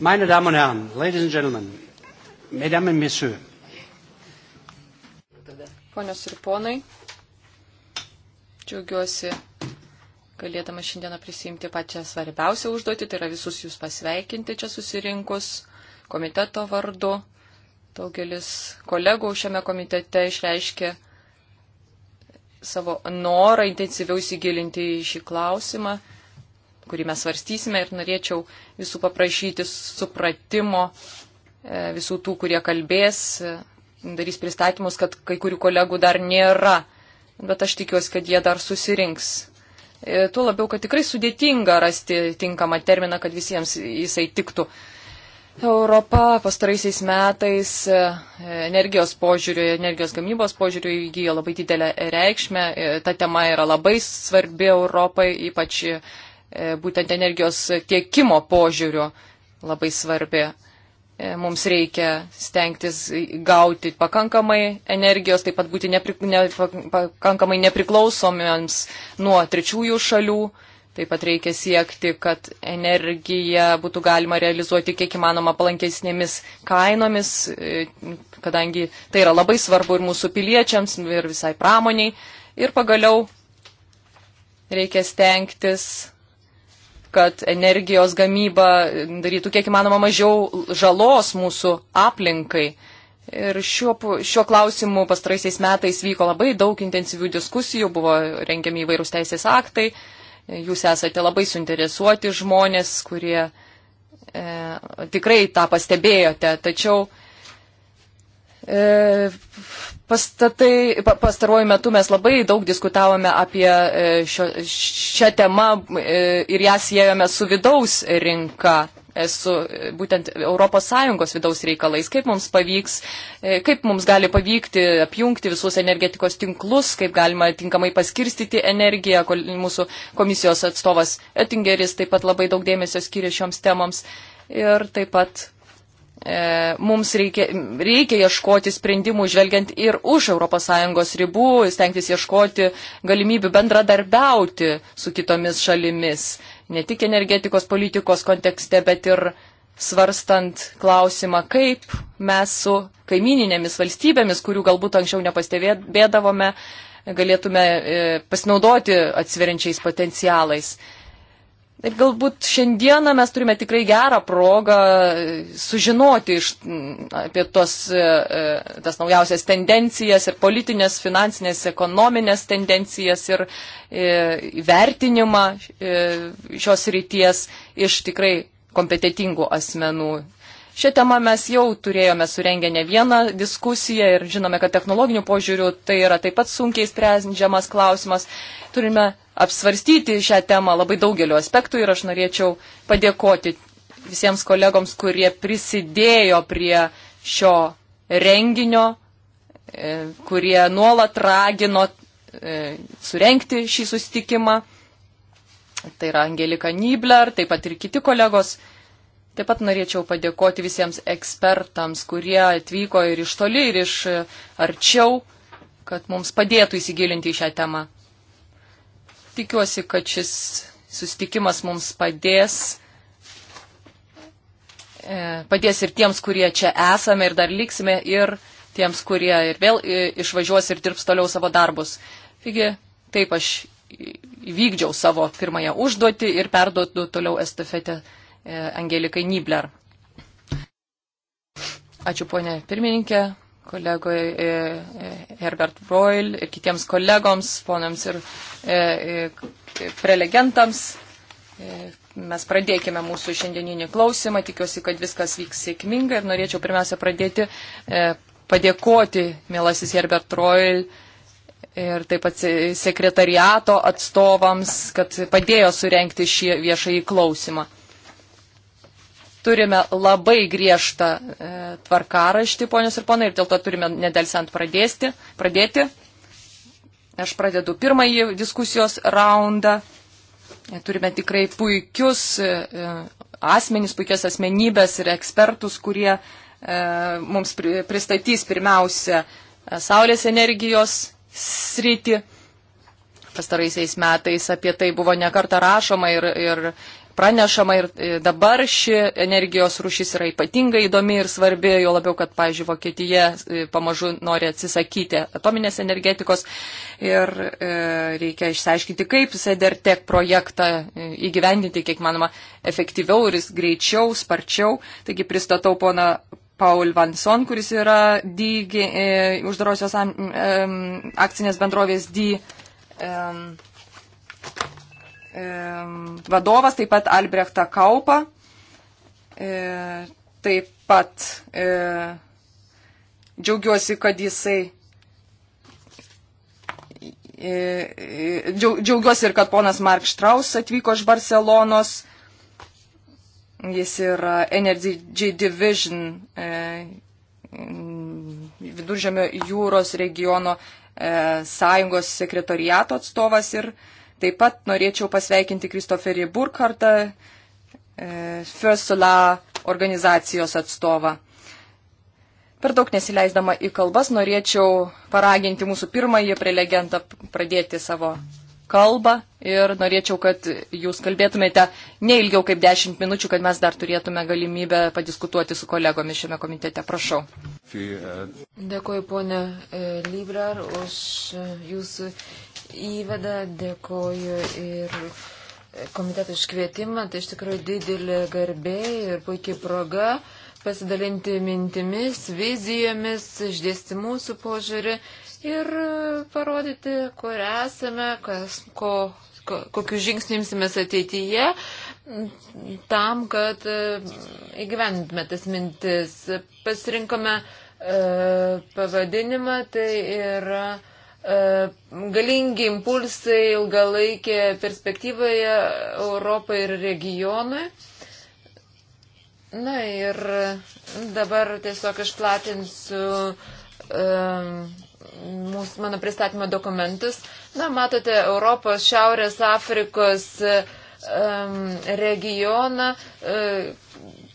Meine Damen und Herren, ladies and gentlemen, mesdames et messieurs. Ponios ir ponai, džiaugiuosi galėdama šiandieną prisimti pačią svarbiausią užduotį, tai yra visus jūs pasveikinti čia susirinkus komiteto vardu. Daugelis kolegų šiame komitete išreiškė savo norą intensyviau įsigilinti į šį klausimą kurį mes svarstysime ir norėčiau visų paprašyti supratimo, e, visų tų, kurie kalbės, e, darys pristatymus, kad kai kurių kolegų dar nėra, bet aš tikiuosi, kad jie dar susirinks. E, tuo labiau, kad tikrai sudėtinga rasti tinkamą terminą, kad visiems jisai tiktų. Europa pastaraisiais metais energijos požiūriu, energijos gamybos požiūriu įgyjo labai didelę reikšmę. Ta tema yra labai svarbi Europai, ypač E, būtent energijos tiekimo požiūriu labai svarbi. E, mums reikia stengtis gauti pakankamai energijos, taip pat būti nepri, ne, pakankamai nepriklausomiams nuo trečiųjų šalių. Taip pat reikia siekti, kad energiją būtų galima realizuoti kiek įmanoma palankesnėmis kainomis, e, kadangi tai yra labai svarbu ir mūsų piliečiams, ir visai pramoniai. Ir pagaliau reikia stengtis kad energijos gamyba darytų kiek įmanoma mažiau žalos mūsų aplinkai. Ir šiuo, šiuo klausimu pastaraisiais metais vyko labai daug intensyvių diskusijų, buvo rengiami įvairūs teisės aktai, jūs esate labai suinteresuoti žmonės, kurie e, tikrai tą pastebėjote, tačiau e, Pastatai, pastaruoju metu mes labai daug diskutavome apie e, šio, šią temą e, ir ją siejame su vidaus rinka, e, su būtent ES vidaus reikalais, kaip mums pavyks, kaip mums gali pavykti apjungti visus energetikos tinklus, kaip galima tinkamai paskirstyti energiją. Mūsų komisijos atstovas Ettingeris taip pat labai daug dėmesio skiria šioms temoms ir taip pat E, mums reikia, reikia ieškoti sprendimų, žvelgiant ir už ES ribų, stengtis ieškoti galimybių bendradarbiauti su kitomis šalimis, ne tik energetikos politikos kontekste, bet ir svarstant klausimą, kaip mes su kaimininėmis valstybėmis, kurių galbūt anksčiau nepastebėdavome, galėtume e, pasinaudoti atsiveriančiais potencialais. Ir galbūt šiandieną mes turime tikrai gerą progą sužinoti iš, apie tos, e, e, tas naujausias tendencijas ir politinės, finansinės, ekonominės tendencijas ir e, vertinimą šios ryties iš tikrai kompetitingų asmenų. Šią temą mes jau turėjome surengę ne vieną diskusiją ir žinome, kad technologinių požiūrių tai yra taip pat sunkiai sprendžiamas klausimas. Turime apsvarstyti šią temą labai daugeliu aspektų ir aš norėčiau padėkoti visiems kolegoms, kurie prisidėjo prie šio renginio, e, kurie nuolat ragino e, surenkti šį sustikimą. Tai yra Angelika Nibler, taip pat ir kiti kolegos. Taip pat norėčiau padėkoti visiems ekspertams, kurie atvyko ir iš toli, ir iš e, arčiau, kad mums padėtų įsigilinti į šią temą. Tikiuosi, kad šis sustikimas mums padės e, padės ir tiems, kurie čia esame ir dar liksime, ir tiems, kurie ir vėl e, išvažiuos ir dirbs toliau savo darbus. Taigi, taip aš įvykdžiau savo pirmąją užduotį ir perduodu toliau estafetę E, Angelikai Nibler. Ačiū ponė pirmininkė, kolegoj e, e, Herbert Royal ir kitiems kolegoms, ponams ir prelegentams. Mes pradėkime mūsų šiandieninį klausimą. Tikiuosi, kad viskas vyks sėkmingai ir norėčiau pirmiausia pradėti padėkoti, mielasis Herbert Royal ir taip pat sekretariato atstovams, kad padėjo surenkti šį viešąjį klausimą turime labai griežtą e, tvarkaraštį, ponios ir ponai, ir dėl to turime nedelsiant pradėsti, pradėti. Aš pradedu pirmąjį diskusijos raundą. E, turime tikrai puikius e, e, asmenys, puikias asmenybės ir ekspertus, kurie e, mums pri, pristatys pirmiausia e, Saulės energijos sritį pastaraisiais metais apie tai buvo nekarta rašoma ir, ir pranešama ir e, dabar ši energijos rušis yra ypatingai įdomi ir svarbi, jo labiau, kad, pavyzdžiui, Vokietija e, pamažu nori atsisakyti atominės energetikos ir e, reikia išsiaiškinti, kaip SEDERTEK projektą įgyvendinti, kiek manoma, efektyviau ir greičiau, sparčiau. Taigi pristatau poną Paul Vanson, kuris yra D, e, uždarosios e, akcinės bendrovės D e, vadovas, taip pat Albrechtą Kaupą, e, taip pat e, džiaugiuosi, kad jisai. E, džiaugiuosi ir, kad ponas Mark Štraus atvyko iš Barcelonos. Jis yra Energy Division viduržėmio jūros regiono sąjungos sekretoriato atstovas ir uh, Taip pat norėčiau pasveikinti Kristoferį Burkhartą, e, Fösula organizacijos atstovą. Per daug nesileisdama į kalbas norėčiau paraginti mūsų pirmąjį prelegentą pradėti savo kalbą ir norėčiau, kad jūs kalbėtumėte ne ilgiau kaip 10 minučių, kad mes dar turėtume galimybę padiskutuoti su kolegomis šiame komitete. Prašau. E, Dėkuoju, ponė e, Librar, už jūsų įvadą, dėkoju ir komiteto iškvietimą. Tai iš tikrųjų didelė garbė ir puikiai proga pasidalinti mintimis, vizijomis, išdėsti mūsų požiūrį ir parodyti, kur esame, kas, ko, ko, kokius žingsnius imsimės ateityje tam, kad e, įgyvendintume tas mintis. Pasirinkome e, pavadinimą, tai yra e, E, galingi impulsai ilgalaikė perspektyvoje Europai ir regionui. Na ir dabar tiesiog išplatinsiu um, e, mūsų, mano pristatymo dokumentus. Na, matote, Europos, Šiaurės, Afrikos um, regioną, um,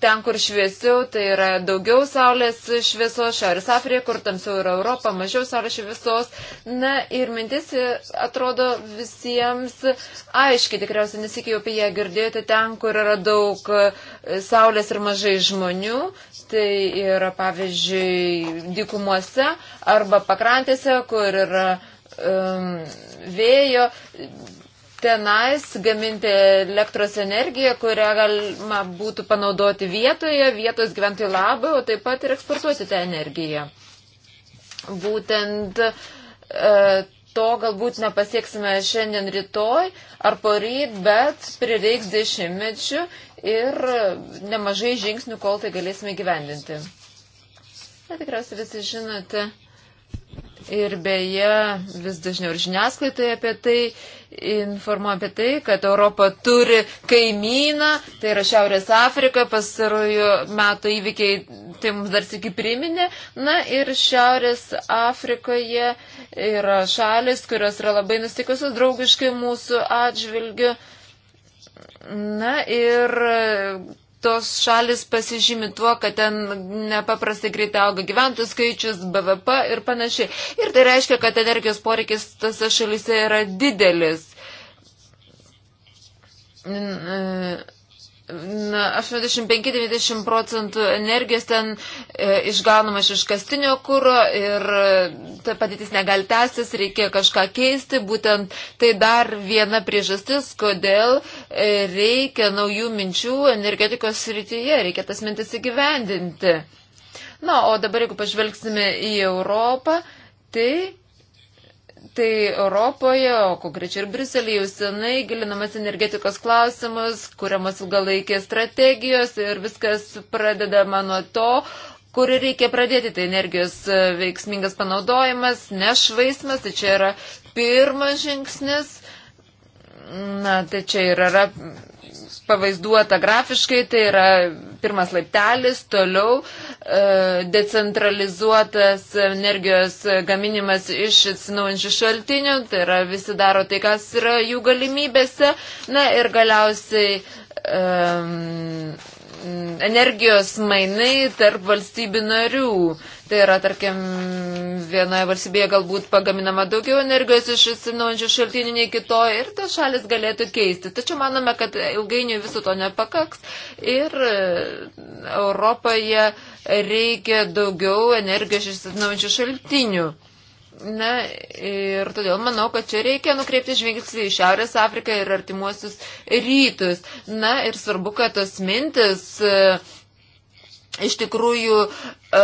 ten, kur šviesiau, tai yra daugiau saulės šviesos, Šiaurės Afrika, kur tamsiau yra Europa, mažiau saulės šviesos. Na ir mintis atrodo visiems aiškiai, tikriausiai nesikėjau apie ją girdėjote, ten, kur yra daug e, saulės ir mažai žmonių, tai yra pavyzdžiui dykumuose arba pakrantėse, kur yra um, vėjo tenais gaminti elektros energiją, kurią galima būtų panaudoti vietoje, vietos gyventojų labai, o taip pat ir eksportuosi tą energiją. Būtent e, to galbūt nepasieksime šiandien rytoj ar poryt, bet prireiks dešimtmečių ir nemažai žingsnių, kol tai galėsime gyvendinti. Na, tikriausiai visi žinote, Ir beje, vis dažniau ir žiniasklaidoje apie tai informuoja apie tai, kad Europa turi kaimyną, tai yra Šiaurės Afrika, pastarųjų metų įvykiai tai mums dar sėki priminė. Na ir Šiaurės Afrikoje yra šalis, kurios yra labai nustikusios draugiškai mūsų atžvilgiu. Na ir tos šalis pasižymi tuo, kad ten nepaprastai greitai auga gyventojų skaičius, BVP ir panašiai. Ir tai reiškia, kad energijos poreikis tose šalise yra didelis. 85-90 procentų energijos ten e, išgaunama iš iškastinio kūro ir e, ta padėtis negali tęstis, reikia kažką keisti. Būtent tai dar viena priežastis, kodėl e, reikia naujų minčių energetikos srityje, reikia tas mintis įgyvendinti. Na, o dabar jeigu pažvelgsime į Europą, tai Tai Europoje, o konkrečiai ir Briuselėje jau senai gilinamas energetikos klausimas, kuriamas ilgalaikės strategijos ir viskas pradedama nuo to, kurį reikia pradėti, tai energijos e, veiksmingas panaudojimas, nešvaismas, tai čia yra pirmas žingsnis, na, tai čia yra pavaizduota grafiškai, tai yra pirmas laiptelis, toliau e, decentralizuotas energijos gaminimas iš atsinaujančių šaltinių, tai yra visi daro tai, kas yra jų galimybėse. Na ir galiausiai um, energijos mainai tarp valstybių narių. Tai yra, tarkim, vienoje valstybėje galbūt pagaminama daugiau energijos iš atsinaujančių šaltinių nei kitoje ir tas šalis galėtų keisti. Tačiau manome, kad ilgainiui viso to nepakaks ir e, Europoje reikia daugiau energijos iš atsinaujančių šaltinių. Na ir todėl manau, kad čia reikia nukreipti žvilgsnį į Šiaurės Afriką ir artimuosius rytus. Na ir svarbu, kad tos mintis e, iš tikrųjų e,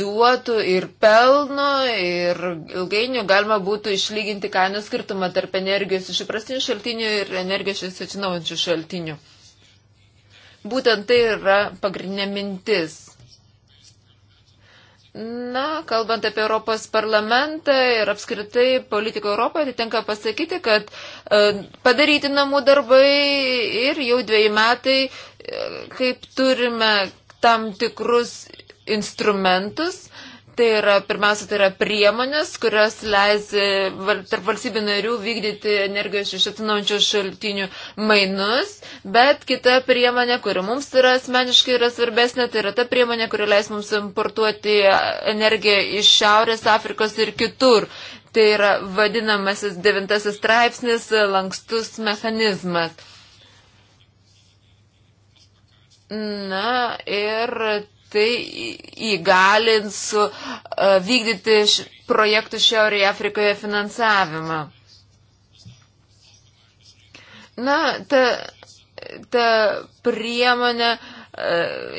duotų ir pelno, ir ilgainių galima būtų išlyginti kainų skirtumą tarp energijos iš įprastinių šaltinių ir energijos iš atsinaujančių šaltinių. Būtent tai yra pagrindinė mintis. Na, kalbant apie Europos parlamentą ir apskritai politiką Europoje, tai tenka pasakyti, kad e, padaryti namų darbai ir jau dviejai metai, e, kaip turime tam tikrus instrumentus, Tai yra, pirmiausia, tai yra priemonės, kurios leis tarp valstybių narių vykdyti energijos iš atsinaujančių šaltinių mainus, bet kita priemonė, kuri mums yra asmeniškai yra svarbesnė, tai yra ta priemonė, kuri leis mums importuoti energiją iš Šiaurės Afrikos ir kitur. Tai yra vadinamasis devintasis straipsnis lankstus mechanizmas. Na ir tai įgalins e, vykdyti projektų Šiaurėje Afrikoje finansavimą. Na, ta, ta priemonė e,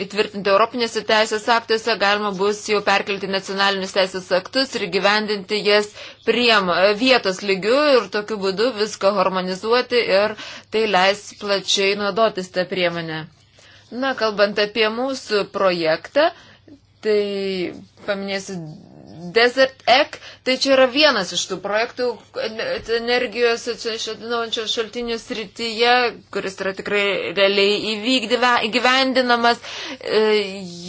įtvirtinti Europinėse teisės aktuose galima bus jau perkelti nacionalinius teisės aktus ir gyvendinti jas priem e, vietos lygių ir tokiu būdu viską harmonizuoti ir tai leis plačiai naudotis tą priemonę. Na, kalbant apie mūsų projektą, tai paminėsiu Desert Egg, tai čia yra vienas iš tų projektų energijos atsinaujančio šaltinių srityje, kuris yra tikrai realiai įgyvendinamas. E,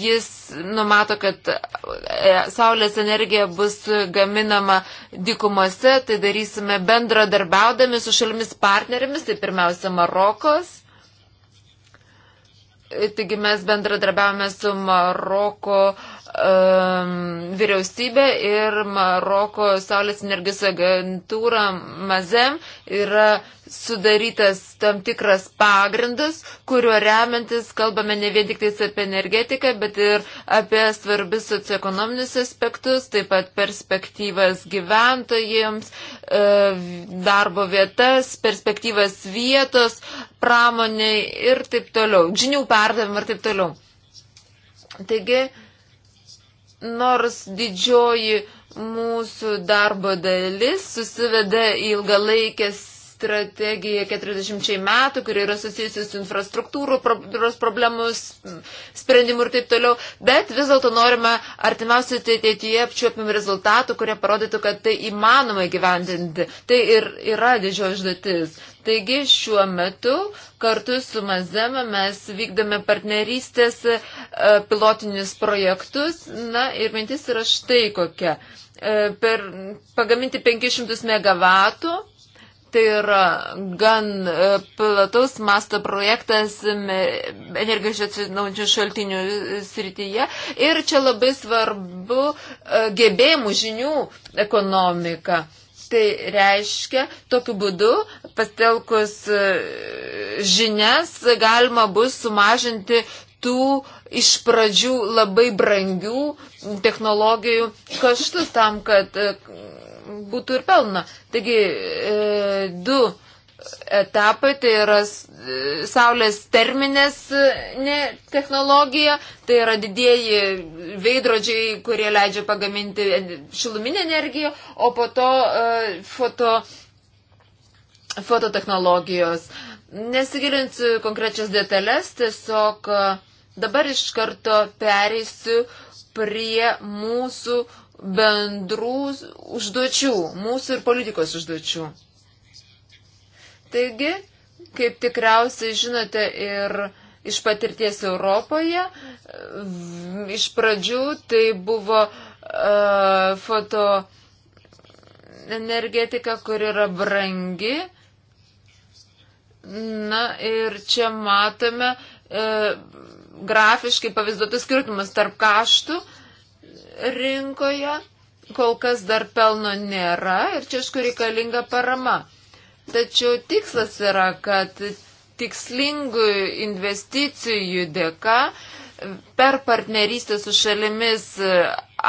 jis numato, kad e, saulės energija bus gaminama dykumose, tai darysime bendradarbiaudami su šalimis partnerėmis, tai pirmiausia Marokos Taigi mes bendradarbiavome su Maroko uh, um, vyriausybė ir Maroko Saulės energijos agentūra Mazem yra sudarytas tam tikras pagrindas, kuriuo remiantis kalbame ne vien tik apie energetiką, bet ir apie svarbius socioekonominius aspektus, taip pat perspektyvas gyventojams, uh, darbo vietas, perspektyvas vietos, pramoniai ir taip toliau, žinių perdavimą ir taip toliau. Taigi, nors didžioji mūsų darbo dalis susiveda į ilgalaikės strategija 40 metų, kuri yra susijusi su infrastruktūrų problemus, sprendimu ir taip toliau, bet vis dėlto norime artimiausiai ateityje apčiuopim rezultatų, kurie parodytų, kad tai įmanoma gyvendinti. Tai ir yra didžioji užduotis. Taigi šiuo metu kartu su Mazema mes vykdame partnerystės e, pilotinius projektus. Na ir mintis yra štai kokia. E, per pagaminti 500 megavatų Tai yra gan e, plataus masto projektas energijos atsinaujančių šaltinių srityje. Ir čia labai svarbu e, gebėjimų žinių ekonomika. Tai reiškia, tokiu būdu, pastelkus e, žinias, galima bus sumažinti tų iš pradžių labai brangių technologijų kaštus tam, kad būtų ir pelno. Taigi e, du etapai, tai yra e, saulės terminės e, ne, technologija, tai yra didieji veidrodžiai, kurie leidžia pagaminti šiluminę energiją, o po to e, foto, fototechnologijos. Nesigilinsiu konkrečias detalės, tiesiog e, dabar iš karto pereisiu prie mūsų uh, bendrų užduočių, mūsų ir politikos užduočių. Taigi, kaip tikriausiai žinote ir iš patirties Europoje, iš pradžių tai buvo uh, foto energetika, kur yra brangi. Na ir čia matome uh, grafiškai pavaizduotus skirtumus tarp kaštų uh, rinkoje, kol kas dar pelno nėra ir čia aišku reikalinga parama. Tačiau tikslas yra, kad tikslingų investicijų dėka per partnerystę su šalimis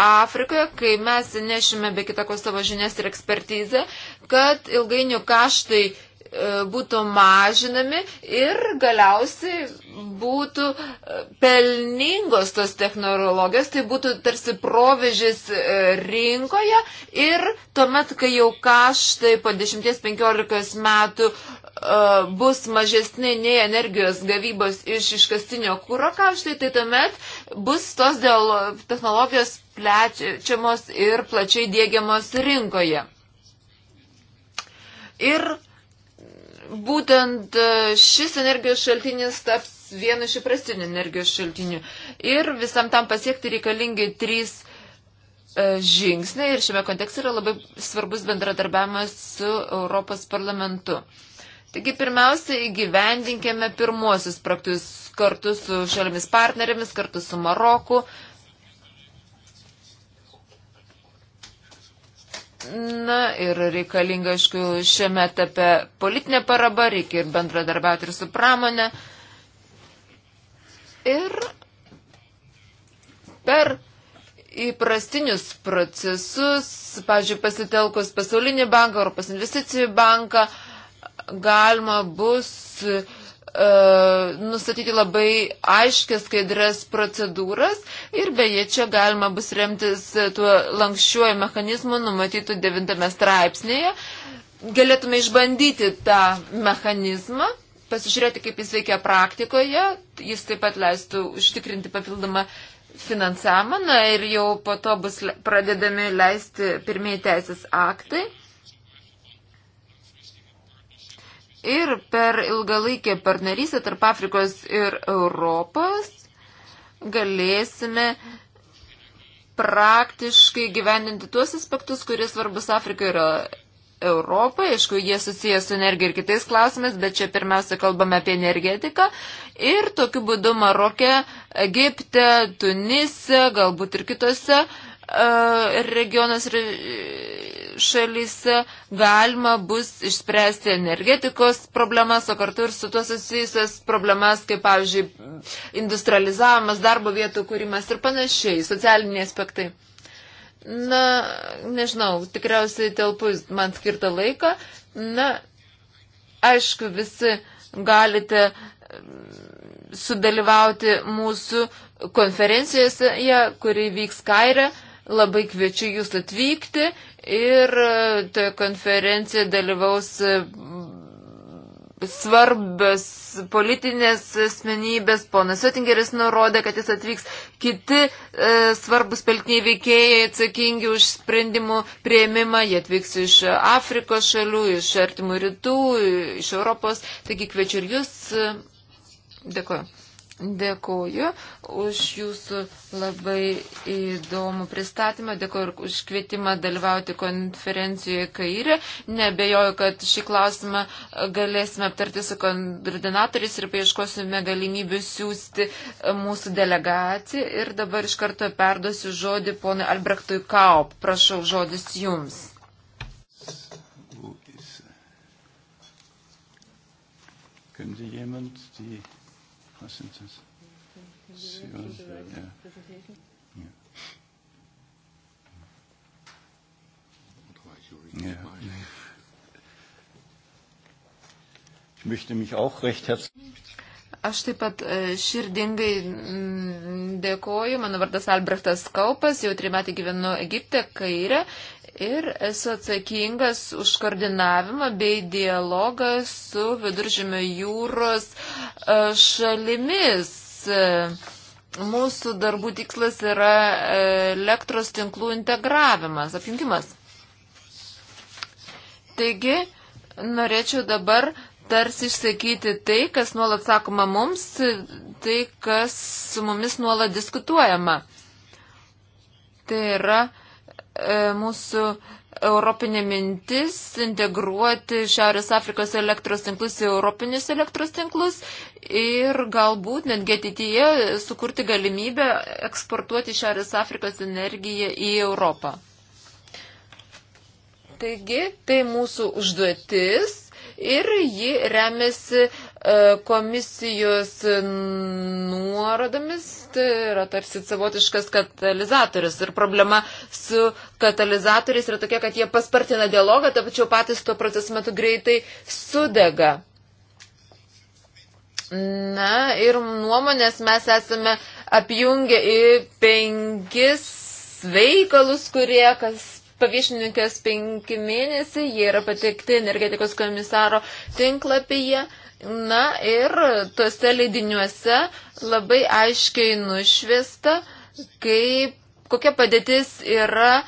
Afrikoje, kai mes nešime be kitako savo žinias ir ekspertizę, kad ilgainių kaštai E, būtų mažinami ir galiausiai būtų e, pelningos tos technologijos, tai būtų tarsi provežis e, rinkoje ir tuomet, kai jau kaštai po 10-15 metų bus mažesni nei energijos gavybos iš iškastinio kūro kaštai, tai tuomet bus tos technologijos plečiamos ir plačiai dėgiamos rinkoje. Ir būtent e, šis energijos šaltinis taps vienu iš įprastinių energijos šaltinių. Ir visam tam pasiekti reikalingi trys e, žingsniai ir šiame kontekste yra labai svarbus bendradarbiavimas su Europos parlamentu. Taigi pirmiausia, įgyvendinkime pirmuosius praktus kartu su šalimis partnerėmis, kartu su Maroku, Na ir reikalinga, aišku, šiame etape politinė paraba, reikia ir bendradarbiauti ir su pramonė. Ir per įprastinius procesus, pažiūrėjau, pasitelkus pasaulinį banką, Europos investicijų banką, galima bus uh, E, nustatyti labai aiškias, skaidras procedūras ir beje čia galima bus remtis tuo lankščiuoju mechanizmu numatytų devintame straipsnėje. Galėtume išbandyti tą mechanizmą, pasižiūrėti, kaip jis veikia praktikoje, jis taip pat leistų užtikrinti papildomą finansavimą na, ir jau po to bus pradedami leisti pirmieji teisės aktai. ir per ilgalaikę partnerystę tarp Afrikos ir Europos galėsime praktiškai gyvendinti tuos aspektus, kurie svarbus Afrikai yra Europą, aišku, jie susijęs su energija ir kitais klausimais, bet čia pirmiausia kalbame apie energetiką. Ir tokiu būdu Marokė, Egipte, Tunise, galbūt ir kitose uh, E, regionas ir šalyse galima bus išspręsti energetikos problemas, o kartu ir su tuo susijusias problemas, kaip pavyzdžiui, industrializavimas, darbo vietų kūrimas ir panašiai, socialiniai aspektai. Na, nežinau, tikriausiai telpu man skirtą laiką. Na, aišku, visi galite sudalyvauti mūsų konferencijose, ja, kuri vyks Kairė. E Labai kviečiu jūs atvykti ir e, toje konferencijoje dalyvaus e, svarbios politinės asmenybės, ponas Sotingeris nurodė, kad jis atvyks kiti e, svarbus peltiniai veikėjai atsakingi už sprendimų prieimimą, jie atvyks iš Afrikos šalių, iš Artimų Rytų, iš Europos, taigi kviečiu ir jūs. E, Dėkuoju. Dėkoju už jūsų labai įdomų pristatymą, dėkoju už kvietimą dalyvauti konferencijoje Kairė. Nebejoju, kad šį klausimą galėsime aptarti su koordinatoriais ir paieškosime galimybių siūsti mūsų delegaciją. Ir dabar iš karto perduosiu žodį ponui Albrechtui Kaup. Prašau, žodis jums. Könnte jemand die Constance. She was, yeah. yeah. Ja. Ich möchte mich auch recht herzlich. Aš taip pat e, širdingai mm, dėkoju, mano vardas Albrechtas Kaupas, jau tri metai gyvenu Egipte, Kaire ir esu atsakingas už koordinavimą bei dialogą su viduržėmio jūros e, šalimis. Mūsų darbų tikslas yra e, elektros tinklų integravimas, apjungimas. Taigi, norėčiau dabar tarsi išsakyti tai, kas nuolat sakoma mums, tai, kas su mumis nuolat diskutuojama. Tai yra E, mūsų europinė mintis integruoti Šiaurės Afrikos elektros tinklus į europinius elektros tinklus ir galbūt netgi ateityje sukurti galimybę eksportuoti Šiaurės Afrikos energiją į Europą. Taigi, tai mūsų užduotis ir ji remiasi E, komisijos nuorodomis, tai yra tarsi savotiškas katalizatorius. Ir problema su katalizatoriais yra tokia, kad jie paspartina dialogą, tačiau patys tuo procesu metu greitai sudega. Na ir nuomonės mes esame apjungę į penkis veikalus, kurie kas paviešininkės penki mėnesiai, jie yra patekti energetikos komisaro tinklapyje. Na ir tuose leidiniuose labai aiškiai nušviesta, kaip, kokia padėtis yra e,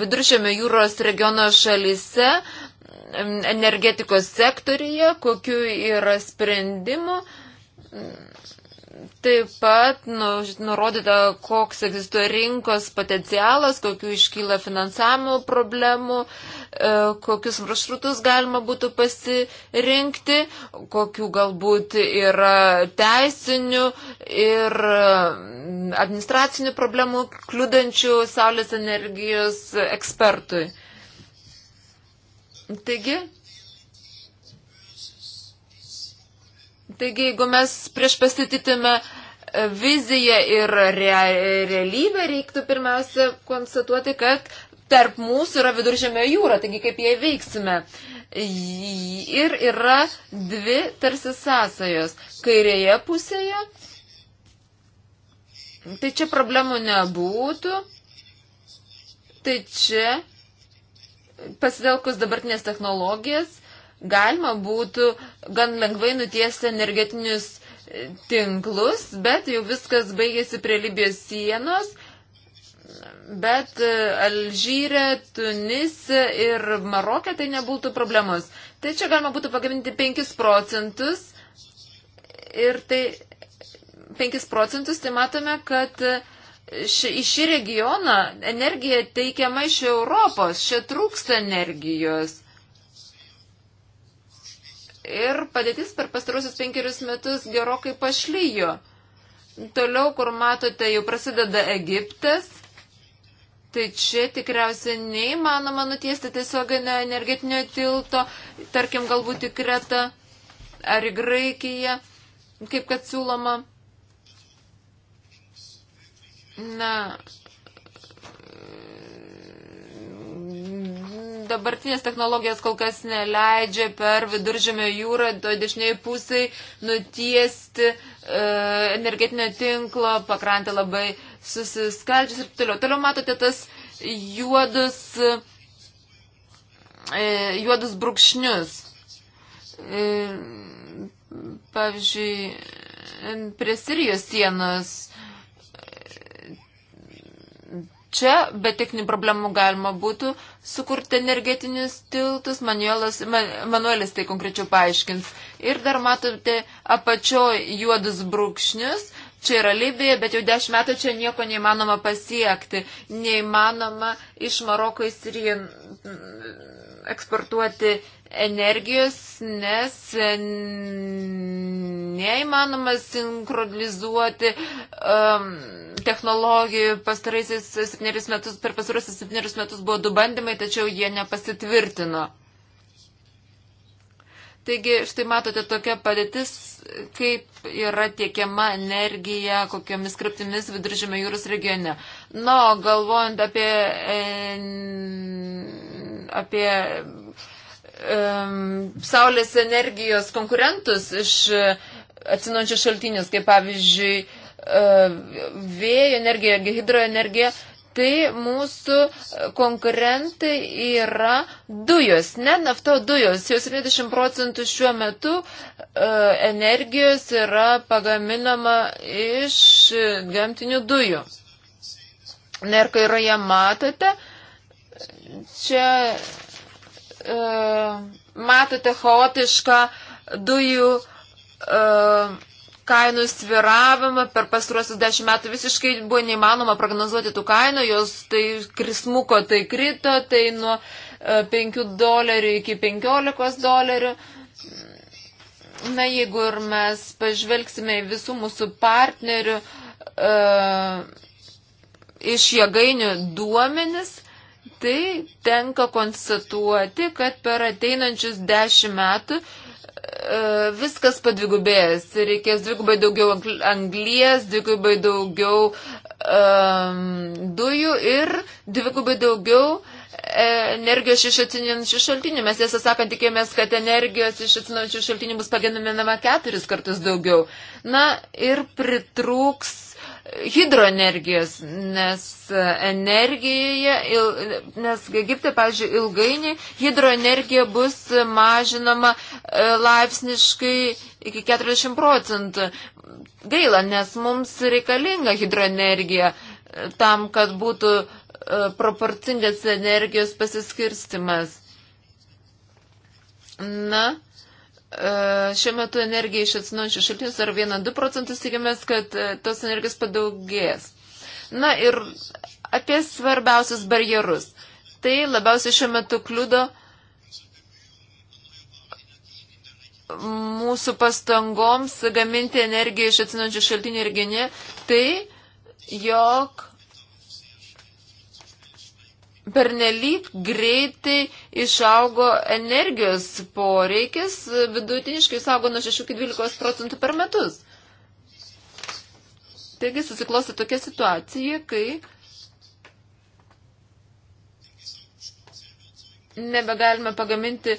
viduržėmio jūros regiono šalyse, energetikos sektorija, kokiu yra sprendimu. Taip pat nu, nurodyta, koks egzistuoja rinkos potencialas, kokiu iškyla finansavimo problemų, e, kokius maršrutus galima būtų pasirinkti, kokiu galbūt yra teisinių ir e, administracinių problemų kliūdančių Saulės energijos ekspertui. Taigi, Taigi, jeigu mes prieš pastatytume e, viziją ir re realybę, reiktų pirmiausia konstatuoti, kad tarp mūsų yra viduržėmio jūra, taigi kaip jie veiksime. Ir yra dvi tarsi sąsajos. Kairėje pusėje, tai čia problemų nebūtų, tai čia pasitelkus dabartinės technologijas galima būtų gan lengvai nutiesti energetinius e, tinklus, bet jau viskas baigėsi prie Libijos sienos. Bet e, Alžyre, Tunise ir Marokė tai nebūtų problemos. Tai čia galima būtų pagaminti 5 procentus ir tai 5 procentus, tai matome, kad e, ši, į šį regioną energija teikiama iš Europos, čia trūksta energijos ir padėtis per pastarusius penkerius metus gerokai pašlyjo. Toliau, kur matote, jau prasideda Egiptas. Tai čia tikriausiai neįmanoma nutiesti tiesioginio energetinio tilto, tarkim, galbūt į Kretą ar į Graikiją, kaip kad siūloma. Na, dabartinės technologijos kol kas neleidžia per viduržėmio jūrą, to dešiniai pusiai nutiesti e, energetinio tinklo, pakrantė labai susiskaldžius ir toliau. Toliau matote tas juodus, e, juodus brūkšnius. E, pavyzdžiui, prie Sirijos sienos čia be techninių problemų galima būtų sukurti energetinius tiltus, manuelis, man, manuelis tai konkrečiau paaiškins. Ir dar matote apačioj juodus brūkšnius, čia yra Libija, bet jau dešimt metų čia nieko neįmanoma pasiekti. Neįmanoma iš Maroko į Siriją eksportuoti energijos, nes neįmanoma sinchronizuoti um, technologijų. Pastaraisiais septynerius metus, per pastarusius septynerius metus buvo du bandymai, tačiau jie nepasitvirtino. Taigi, štai matote tokia padėtis, kaip yra tiekiama energija, kokiamis kryptimis viduržėme jūros regione. Na, nu, galvojant apie, apie saulės energijos konkurentus iš e, atsinaujančių šaltinius, kaip pavyzdžiui e, vėjo energija, hidroenergija, tai mūsų konkurentai yra dujos, ne nafto dujos. Jau 70 procentų šiuo metu e, energijos yra pagaminama iš gamtinių dujų. Na ir kairėje matote, čia e, matote chaotišką dujų e, kainų sviravimą per pastaruosius dešimt metų visiškai buvo neįmanoma prognozuoti tų kainų, jos tai krismuko, tai krito, tai nuo 5 e, dolerių iki 15 dolerių. Na, jeigu ir mes pažvelgsime į visų mūsų partnerių e, iš jėgainių duomenis, tai tenka konstatuoti, kad per ateinančius dešimt metų e, viskas padvigubės. Reikės dvigubai daugiau anglies, dvigubai daugiau um, dujų ir dvigubai daugiau e, energijos iš atsinaujančių šaltinių. Mes tiesą sakant tikėjomės, kad energijos iš atsinaujančių šaltinių bus pagaminama keturis kartus daugiau. Na ir pritrūks hidroenergijos, nes energijoje, nes Egipte, pavyzdžiui, ilgainiui hidroenergija bus mažinama e, laipsniškai iki 40 procentų. Gaila, nes mums reikalinga hidroenergija e, tam, kad būtų e, proporcingas energijos pasiskirstimas. Na, E, šiuo metu energija iš atsinaujančių šaltinių dar 1-2 procentus, tikimės, kad e, tos energijos padaugės. Na ir apie svarbiausius barjerus. Tai labiausiai šiuo metu kliudo mūsų pastangoms gaminti energiją iš atsinaujančių šaltinių ir gini, tai jog pernelyg greitai išaugo energijos poreikis, vidutiniškai išaugo nuo 6 iki 12 procentų per metus. Taigi susiklosti tokia situacija, kai nebegalime pagaminti,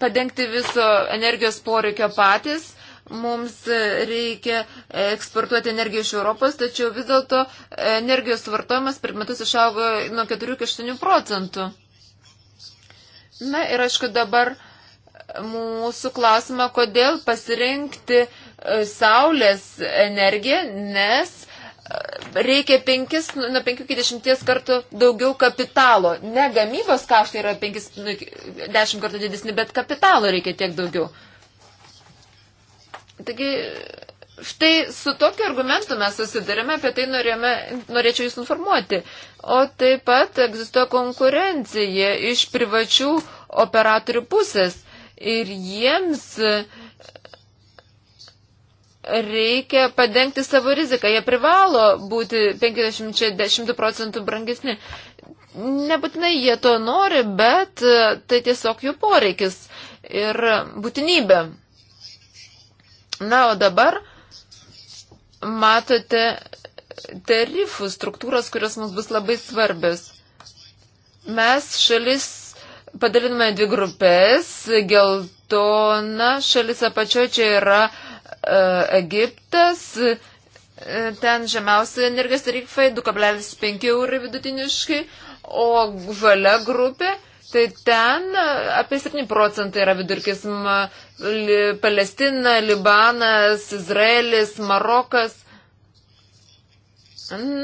padengti viso energijos poreikio patys mums reikia eksportuoti energiją iš Europos, tačiau vis dėlto energijos vartojimas per metus išaugo nuo 4 iki 8 procentų. Na ir aišku dabar mūsų klausimą, kodėl pasirinkti e, saulės energiją, nes e, reikia 5, nuo 5 iki 10 kartų daugiau kapitalo. Ne gamybos kaštai yra 5, 10 nu, kartų didesni, bet kapitalo reikia tiek daugiau. Taigi, štai su tokiu argumentu mes susidarėme, apie tai norėjome, norėčiau Jūs informuoti. O taip pat egzistuoja konkurencija iš privačių operatorių pusės ir jiems reikia padengti savo riziką. Jie privalo būti 50-100 procentų brangesni. Nebūtinai jie to nori, bet tai tiesiog jų poreikis ir būtinybė. Na, o dabar matote tarifų struktūros, kurios mums bus labai svarbios. Mes šalis padaliname dvi grupės. Geltona šalis apačioje čia yra e, Egiptas. E, ten žemiausia energijos tarifai 2,5 eurų vidutiniškai, o žalia grupė Tai ten apie 7 procentai yra vidurkis Palestina, Libanas, Izraelis, Marokas.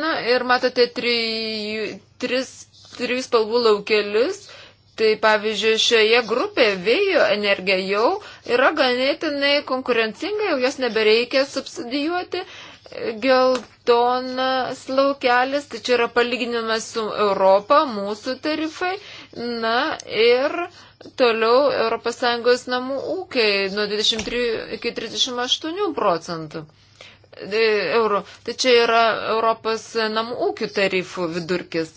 Na ir matote trijų, tris, trijų spalvų laukelius. Tai pavyzdžiui, šioje grupėje vėjo energija jau yra ganėtinai konkurencinga, jau jos nebereikia subsidijuoti. Geltonas laukelis, tai čia yra palyginimas su Europa, mūsų tarifai. Na ir toliau ES namų ūkiai nuo 23 iki 38 procentų e, eurų. Tai čia yra Europos namų ūkių tarifų vidurkis.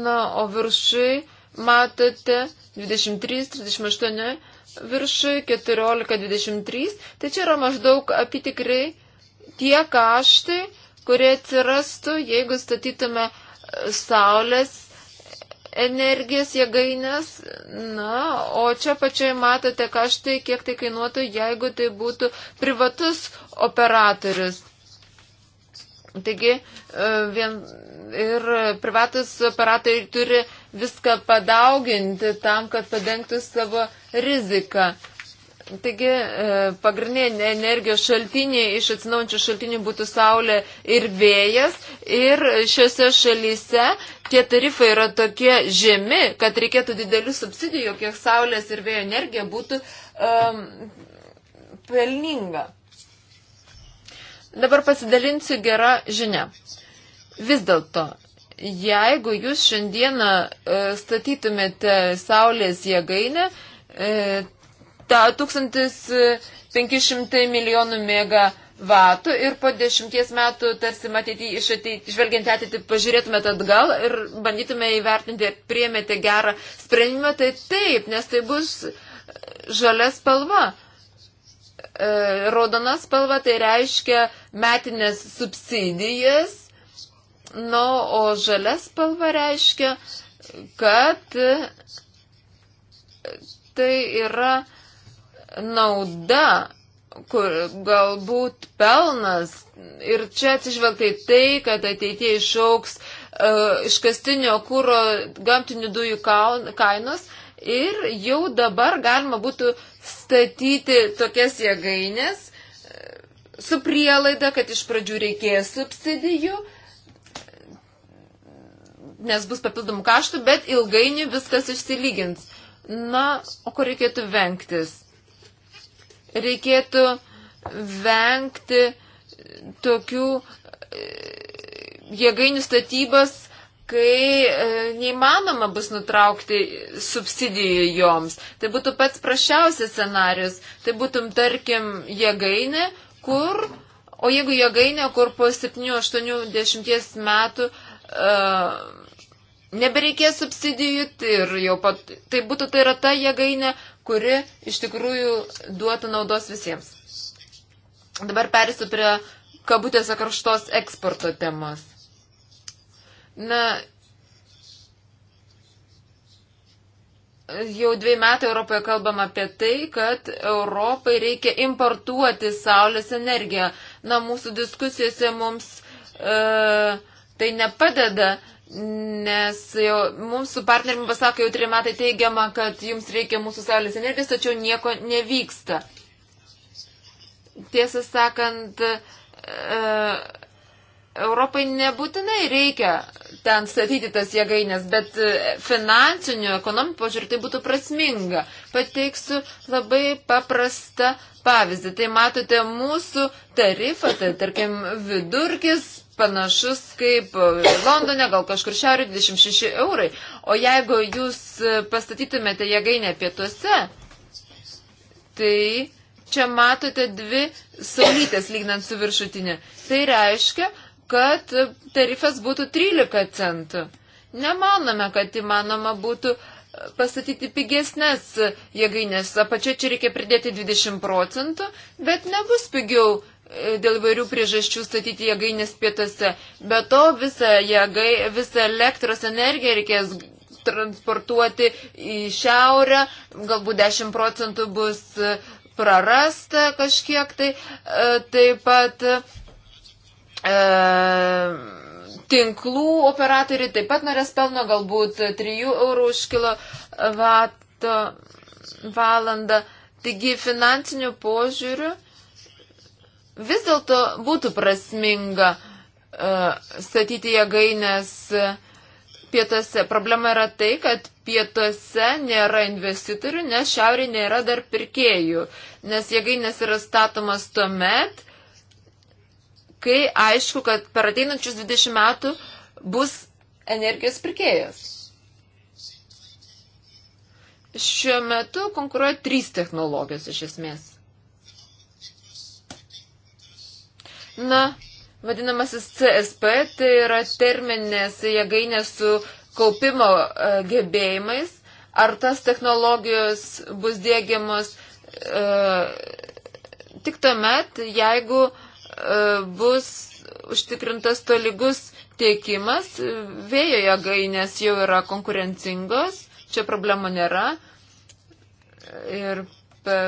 Na, o viršui matote 23, 38, viršui 14, 23. Tai čia yra maždaug apitikrai tie kaštai, kurie atsirastų, jeigu statytume saulės energijos jėgainės. Na, o čia pačiai matote kaštai, kiek tai kainuotų, jeigu tai būtų privatus operatorius. Taigi, e, vien, ir privatus operatoriai turi viską padauginti tam, kad padengtų savo riziką. Taigi e, pagrindiniai energijos šaltiniai iš atsinaujančių šaltinių būtų saulė ir vėjas. Ir šiuose šalyse tie tarifai yra tokie žemi, kad reikėtų didelių subsidijų, kiek saulės ir vėjo energija būtų um, pelninga. Dabar pasidalinsiu gerą žinę. Vis dėlto, jeigu jūs šiandieną e, statytumėte saulės jėgainę, e, ta, 1500 e, milijonų megavatų ir po dešimties metų tarsi matyti iš ateitį, žvelgiant ateitį, pažiūrėtumėte atgal ir bandytume įvertinti, ar priemėte gerą sprendimą, tai taip, nes tai bus žalia spalva. E, Raudona spalva tai reiškia metinės subsidijas, na, nu, o žalia spalva reiškia, kad tai yra uh, nauda, kur galbūt pelnas ir čia atsižvelgtai tai, kad ateitie išauks uh, iškastinio kūro gamtinių dujų kainos ir jau dabar galima būtų statyti tokias jėgainės e, su prielaida, kad iš pradžių reikės subsidijų, nes bus papildomų kaštų, bet ilgainiui viskas išsilygins. Na, o ko reikėtų vengtis? reikėtų vengti tokių e, jėgainių statybos, kai e, neįmanoma bus nutraukti subsidijų joms. Tai būtų pats prašiausias scenarius. Tai būtum, tarkim, jėgainė, kur, o jeigu jėgainė, kur po 7-80 metų uh, nebereikės subsidijų tai ir jau pat, tai būtų tai yra ta jėgainė, kuri iš tikrųjų duotų naudos visiems. Dabar perėsiu prie kabutėse karštos eksporto temos. Na, jau dviejų metų Europoje kalbam apie tai, kad Europai reikia importuoti saulės energiją. Na, mūsų diskusijose mums e, tai nepadeda, Nes jau mums su partneriu pasako jau trim metai teigiama, kad jums reikia mūsų saulės energijos, tačiau nieko nevyksta. Tiesą sakant, e, Europai nebūtinai reikia ten statyti tas jėgainės, bet e, finansinių, ekonominių požiūrį tai būtų prasminga. Pateiksiu labai paprastą pavyzdį. Tai matote, mūsų tarifą, tai tarkim vidurkis panašus kaip Londone, gal kažkur šiaurė 26 eurai. O jeigu jūs pastatytumėte jėgainę pietuose, tai čia matote dvi saulytės lygnant su viršutinė. Tai reiškia, kad tarifas būtų 13 centų. Nemanome, kad įmanoma būtų pastatyti pigesnės jėgainės. Apačioje čia reikia pridėti 20 procentų, bet nebus pigiau dėl vairių priežasčių statyti jėgainės pietuose. Be to visą, jėgai, visą elektros energiją reikės transportuoti į šiaurę, galbūt 10 procentų bus e, prarasta kažkiek tai. E, taip pat e, tinklų operatoriai taip pat norės pelno galbūt 3 eurų už kilovato valandą. Taigi finansinių požiūrių vis dėlto būtų prasminga uh, statyti jėgainės e, pietuose. Problema yra tai, kad pietuose nėra investitorių, nes šiaurė nėra dar pirkėjų, nes jėgainės yra statomas tuomet, kai aišku, kad per ateinančius 20 metų bus energijos pirkėjas. Šiuo metu konkuruoja trys technologijos iš esmės. Na, vadinamasis CSP, tai yra terminės jėgainės su kaupimo e, gebėjimais. Ar tas technologijos bus dėgiamas e, tik tuomet, jeigu e, bus užtikrintas tolygus tiekimas, vėjo jėgainės jau yra konkurencingos, čia problema nėra. Ir pe,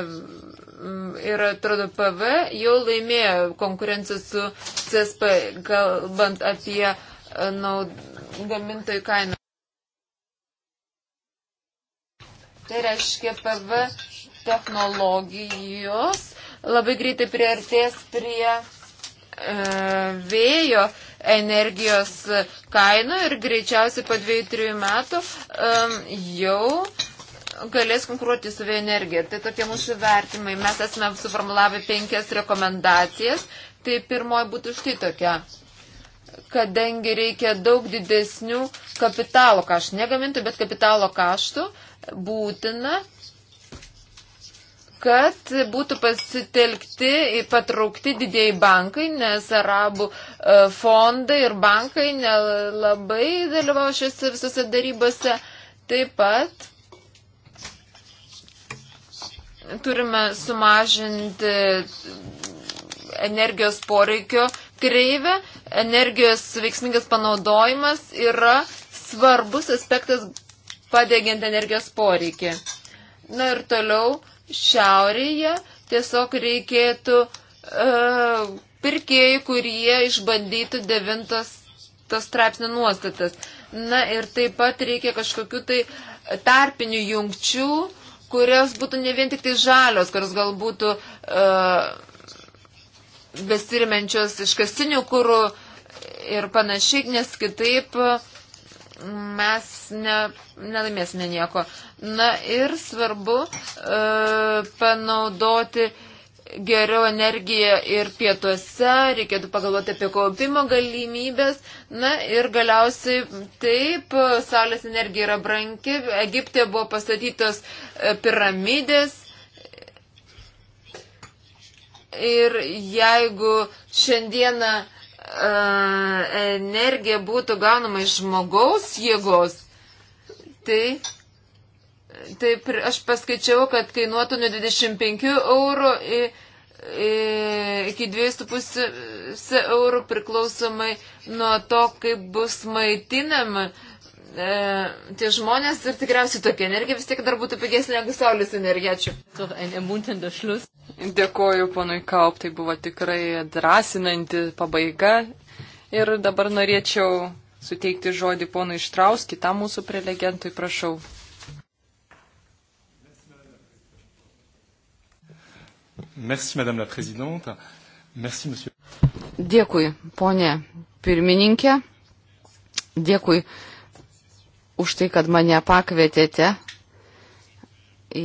ir atrodo PV jau laimėjo konkurenciją su CSP, kalbant apie e, naud, gamintojų kainą. Tai reiškia PV technologijos labai greitai priartės prie e, vėjo energijos kainų ir greičiausiai po dviejų, trijų metų e, jau galės konkuruoti su vėjo energija. Tai tokie mūsų vertimai. Mes esame suformulavę penkias rekomendacijas. Tai pirmoji būtų štai tokia kadangi reikia daug didesnių kapitalo kaštų, negamintų, bet kapitalo kaštų, būtina, kad būtų pasitelkti ir patraukti didėjai bankai, nes arabų e, fondai ir bankai nelabai dalyvau šiuose visose darybose. Taip pat turime sumažinti energijos poreikio kreivę. Energijos veiksmingas panaudojimas yra svarbus aspektas padegiant energijos poreikį. Na ir toliau šiaurėje tiesiog reikėtų uh, pirkėjų, kurie išbandytų devintas tas straipsnių nuostatas. Na ir taip pat reikia kažkokių tai tarpinių jungčių, uh, kurios būtų ne vien tik tai žalios, kurios gal būtų uh, e, besirimenčios iškastinių kūrų ir panašiai, nes kitaip mm, mes ne, nelamėsime nieko. Na ir svarbu uh, panaudoti uh, geriau energiją ir pietuose, reikėtų pagalvoti apie kaupimo galimybės. Na ir galiausiai taip, saulės energija yra brangi, Egipte buvo pastatytos e, piramidės. Ir jeigu šiandieną uh, energija būtų gaunama iš žmogaus jėgos, tai Taip, aš paskaičiau, kad kainuotų nuo 25 eurų iki 2,5 eurų priklausomai nuo to, kaip bus maitinama e, tie žmonės ir tikriausiai tokia energija vis tiek dar būtų pigesnė negu saulės energija. Ačiū. Dėkoju, ponui Kaup, tai buvo tikrai drąsinanti pabaiga. Ir dabar norėčiau suteikti žodį ponui Štraus, kitam mūsų prelegentui, prašau. Merci, Madame la Présidente. Merci, Monsieur. Dėkui, ponė pirmininkė. Dėkui už tai, kad mane pakvietėte į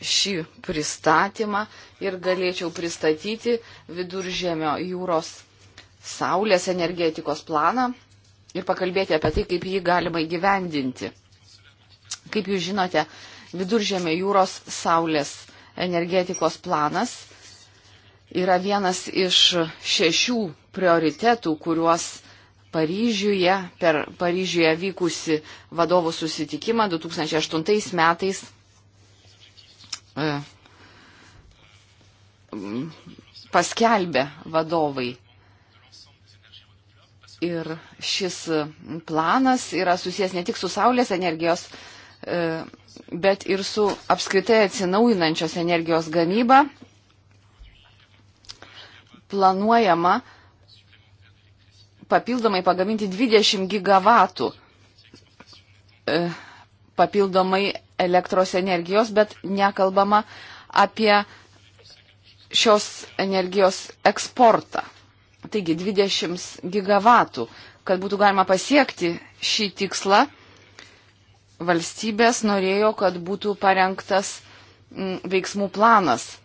šį pristatymą ir galėčiau pristatyti viduržėmio jūros saulės energetikos planą ir pakalbėti apie tai, kaip jį galima įgyvendinti. Kaip jūs žinote, viduržėmio jūros saulės energetikos planas yra vienas iš šešių prioritetų, kuriuos Paryžiuje, per Paryžiuje vykusi vadovų susitikimą 2008 metais e, paskelbė vadovai. Ir šis planas yra susijęs ne tik su Saulės energijos e, bet ir su apskritai atsinaujinančios energijos gamyba planuojama papildomai pagaminti 20 gigavatų e, papildomai elektros energijos, bet nekalbama apie šios energijos eksportą. Taigi 20 gigavatų, kad būtų galima pasiekti šį tikslą valstybės norėjo, kad būtų parengtas mm, veiksmų planas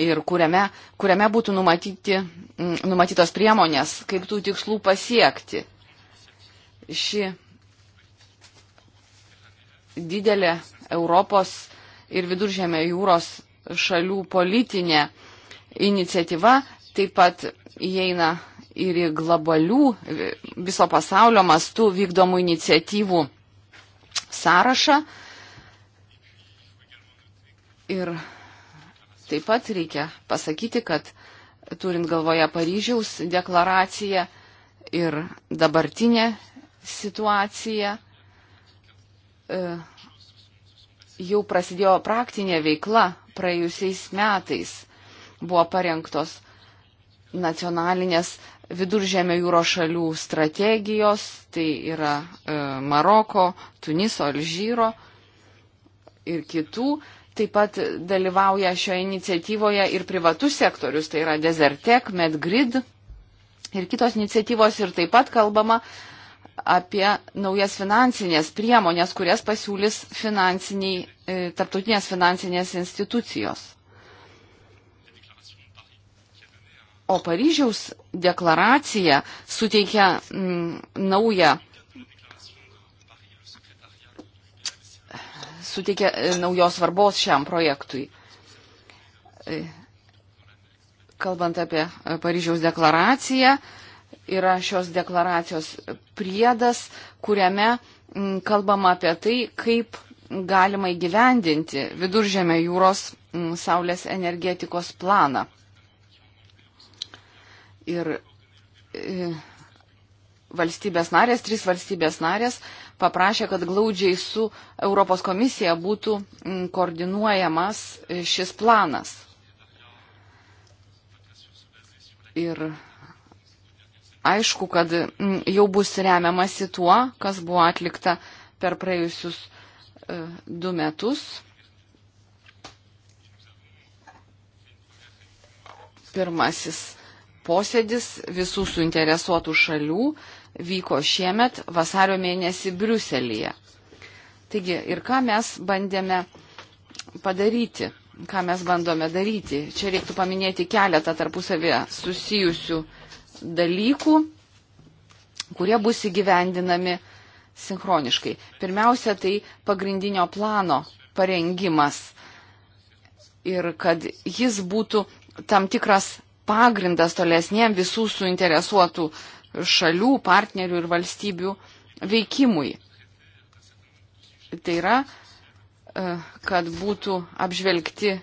ir kuriame, kuriame būtų numatyti, mm, numatytos priemonės, kaip tų tikslų pasiekti. Ši didelė Europos ir viduržėmė jūros šalių politinė iniciatyva taip pat įeina ir į globalių viso pasaulio mastų vykdomų iniciatyvų sąrašą. Ir taip pat reikia pasakyti, kad turint galvoje Paryžiaus deklaraciją ir dabartinę situaciją, e, jau prasidėjo praktinė veikla praėjusiais metais. Buvo parengtos nacionalinės viduržėmio jūros šalių strategijos, tai yra e, Maroko, Tuniso, Alžyro ir kitų. Taip pat dalyvauja šioje iniciatyvoje ir privatus sektorius, tai yra Desertec, Medgrid ir kitos iniciatyvos ir taip pat kalbama apie naujas finansinės priemonės, kurias pasiūlys finansiniai, e, tarptautinės finansinės institucijos. O Paryžiaus deklaracija suteikia m, mm, naują suteikia e, naujos svarbos šiam projektui. E, kalbant apie e, Paryžiaus deklaraciją, yra šios deklaracijos priedas, kuriame mm, kalbama apie tai, kaip galima įgyvendinti viduržėmė jūros mm, saulės energetikos planą. Ir e, valstybės narės, trys valstybės narės paprašė, kad glaudžiai su Europos komisija būtų koordinuojamas e, šis planas. Ir aišku, kad jau bus remiamasi tuo, kas buvo atlikta per praėjusius e, du metus. Pirmasis posėdis visų suinteresuotų šalių vyko šiemet vasario mėnesį Briuselėje. Taigi ir ką mes bandėme padaryti, ką mes bandome daryti. Čia reiktų paminėti keletą tarpusavėje susijusių dalykų, kurie bus įgyvendinami sinchroniškai. Pirmiausia, tai pagrindinio plano parengimas ir kad jis būtų tam tikras pagrindas tolesniem visų suinteresuotų šalių, partnerių ir valstybių veikimui. Tai yra, e, kad būtų apžvelgti e,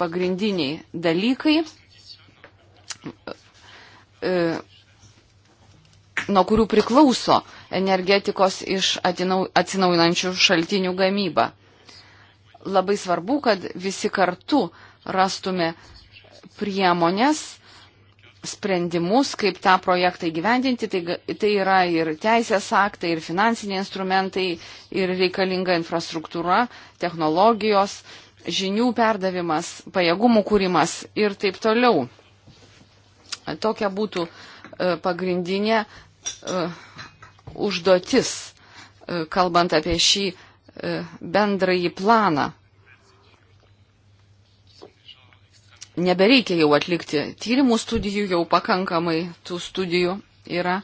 pagrindiniai dalykai, e, nuo kurių priklauso energetikos iš atsinaujinančių šaltinių gamyba. Labai svarbu, kad visi kartu rastume priemonės, sprendimus, kaip tą projektą įgyvendinti. Tai, tai yra ir teisės aktai, ir finansiniai instrumentai, ir reikalinga infrastruktūra, technologijos, žinių perdavimas, pajėgumų kūrimas ir taip toliau. Tokia būtų e, pagrindinė e, užduotis, e, kalbant apie šį bendrąjį planą nebereikia jau atlikti tyrimų studijų, jau pakankamai tų studijų yra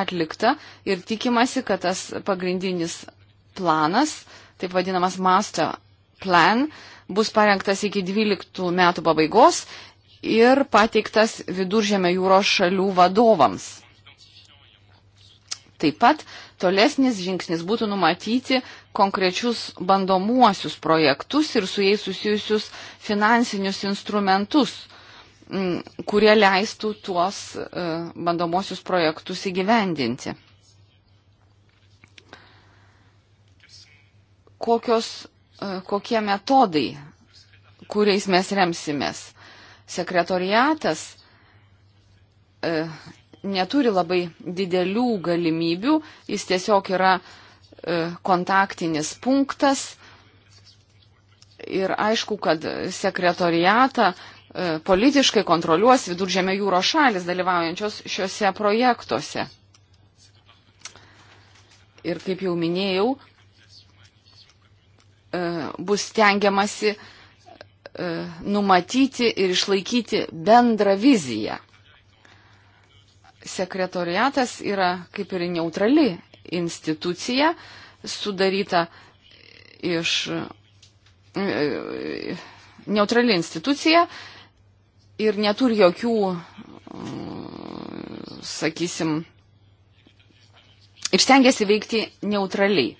atlikta ir tikimasi, kad tas pagrindinis planas, taip vadinamas master plan, bus parengtas iki 12 metų pabaigos ir pateiktas viduržėmio jūros šalių vadovams. Taip pat tolesnis žingsnis būtų numatyti konkrečius bandomuosius projektus ir su jais susijusius finansinius instrumentus, mm, kurie leistų tuos e, bandomuosius projektus įgyvendinti. Kokios, e, kokie metodai, kuriais mes remsimės? Sekretoriatas e, neturi labai didelių galimybių, jis tiesiog yra e, kontaktinis punktas. Ir aišku, kad sekretoriatą e, politiškai kontroliuos viduržėmio jūros šalis dalyvaujančios šiuose projektuose. Ir kaip jau minėjau, e, bus tengiamasi numatyti ir išlaikyti bendrą viziją sekretoriatas yra kaip ir neutrali institucija, sudaryta iš e, neutrali institucija ir neturi jokių, e, sakysim, ir stengiasi veikti neutraliai.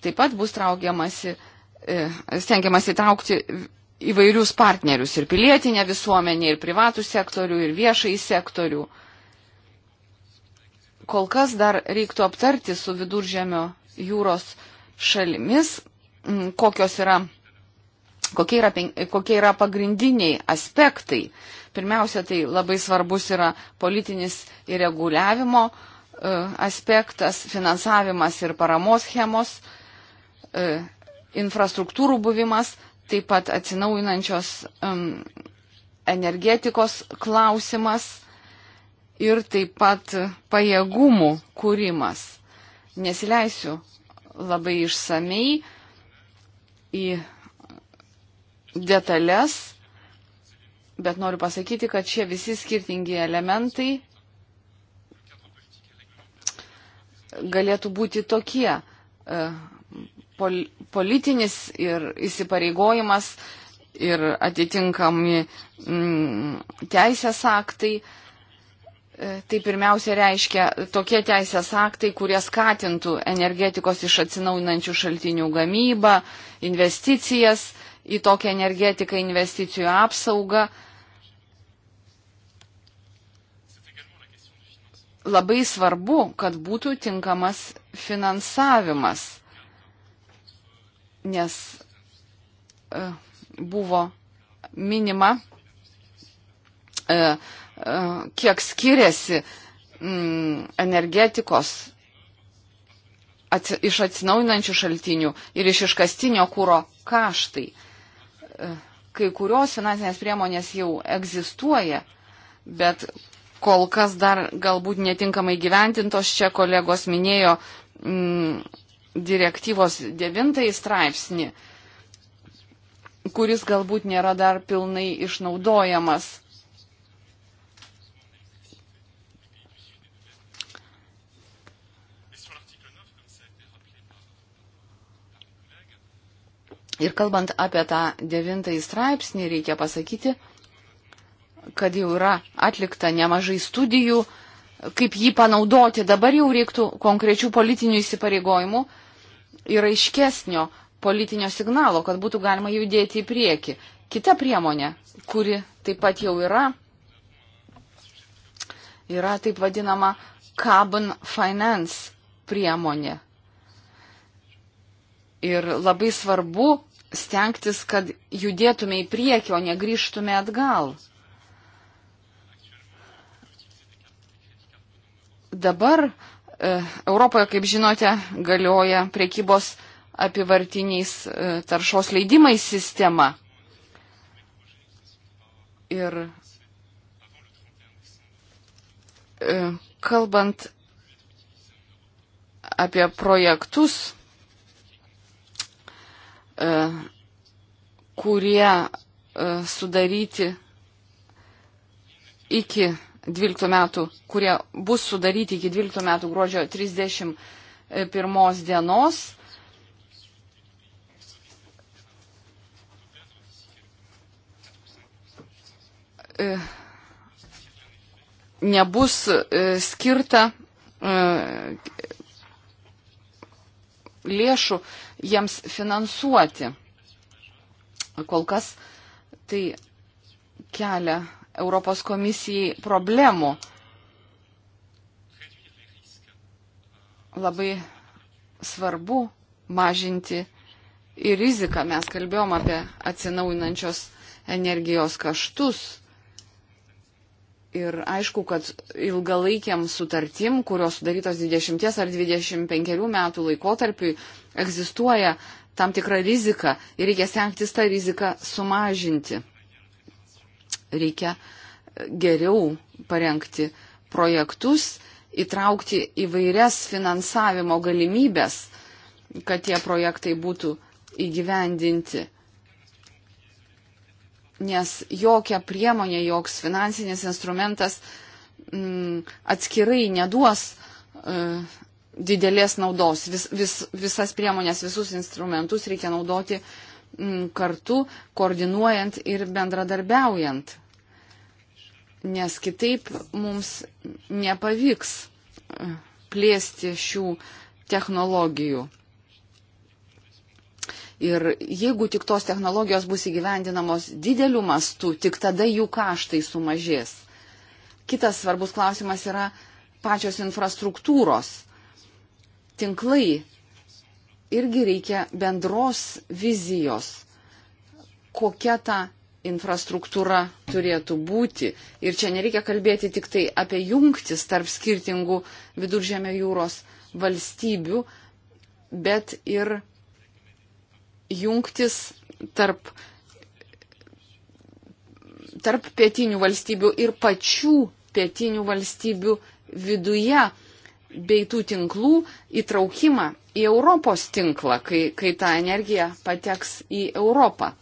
Taip pat bus traukiamasi, e, stengiamasi traukti įvairius partnerius ir pilietinę visuomenę, ir privatų sektorių, ir viešai sektorių. Kol kas dar reiktų aptarti su viduržėmio jūros šalimis, kokios yra, kokie, yra, kokie yra pagrindiniai aspektai. Pirmiausia, tai labai svarbus yra politinis ir reguliavimo e, aspektas, finansavimas ir paramos schemos, e, infrastruktūrų buvimas taip pat atsinaujinančios um, energetikos klausimas ir taip pat pajėgumų kūrimas. Nesileisiu labai išsamei į detalės, bet noriu pasakyti, kad šie visi skirtingi elementai galėtų būti tokie. Uh, pol politinis ir įsipareigojimas ir atitinkami mm, teisės aktai. E, tai pirmiausia reiškia tokie teisės aktai, kurie skatintų energetikos iš atsinaujinančių šaltinių gamybą, investicijas į tokią energetiką, investicijų apsaugą. Labai svarbu, kad būtų tinkamas finansavimas nes e, buvo minima, e, e, kiek skiriasi mm, energetikos iš atsinaujinančių šaltinių ir iš iškastinio kūro kaštai. Kai kurios finansinės priemonės jau egzistuoja, bet kol kas dar galbūt netinkamai gyventintos, čia kolegos minėjo, mm, direktyvos devintąjį straipsnį, kuris galbūt nėra dar pilnai išnaudojamas. Ir kalbant apie tą devintąjį straipsnį, reikia pasakyti, kad jau yra atlikta nemažai studijų, kaip jį panaudoti. Dabar jau reiktų konkrečių politinių įsipareigojimų ir aiškesnio politinio signalo, kad būtų galima judėti į priekį. Kita priemonė, kuri taip pat jau yra, yra taip vadinama carbon finance priemonė. Ir labai svarbu stengtis, kad judėtume į priekį, o negrįžtume atgal. Dabar e, Europoje, kaip žinote, galioja priekybos apivartiniais e, taršos leidimais sistema. Ir e, kalbant apie projektus, kurie sudaryti iki 12 metų, kurie bus sudaryti iki 12 metų gruodžio 31 dienos. E, nebus e, skirta e, lėšų jiems finansuoti. Kol kas tai kelia Europos komisijai problemų. Labai svarbu mažinti ir riziką. Mes kalbėjom apie atsinaujinančios energijos kaštus. Ir aišku, kad ilgalaikiam sutartim, kurios sudarytos 20 ar 25 metų laikotarpiui, egzistuoja tam tikra rizika ir reikia stengtis tą riziką sumažinti reikia geriau parengti projektus, įtraukti įvairias finansavimo galimybės, kad tie projektai būtų įgyvendinti. Nes jokia priemonė, joks finansinis instrumentas m, mm, atskirai neduos e, didelės naudos. Vis, vis, visas priemonės, visus instrumentus reikia naudoti Mm, kartu, koordinuojant ir bendradarbiaujant. Nes kitaip mums nepavyks mm, plėsti šių technologijų. Ir jeigu tik tos technologijos bus įgyvendinamos dideliu mastu, tik tada jų kaštai sumažės. Kitas svarbus klausimas yra pačios infrastruktūros. Tinklai irgi reikia bendros vizijos, kokia ta infrastruktūra turėtų būti. Ir čia nereikia kalbėti tik tai apie jungtis tarp skirtingų viduržėmio jūros valstybių, bet ir jungtis tarp, tarp pietinių valstybių ir pačių pietinių valstybių viduje bei tų tinklų įtraukimą į Europos tinklą, kai, kai ta energija pateks į Europą.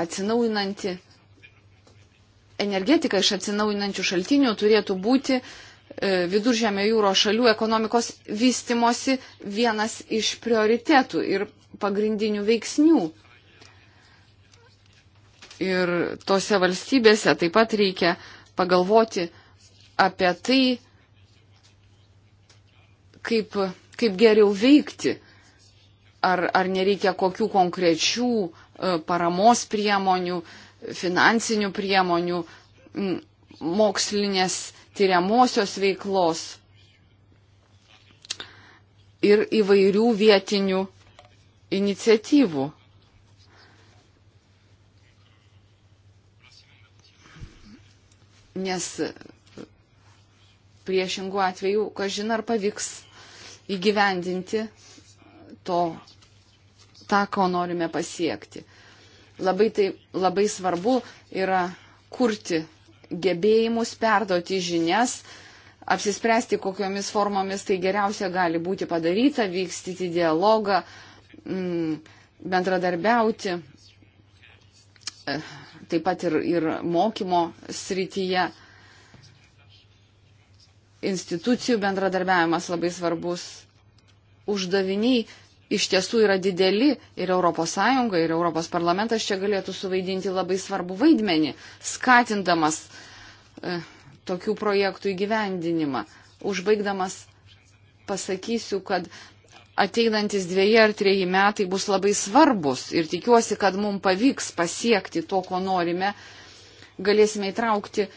Atsinaujinanti energetika iš atsinaujinančių šaltinių turėtų būti e, viduržėmio jūros šalių ekonomikos vystimosi vienas iš prioritetų ir pagrindinių veiksnių. Ir tose valstybėse taip pat reikia pagalvoti, apie tai, kaip, kaip geriau veikti, ar, ar nereikia kokių konkrečių e, paramos priemonių, finansinių priemonių, mokslinės tyriamosios veiklos ir įvairių vietinių iniciatyvų. Nes Priešingų atvejų, kažin ar pavyks įgyvendinti to, tą, ko norime pasiekti. Labai, tai, labai svarbu yra kurti gebėjimus, perduoti žinias, apsispręsti, kokiomis formomis tai geriausia gali būti padaryta, vykstyti dialogą, m, mm, bendradarbiauti, eh, taip pat ir, ir mokymo srityje institucijų bendradarbiavimas labai svarbus. Uždaviniai iš tiesų yra dideli ir ES, ir ES parlamentas čia galėtų suvaidinti labai svarbu vaidmenį, skatindamas e, tokių projektų įgyvendinimą. Užbaigdamas pasakysiu, kad ateinantis dviejai ar trejai metai bus labai svarbus ir tikiuosi, kad mums pavyks pasiekti to, ko norime. Galėsime įtraukti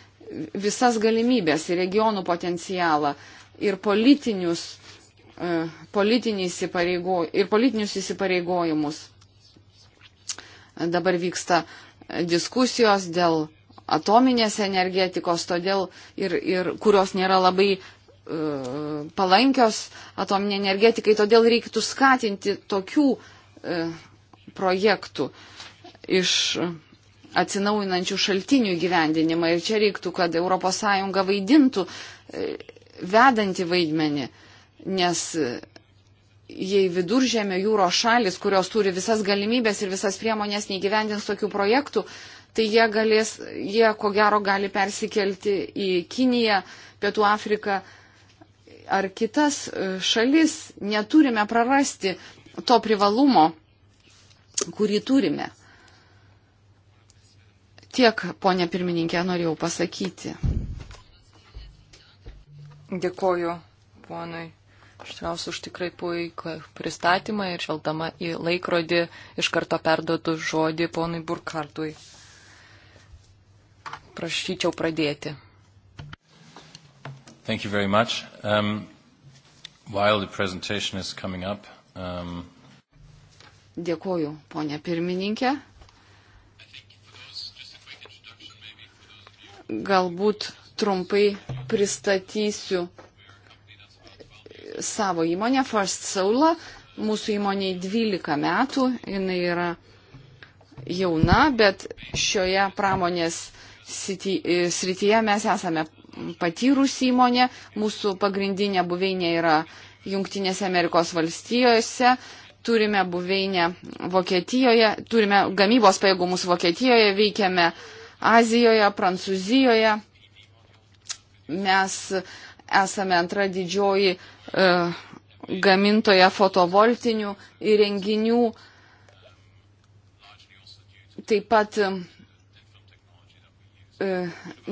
visas galimybės ir regionų potencialą ir politinius, e, įsipareigo, ir politinius įsipareigojimus. Dabar vyksta diskusijos dėl atominės energetikos, todėl ir, ir kurios nėra labai uh, palankios atominė energetikai, todėl reiktų skatinti tokių uh, projektų iš uh, atsinaujinančių šaltinių gyvendinimą. Ir čia reiktų, kad ES vaidintų e, vedantį vaidmenį, nes jei viduržėmio jūros šalis, kurios turi visas galimybės ir visas priemonės neįgyvendins tokių projektų, tai jie galės, jie ko gero gali persikelti į Kiniją, Pietų Afriką ar kitas e, šalis. Neturime prarasti to privalumo, kurį turime. Tiek, ponė pirmininkė, norėjau pasakyti. Dėkoju ponui Štraus už tikrai puikų pristatymą ir šaldama į laikrodį iš karto perduotų žodį ponui Burkartui. Prašyčiau pradėti. Thank you very much. Um, while the presentation is coming up, um... Dėkoju, ponė pirmininkė. galbūt trumpai pristatysiu savo įmonę First Saula. Mūsų įmoniai 12 metų, jinai yra jauna, bet šioje pramonės sity, e, srityje mes esame patyrusi įmonė, mūsų pagrindinė buveinė yra Junktinėse Amerikos valstijose, turime buveinę Vokietijoje, turime gamybos pajėgumus Vokietijoje, veikiame uh, Azijoje, Prancūzijoje. Mes esame antra didžioji e, gamintoja fotovoltinių įrenginių. Taip pat e,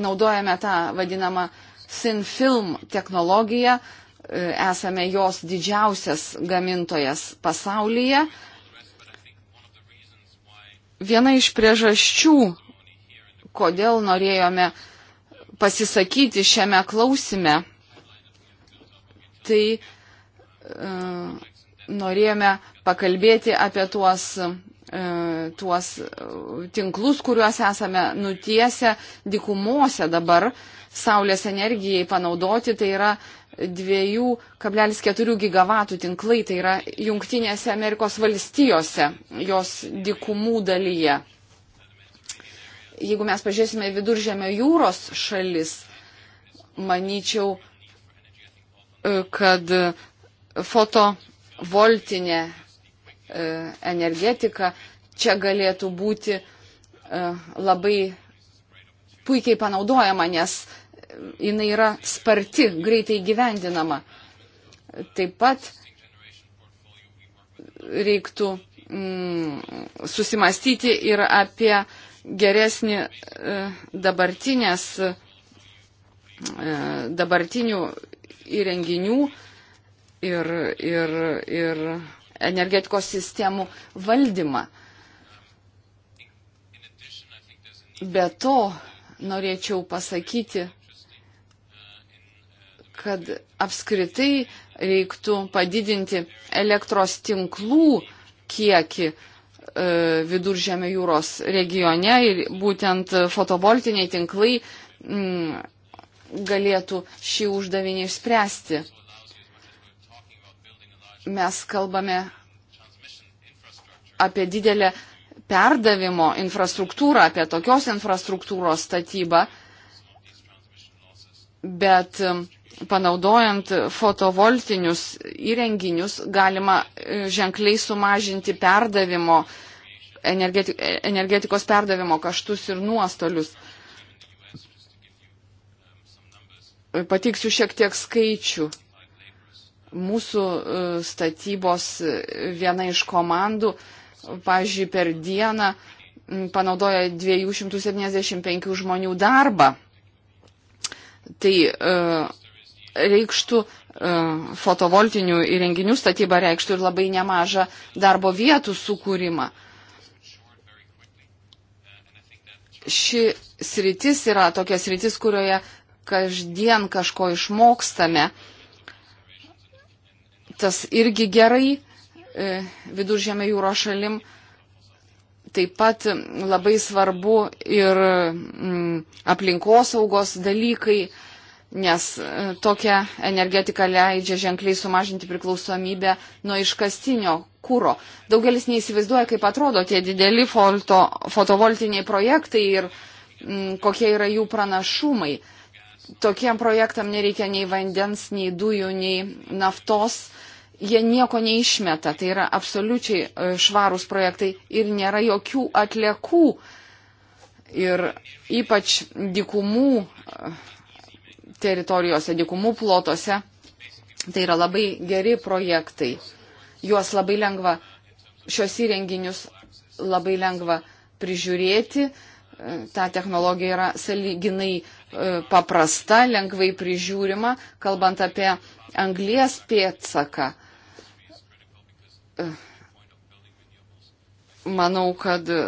naudojame tą vadinamą Sinfilm technologiją, e, esame jos didžiausias gamintojas pasaulyje. Viena iš priežasčių, kodėl norėjome pasisakyti šiame klausime, tai e, norėjome pakalbėti apie tuos, e, tuos tinklus, kuriuos esame nutiesę dikumose dabar Saulės energijai panaudoti. Tai yra 2,4 gigavatų tinklai, tai yra Junktinėse Amerikos valstijose, jos dikumų dalyje jeigu mes pažiūrėsime viduržėmio jūros šalis, manyčiau, e, kad fotovoltinė e, energetika čia galėtų būti e, labai puikiai panaudojama, nes jinai yra sparti, greitai gyvendinama. Taip pat reiktų mm, susimastyti ir apie uh, geresnį e, dabartinės, e, dabartinių įrenginių ir, ir, ir energetikos sistemų valdymą. Be to, norėčiau pasakyti, kad apskritai reiktų padidinti elektros tinklų kiekį, E, viduržėmio jūros regione ir būtent fotovoltiniai tinklai m, mm, galėtų šį uždavinį išspręsti. Mes kalbame apie didelę perdavimo infrastruktūrą, apie tokios infrastruktūros statybą, bet m, panaudojant fotovoltinius įrenginius galima e, ženkliai sumažinti perdavimo, e, energetikos perdavimo kaštus ir nuostolius. Pateiksiu šiek tiek skaičių. Mūsų e, statybos viena iš komandų, pažiūrėjau, per dieną panaudoja 275 žmonių darbą. Tai uh, reikštų e, fotovoltinių įrenginių statyba reikštų ir labai nemažą darbo vietų sukūrimą. Ši sritis yra tokia sritis, kurioje kasdien kažko išmokstame. Tas irgi gerai e, viduržėme jūro šalim. Taip pat labai svarbu ir mm, aplinkosaugos dalykai nes e, tokia energetika leidžia ženkliai sumažinti priklausomybę nuo iškastinio kūro. Daugelis neįsivaizduoja, kaip atrodo tie dideli folto, fotovoltiniai projektai ir m, mm, kokie yra jų pranašumai. Tokiem projektam nereikia nei vandens, nei dujų, nei naftos. Jie nieko neišmeta, tai yra absoliučiai e, švarūs projektai ir nėra jokių atliekų. Ir ypač dikumų e, teritorijose, dykumų plotose. Tai yra labai geri projektai. Juos labai lengva, šios įrenginius labai lengva prižiūrėti. Ta technologija yra saliginai e, paprasta, lengvai prižiūrima, kalbant apie anglies pėtsaką. E, manau, kad e,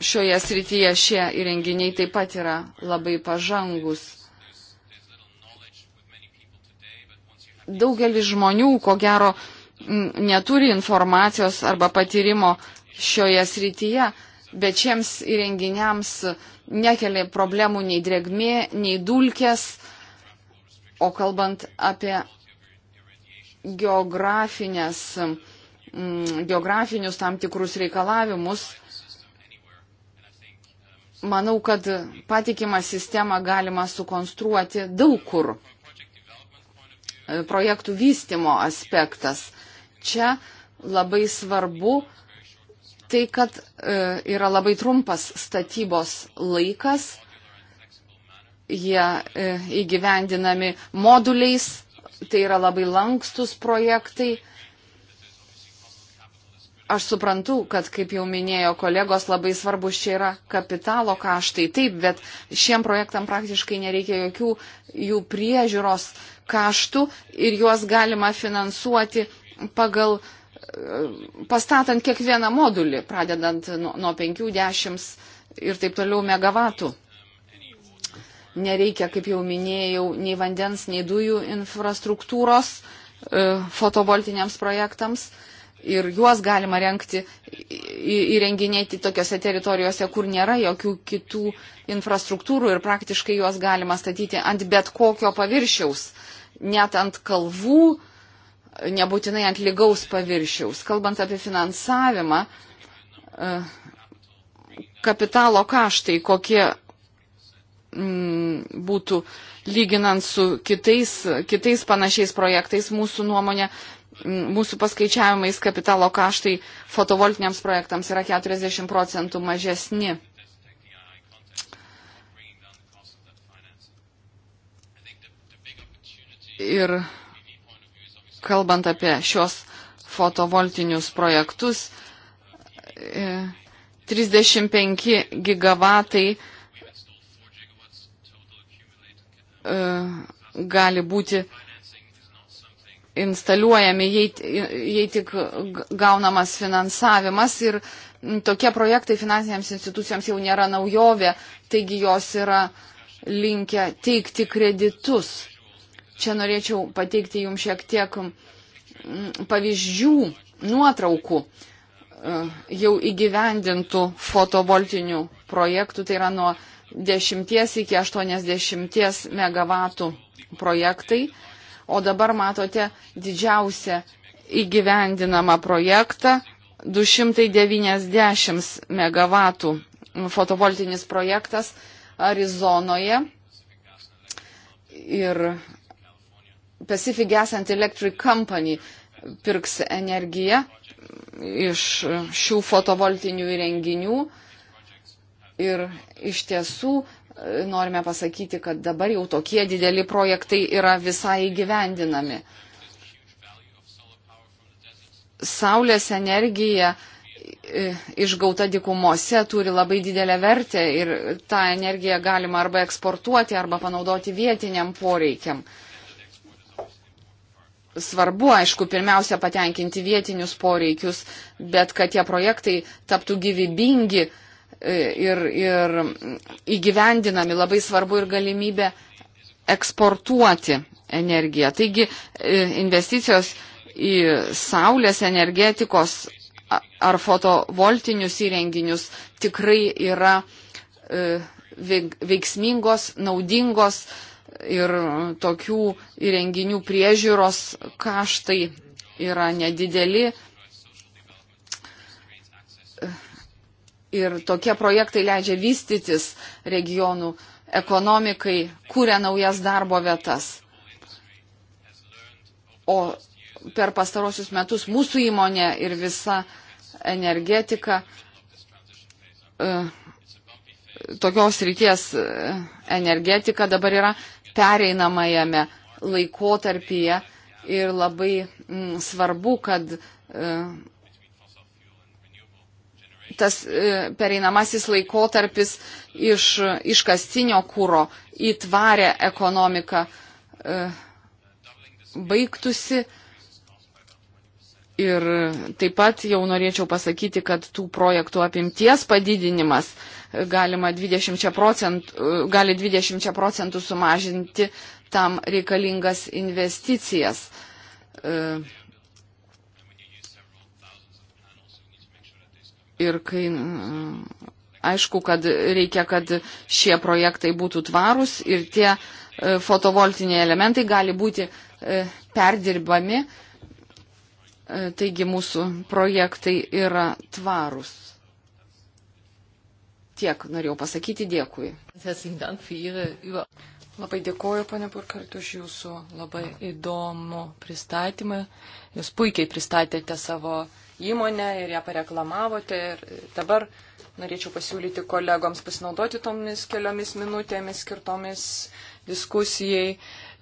šioje srityje šie įrenginiai taip pat yra labai pažangus. daugelis žmonių, ko gero, neturi informacijos arba patyrimo šioje srityje, bet šiems įrenginiams nekelia problemų nei dregmė, nei dulkės, o kalbant apie geografinės, geografinius tam tikrus reikalavimus, manau, kad patikimą sistemą galima sukonstruoti daug kur projektų vystimo aspektas. Čia labai svarbu tai, kad e, yra labai trumpas statybos laikas, jie e, įgyvendinami moduliais, tai yra labai lankstus projektai Aš suprantu, kad, kaip jau minėjo kolegos, labai svarbus čia yra kapitalo kaštai. Taip, bet šiem projektam praktiškai nereikia jokių jų priežiūros kaštų ir juos galima finansuoti pagal e, pastatant kiekvieną modulį, pradedant nuo, nuo 50 ir taip toliau megavatų. Nereikia, kaip jau minėjau, nei vandens, nei dujų infrastruktūros e, fotovoltiniams projektams. E, ir juos galima renkti, įrenginėti tokiose teritorijose, kur nėra jokių kitų infrastruktūrų ir praktiškai juos galima statyti ant bet kokio paviršiaus, net ant kalvų, nebūtinai ant lygaus paviršiaus. Kalbant apie finansavimą, e, kapitalo kaštai, kokie m, mm, būtų lyginant su kitais, kitais panašiais projektais, mūsų nuomonė mūsų paskaičiavimais kapitalo kaštai fotovoltiniams projektams yra 40 procentų mažesni. Ir kalbant apie šios fotovoltinius projektus, 35 e, gigavatai e, gali būti instaliuojami, jei, jei tik gaunamas finansavimas ir tokie projektai finansinėms institucijoms jau nėra naujovė, taigi jos yra linkę teikti kreditus. Čia norėčiau pateikti jums šiek tiek pavyzdžių, nuotraukų e, jau įgyvendintų fotovoltinių projektų, tai yra nuo 10 iki 80 MW projektai o dabar matote didžiausią įgyvendinamą projektą 290 MW fotovoltinis projektas Arizonoje ir Pacific Gas and Electric Company pirks energiją iš šių fotovoltinių įrenginių ir iš tiesų norime pasakyti, kad dabar jau tokie dideli projektai yra visai įgyvendinami. Saulės energija e, išgauta dikumose turi labai didelę vertę ir tą energiją galima arba eksportuoti, arba panaudoti vietiniam poreikiam. Svarbu, aišku, pirmiausia patenkinti vietinius poreikius, bet kad tie projektai taptų gyvybingi, ir, ir įgyvendinami, labai svarbu ir galimybė eksportuoti energiją. Taigi e, investicijos į saulės energetikos ar fotovoltinius įrenginius tikrai yra e, veiksmingos, naudingos ir tokių įrenginių priežiūros kaštai yra nedideli ir tokie projektai leidžia vystytis regionų ekonomikai, kūrė naujas darbo vietas. O per pastarosius metus mūsų įmonė ir visa energetika e, tokios ryties e, energetika dabar yra pereinamajame laikotarpyje ir labai m, mm, svarbu, kad e, tas e, pereinamasis laikotarpis iš iškastinio kūro į tvarę ekonomiką e, baigtųsi. Ir taip pat jau norėčiau pasakyti, kad tų projektų apimties padidinimas e, galima 20 procentų, gali 20 procentų sumažinti tam reikalingas investicijas. E, ir kai mm, aišku, kad reikia, kad šie projektai būtų tvarūs ir tie e, fotovoltiniai elementai gali būti e, perdirbami, e, taigi mūsų projektai yra tvarūs. Tiek norėjau pasakyti, dėkui. Labai dėkoju, pane Burkart, už jūsų labai įdomų pristatymą. Jūs puikiai pristatėte savo įmonę ir ją pareklamavote. Ir dabar norėčiau pasiūlyti kolegoms pasinaudoti tomis keliomis minutėmis skirtomis diskusijai.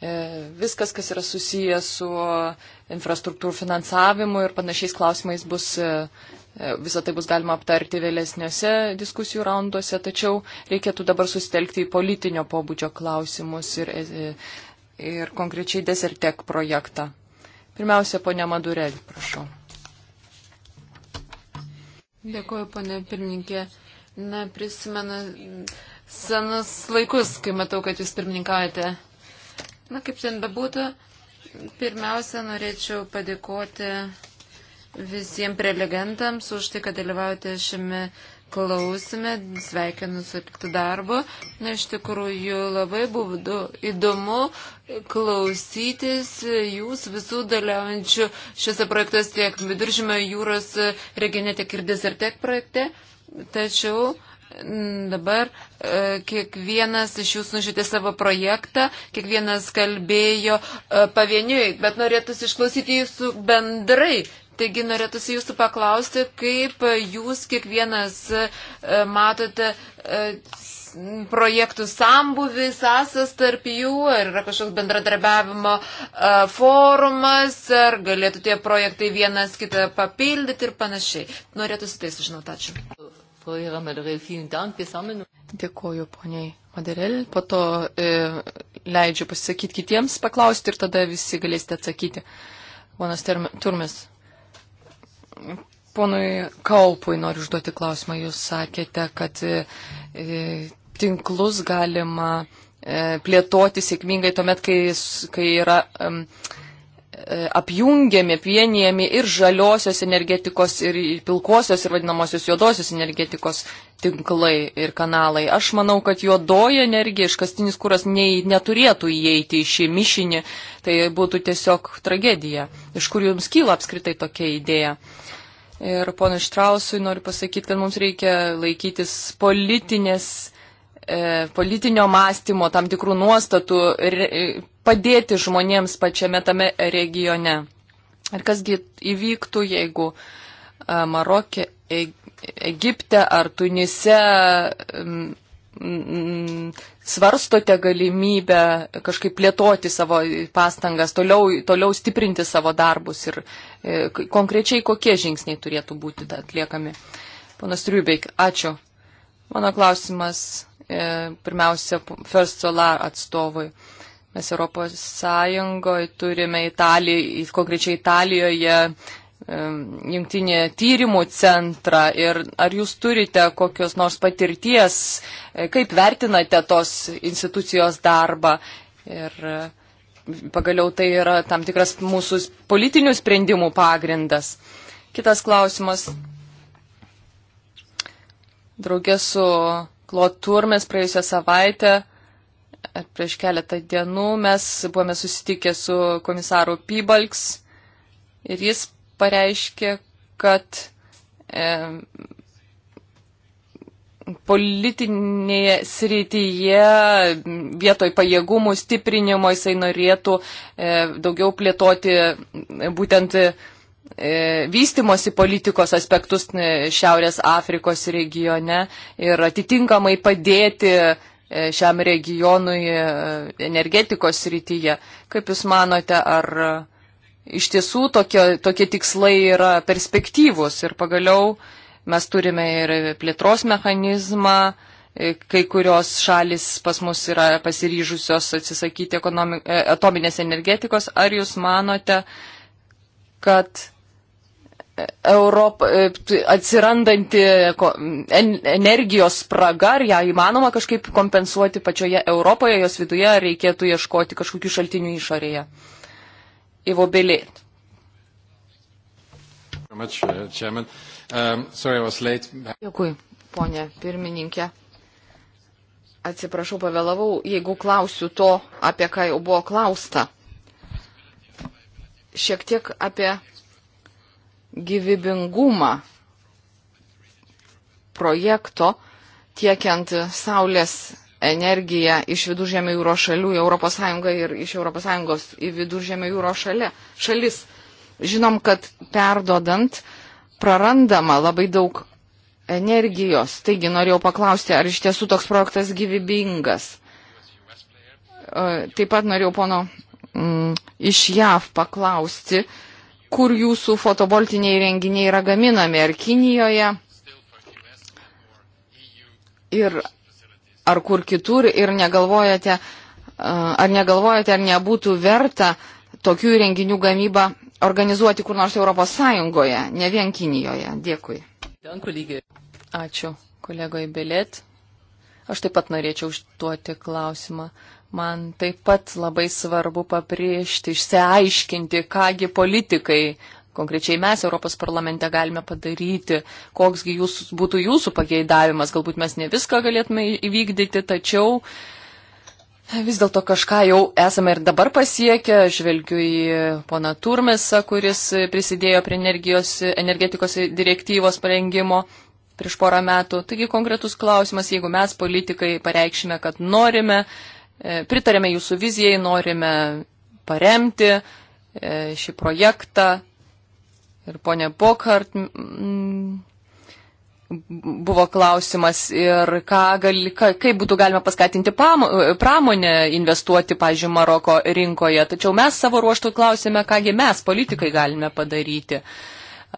E, viskas, kas yra susijęs su infrastruktūrų finansavimu ir panašiais klausimais bus, e, e, visą tai bus galima aptarti vėlesniuose diskusijų raunduose, tačiau reikėtų dabar susitelkti į politinio pobūdžio klausimus ir, ir konkrečiai Desertek projektą. Pirmiausia, ponia Madurelį, prašau. Dėkuoju, ponė pirmininkė. Na, prisimenu senus laikus, kai matau, kad jūs pirmininkavate. Na, kaip ten bebūtų, pirmiausia, norėčiau padėkoti visiems prelegentams už tai, kad dalyvaujate šiame klausime, sveikinu su atliktų darbu. Na, iš tikrųjų, labai buvo įdomu klausytis jūs visų dalyvaujančių šiuose projektuose tiek viduržymio jūros regione, tiek ir desertek projekte. Tačiau dabar e, kiekvienas iš jūsų nužytė savo projektą, kiekvienas kalbėjo e, pavieniui, bet norėtųsi išklausyti jūsų bendrai Taigi norėtųsi jūsų paklausti, kaip jūs kiekvienas e, matote e, projektų sambuvi, sąsas tarp jų, ar yra kažkoks bendradarbiavimo e, forumas, ar galėtų tie projektai vienas kitą papildyti ir panašiai. Norėtųsi tai sužinoti. Ačiū. Dėkuoju, poniai Maderel. Po to e, leidžiu pasisakyti kitiems, paklausti ir tada visi galėsite atsakyti. Ponas Turmes. Ponui Kaupui noriu užduoti klausimą. Jūs sakėte, kad e, e, tinklus galima e, plėtoti sėkmingai tuomet, kai, kai yra E, apjungiami, vienijami ir žaliosios energetikos, ir pilkosios, ir vadinamosios juodosios energetikos tinklai ir kanalai. Aš manau, kad juodoji energija, iškastinis kūras nei, neturėtų įeiti į šį mišinį, tai būtų tiesiog tragedija. Iš kur jums kyla apskritai tokia idėja? Ir ponui Štrausui noriu pasakyti, kad mums reikia laikytis politinės E, politinio mąstymo, tam tikrų nuostatų ir padėti žmonėms pačiame tame regione. Ir kasgi įvyktų, jeigu e, Marokė, e, Egipte ar Tunise svarstote galimybę kažkaip plėtoti savo pastangas, toliau, toliau stiprinti savo darbus ir konkrečiai kokie žingsniai turėtų būti atliekami. Ponas Triubeik, ačiū. Mano klausimas E, pirmiausia, First Solar atstovui. Mes Europos Sąjungoje turime Italiją, konkrečiai Italijoje e, jungtinį tyrimų centrą ir ar jūs turite kokios nors patirties, e, kaip vertinate tos institucijos darbą ir pagaliau tai yra tam tikras mūsų politinių sprendimų pagrindas. Kitas klausimas. Draugė su Kloturmes praėjusią savaitę ar prieš keletą dienų mes buvome susitikę su komisaru Pybalks ir jis pareiškė, kad e, politinėje srityje vietoj pajėgumų stiprinimo jisai norėtų e, daugiau plėtoti būtent E, vystimosi politikos aspektus e, Šiaurės Afrikos regione ir atitinkamai padėti e, šiam regionui energetikos srityje. Kaip Jūs manote, ar iš tiesų tokie, tokie tikslai yra perspektyvus ir pagaliau mes turime ir plėtros mechanizmą, kai kurios šalis pas mus yra pasiryžusios atsisakyti atominės energetikos. Ar Jūs manote, kad Europa, e, atsirandanti energijos spraga, ar ją įmanoma kažkaip kompensuoti pačioje Europoje, jos viduje, ar reikėtų ieškoti kažkokių šaltinių išorėje. Ivo Belėt. Uh, um, Dėkui, ponė pirmininkė. Atsiprašau, pavėlavau, jeigu klausiu to, apie ką jau buvo klausta. Šiek tiek apie gyvybingumą projekto tiekiant saulės energiją iš viduržėmio jūros šalių į ES ir iš ES į viduržėmio jūros šalia, šalis. Žinom, kad perdodant prarandama labai daug energijos. Taigi norėjau paklausti, ar iš tiesų toks projektas gyvybingas. E, taip pat norėjau pono mm, iš JAV paklausti, uh, kur jūsų fotovoltiniai renginiai yra gaminami, ar Kinijoje, ir ar kur kitur, ir negalvojate, ar negalvojate, ar nebūtų verta tokių renginių gamybą organizuoti kur nors Europos Sąjungoje, ne vien Kinijoje. Dėkui. Ačiū, kolegoje Bilėt. Aš taip pat norėčiau užduoti klausimą. Man taip pat labai svarbu pabrėžti, išsiaiškinti, kągi politikai, konkrečiai mes Europos parlamente galime padaryti, koksgi jūs, būtų jūsų pageidavimas. Galbūt mes ne viską galėtume įvykdyti, tačiau Vis dėlto kažką jau esame ir dabar pasiekę. Žvelgiu į poną Turmesą, kuris prisidėjo prie energetikos direktyvos parengimo prieš porą metų. Taigi konkretus klausimas, jeigu mes politikai pareikšime, kad norime E, pritarėme jūsų vizijai, norime paremti e, šį projektą. Ir ponė Bokhart buvo klausimas ir ką gali, ka, kaip būtų galima paskatinti e, pramonę investuoti, pažiūrėjau, Maroko rinkoje. Tačiau mes savo ruoštų klausime, kągi mes, politikai, galime padaryti. Uh,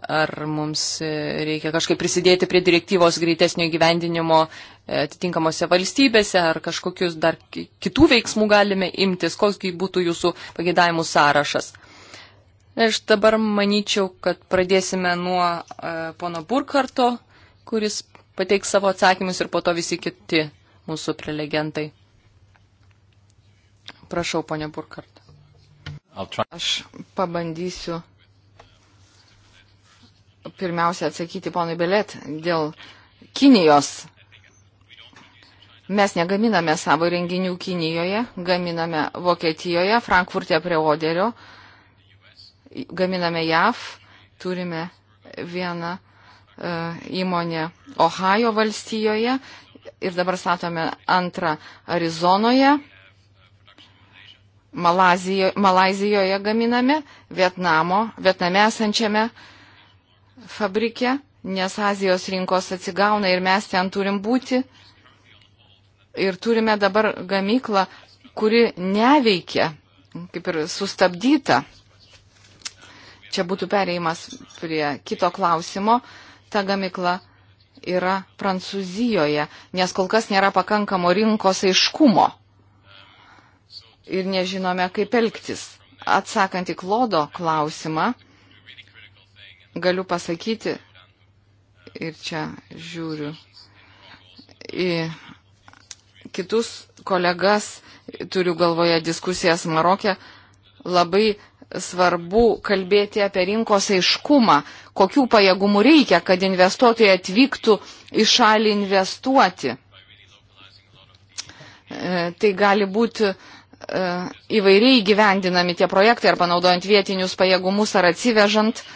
ar mums reikia kažkaip prisidėti prie direktyvos greitesnio gyvendinimo e, atitinkamose valstybėse, ar kažkokius dar kitų veiksmų galime imtis, koksgi būtų jūsų pagėdavimų sąrašas. Aš dabar manyčiau, kad pradėsime nuo e, pono Burkarto, kuris pateiks savo atsakymus ir po to visi kiti mūsų prelegentai. Prašau, ponia Burkart. Aš pabandysiu pirmiausia atsakyti ponui Belet dėl Kinijos. Mes negaminame savo renginių Kinijoje, gaminame Vokietijoje, Frankfurte prie Oderio, gaminame JAV, turime vieną uh, įmonę Ohajo valstijoje ir dabar statome antrą Arizonoje. Malazijoje, Malazijoje gaminame, Vietnamo, Vietname esančiame uh, fabrike, nes Azijos rinkos atsigauna ir mes ten turim būti. Ir turime dabar gamyklą, kuri neveikia, kaip ir sustabdyta. Čia būtų pereimas prie kito klausimo. Ta gamykla yra Prancūzijoje, nes kol kas nėra pakankamo rinkos aiškumo ir nežinome, kaip elgtis. Atsakant į klodo klausimą, galiu pasakyti, ir čia žiūriu į kitus kolegas, turiu galvoje diskusijas Marokė, labai svarbu kalbėti apie rinkos aiškumą, kokių pajėgumų reikia, kad investuotojai atvyktų į šalį investuoti. E, tai gali būti e, įvairiai gyvendinami tie projektai, ar panaudojant vietinius pajėgumus, ar atsivežant e,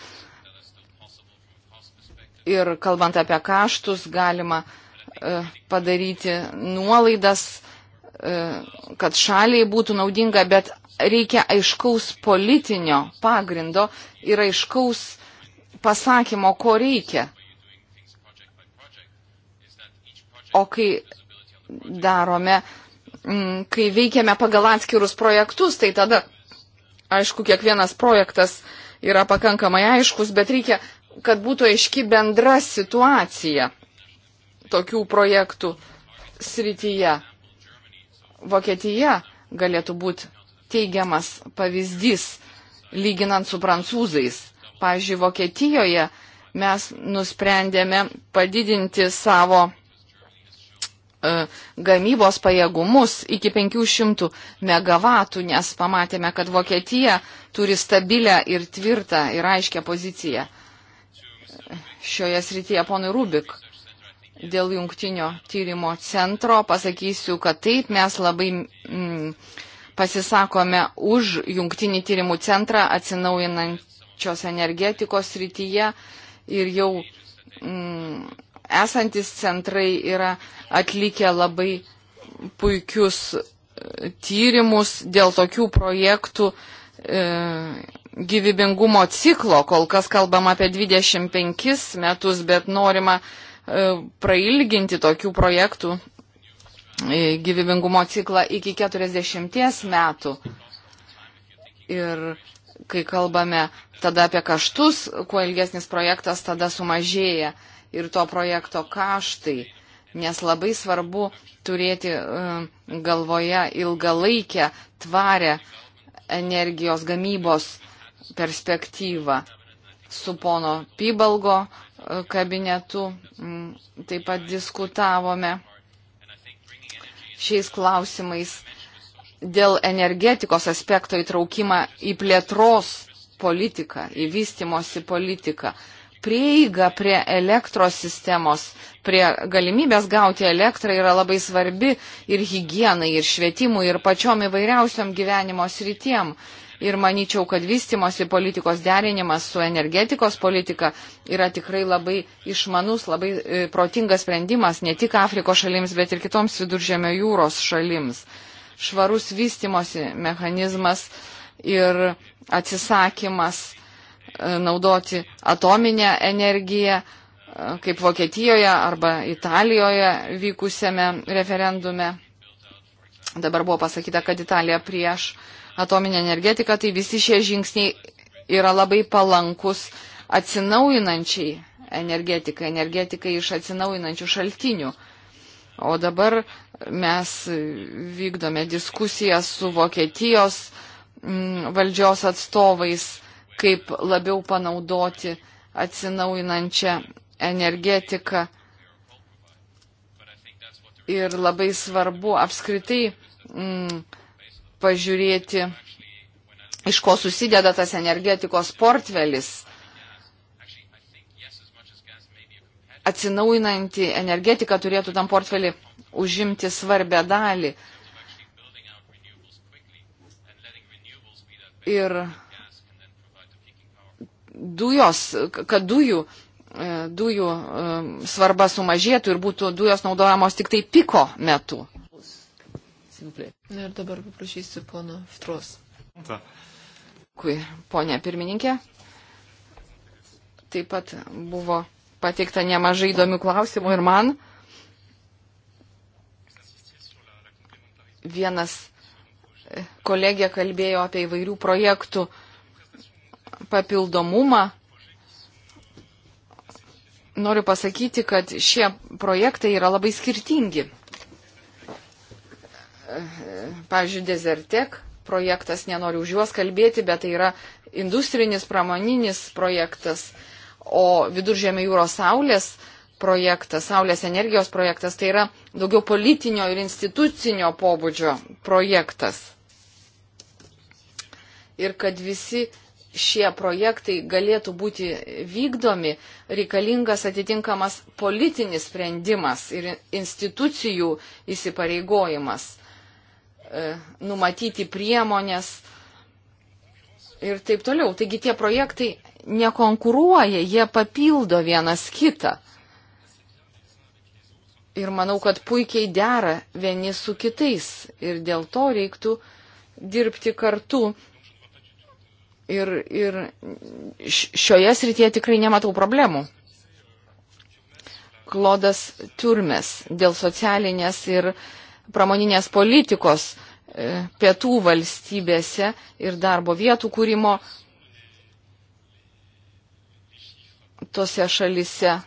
ir kalbant apie kaštus, galima e, padaryti nuolaidas, e, kad šaliai būtų naudinga, bet reikia aiškaus politinio pagrindo ir aiškaus pasakymo, ko reikia. O kai darome, kai veikiame pagal atskirus projektus, tai tada, aišku, kiekvienas projektas yra pakankamai aiškus, bet reikia kad būtų aiški bendra situacija tokių projektų srityje. Vokietija galėtų būti teigiamas pavyzdys, lyginant su prancūzais. Pavyzdžiui, Vokietijoje mes nusprendėme padidinti savo e, gamybos pajėgumus iki 500 MW, nes pamatėme, kad Vokietija turi stabilę ir tvirtą ir aiškę poziciją šioje srityje ponui Rubik dėl jungtinio tyrimo centro. Pasakysiu, kad taip mes labai mm, pasisakome už jungtinį tyrimų centrą atsinaujinančios energetikos srityje ir jau mm, esantis centrai yra atlikę labai puikius e, tyrimus dėl tokių projektų e, gyvybingumo ciklo, kol kas kalbam apie 25 metus, bet norima e, prailginti tokių projektų e, gyvybingumo ciklą iki 40 metų. Ir kai kalbame tada apie kaštus, kuo ilgesnis projektas, tada sumažėja ir to projekto kaštai nes labai svarbu turėti e, galvoje ilgalaikę tvarę energijos gamybos perspektyvą su pono Pybalgo e, kabinetu taip pat diskutavome šiais klausimais dėl energetikos aspekto įtraukimą į plėtros politiką, į vystimosi politiką. Prieiga prie elektros sistemos, prie galimybės gauti elektrą yra labai svarbi ir higienai, ir švietimui, ir pačiom įvairiausiom gyvenimo sritiem. Uh, ir manyčiau, kad vystimosi politikos derinimas su energetikos politika yra tikrai labai išmanus, labai e, protingas sprendimas ne tik Afrikos šalims, bet ir kitoms viduržėmio jūros šalims. Švarus vystimosi mechanizmas ir atsisakymas e, naudoti atominę energiją, e, kaip Vokietijoje arba Italijoje vykusiame referendume. Dabar buvo pasakyta, kad Italija prieš uh, atominę energetiką, tai visi šie žingsniai yra labai palankus atsinaujinančiai energetikai, energetikai iš atsinaujinančių šaltinių. O dabar mes vykdome diskusiją su Vokietijos mm, valdžios atstovais, kaip labiau panaudoti atsinaujinančią energetiką. Ir labai svarbu apskritai mm, pažiūrėti, iš ko susideda tas energetikos portfelis. Atsinaujinanti energetika turėtų tam portfelį užimti svarbę dalį. Ir dujos, kad dujų, e, dujų e, svarba sumažėtų ir būtų dujos naudojamos tik tai piko metu. Ir dabar paprašysiu pono Ftros. Kui, ponė pirmininkė, taip pat buvo pateikta nemažai įdomių klausimų ir man. Vienas e, kolegė kalbėjo apie įvairių projektų papildomumą. Noriu pasakyti, kad šie projektai yra labai skirtingi pavyzdžiui, Desertek projektas, nenoriu už juos kalbėti, bet tai yra industrinis, pramoninis projektas, o viduržėmė jūros saulės projektas, saulės energijos projektas, tai yra daugiau politinio ir institucinio pobūdžio projektas. Ir kad visi šie projektai galėtų būti vykdomi, reikalingas atitinkamas politinis sprendimas ir institucijų įsipareigojimas. E, numatyti priemonės ir taip toliau. Taigi tie projektai nekonkuruoja, jie papildo vienas kitą. Ir manau, kad puikiai dera vieni su kitais. Ir dėl to reiktų dirbti kartu. Ir, ir šioje srityje tikrai nematau problemų. Klodas Turmes dėl socialinės ir uh, pramoninės politikos e, pietų valstybėse ir darbo vietų kūrimo tose šalise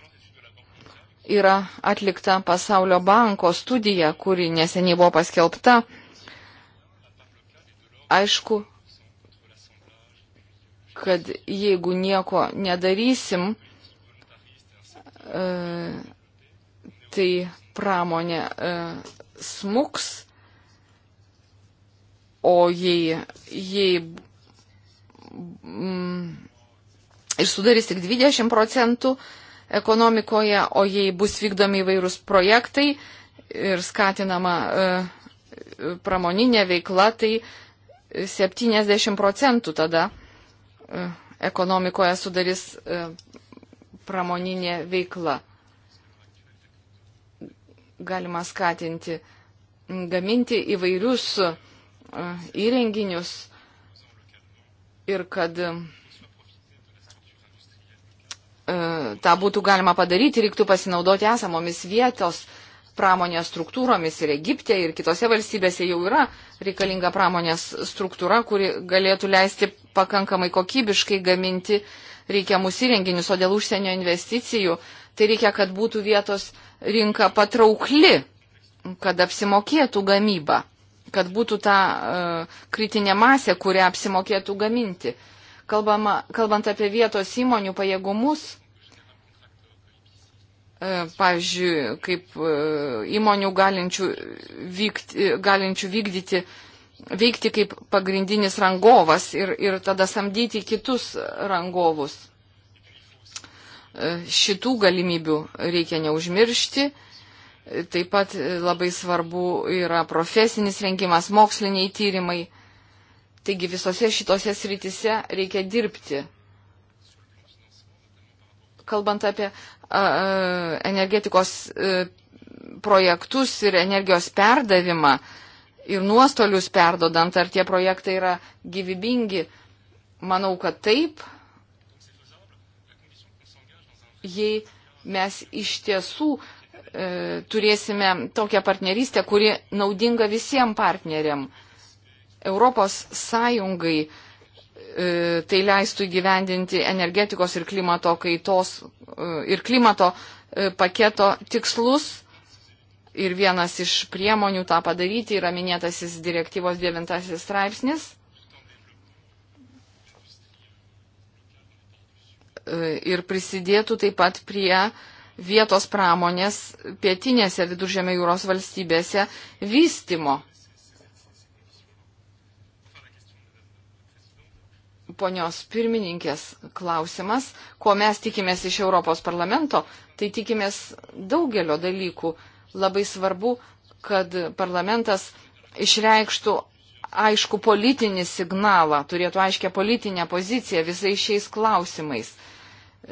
yra atlikta Pasaulio banko studija, kuri neseniai buvo paskelbta. Aišku, kad jeigu nieko nedarysim, e, tai pramonė e, smuks, o jei, jei mm, ir sudarys tik 20 procentų ekonomikoje, o jei bus vykdomi įvairūs projektai ir skatinama e, pramoninė veikla, tai 70 procentų tada e, ekonomikoje sudarys e, pramoninė veikla galima skatinti gaminti įvairius e, įrenginius ir kad e, tą būtų galima padaryti, reiktų pasinaudoti esamomis vietos pramonės struktūromis ir Egipte, ir kitose valstybėse jau yra reikalinga pramonės struktūra, kuri galėtų leisti pakankamai kokybiškai gaminti reikiamus įrenginius, o dėl užsienio investicijų uh, tai reikia, kad būtų vietos rinka patraukli, kad apsimokėtų gamyba, kad būtų ta uh, kritinė masė, kurią apsimokėtų gaminti. Kalbama, kalbant apie vietos įmonių pajėgumus, e, pavyzdžiui, kaip e, įmonių galinčių, vykti, galinčių vykdyti, veikti kaip pagrindinis rangovas ir, ir tada samdyti kitus rangovus. E, šitų galimybių reikia neužmiršti. Taip pat e, labai svarbu yra profesinis rengimas, moksliniai tyrimai. Taigi visose šitose sritise reikia dirbti. Kalbant apie energetikos e, projektus ir energijos perdavimą ir nuostolius perdodant, ar tie projektai yra gyvybingi, manau, kad taip, jei mes iš tiesų e, turėsime tokią partnerystę, kuri naudinga visiems partneriam. Europos Sąjungai e, tai leistų įgyvendinti energetikos ir klimato kaitos e, ir klimato e, paketo tikslus. Ir vienas iš priemonių tą padaryti yra minėtasis direktyvos devintasis straipsnis. E, ir prisidėtų taip pat prie vietos pramonės pietinėse viduržėme jūros valstybėse vystimo. Ponios pirmininkės klausimas, ko mes tikimės iš Europos parlamento, tai tikimės daugelio dalykų. Labai svarbu, kad parlamentas išreikštų aišku politinį signalą, turėtų aiškę politinę poziciją visais šiais klausimais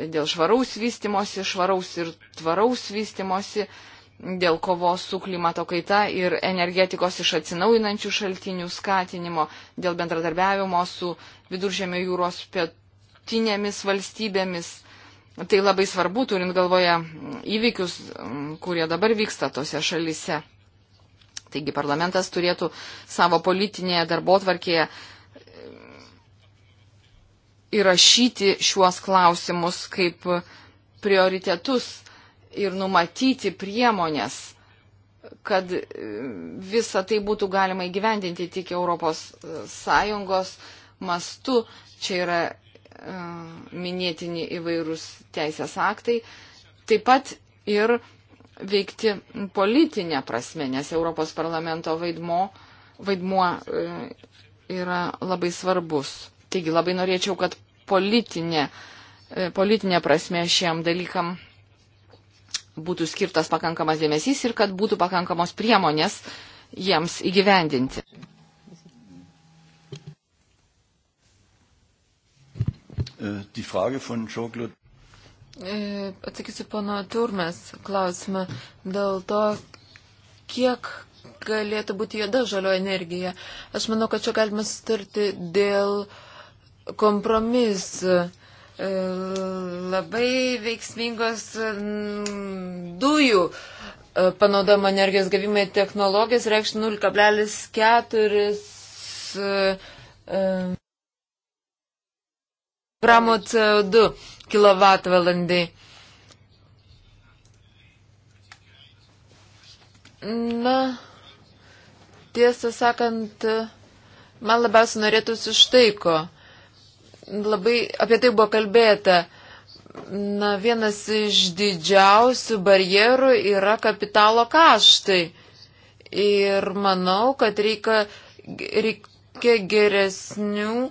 dėl švaraus vystimosi, švaraus ir tvaraus vystimosi, dėl kovos su klimato kaita ir energetikos iš atsinaujinančių šaltinių skatinimo, dėl bendradarbiavimo su viduržėmio jūros pietinėmis valstybėmis. Tai labai svarbu, turint galvoje įvykius, mm, kurie dabar vyksta tose šalise. Taigi parlamentas turėtų savo politinėje darbo tvarkėje įrašyti šiuos klausimus kaip prioritetus ir numatyti priemonės, kad e, visą tai būtų galima įgyvendinti tik ES e, mastu. Čia yra e, minėtini įvairūs teisės aktai. Taip pat ir veikti politinę prasme, nes Europos parlamento vaidmo, vaidmuo yra labai svarbus. Taigi labai norėčiau, kad politinė, e, politinė prasme šiem dalykam būtų skirtas pakankamas dėmesys ir kad būtų pakankamos priemonės jiems įgyvendinti. Äh, die Frage von Jean-Claude. E, atsakysiu pono Turmes klausimą dėl to, kiek galėtų būti juoda žalio energija. Aš manau, kad čia galima sutarti dėl uh, kompromisų. E, labai veiksmingos dujų e, panaudojama energijos gavimai technologijas reikš 0,4 e, gramų CO2 kWh. Na, tiesą sakant, man labiausiai norėtųsi štai ko labai apie tai buvo kalbėta. Na, vienas iš didžiausių barjerų yra kapitalo kaštai. Ir manau, kad reikia, reikia geresnių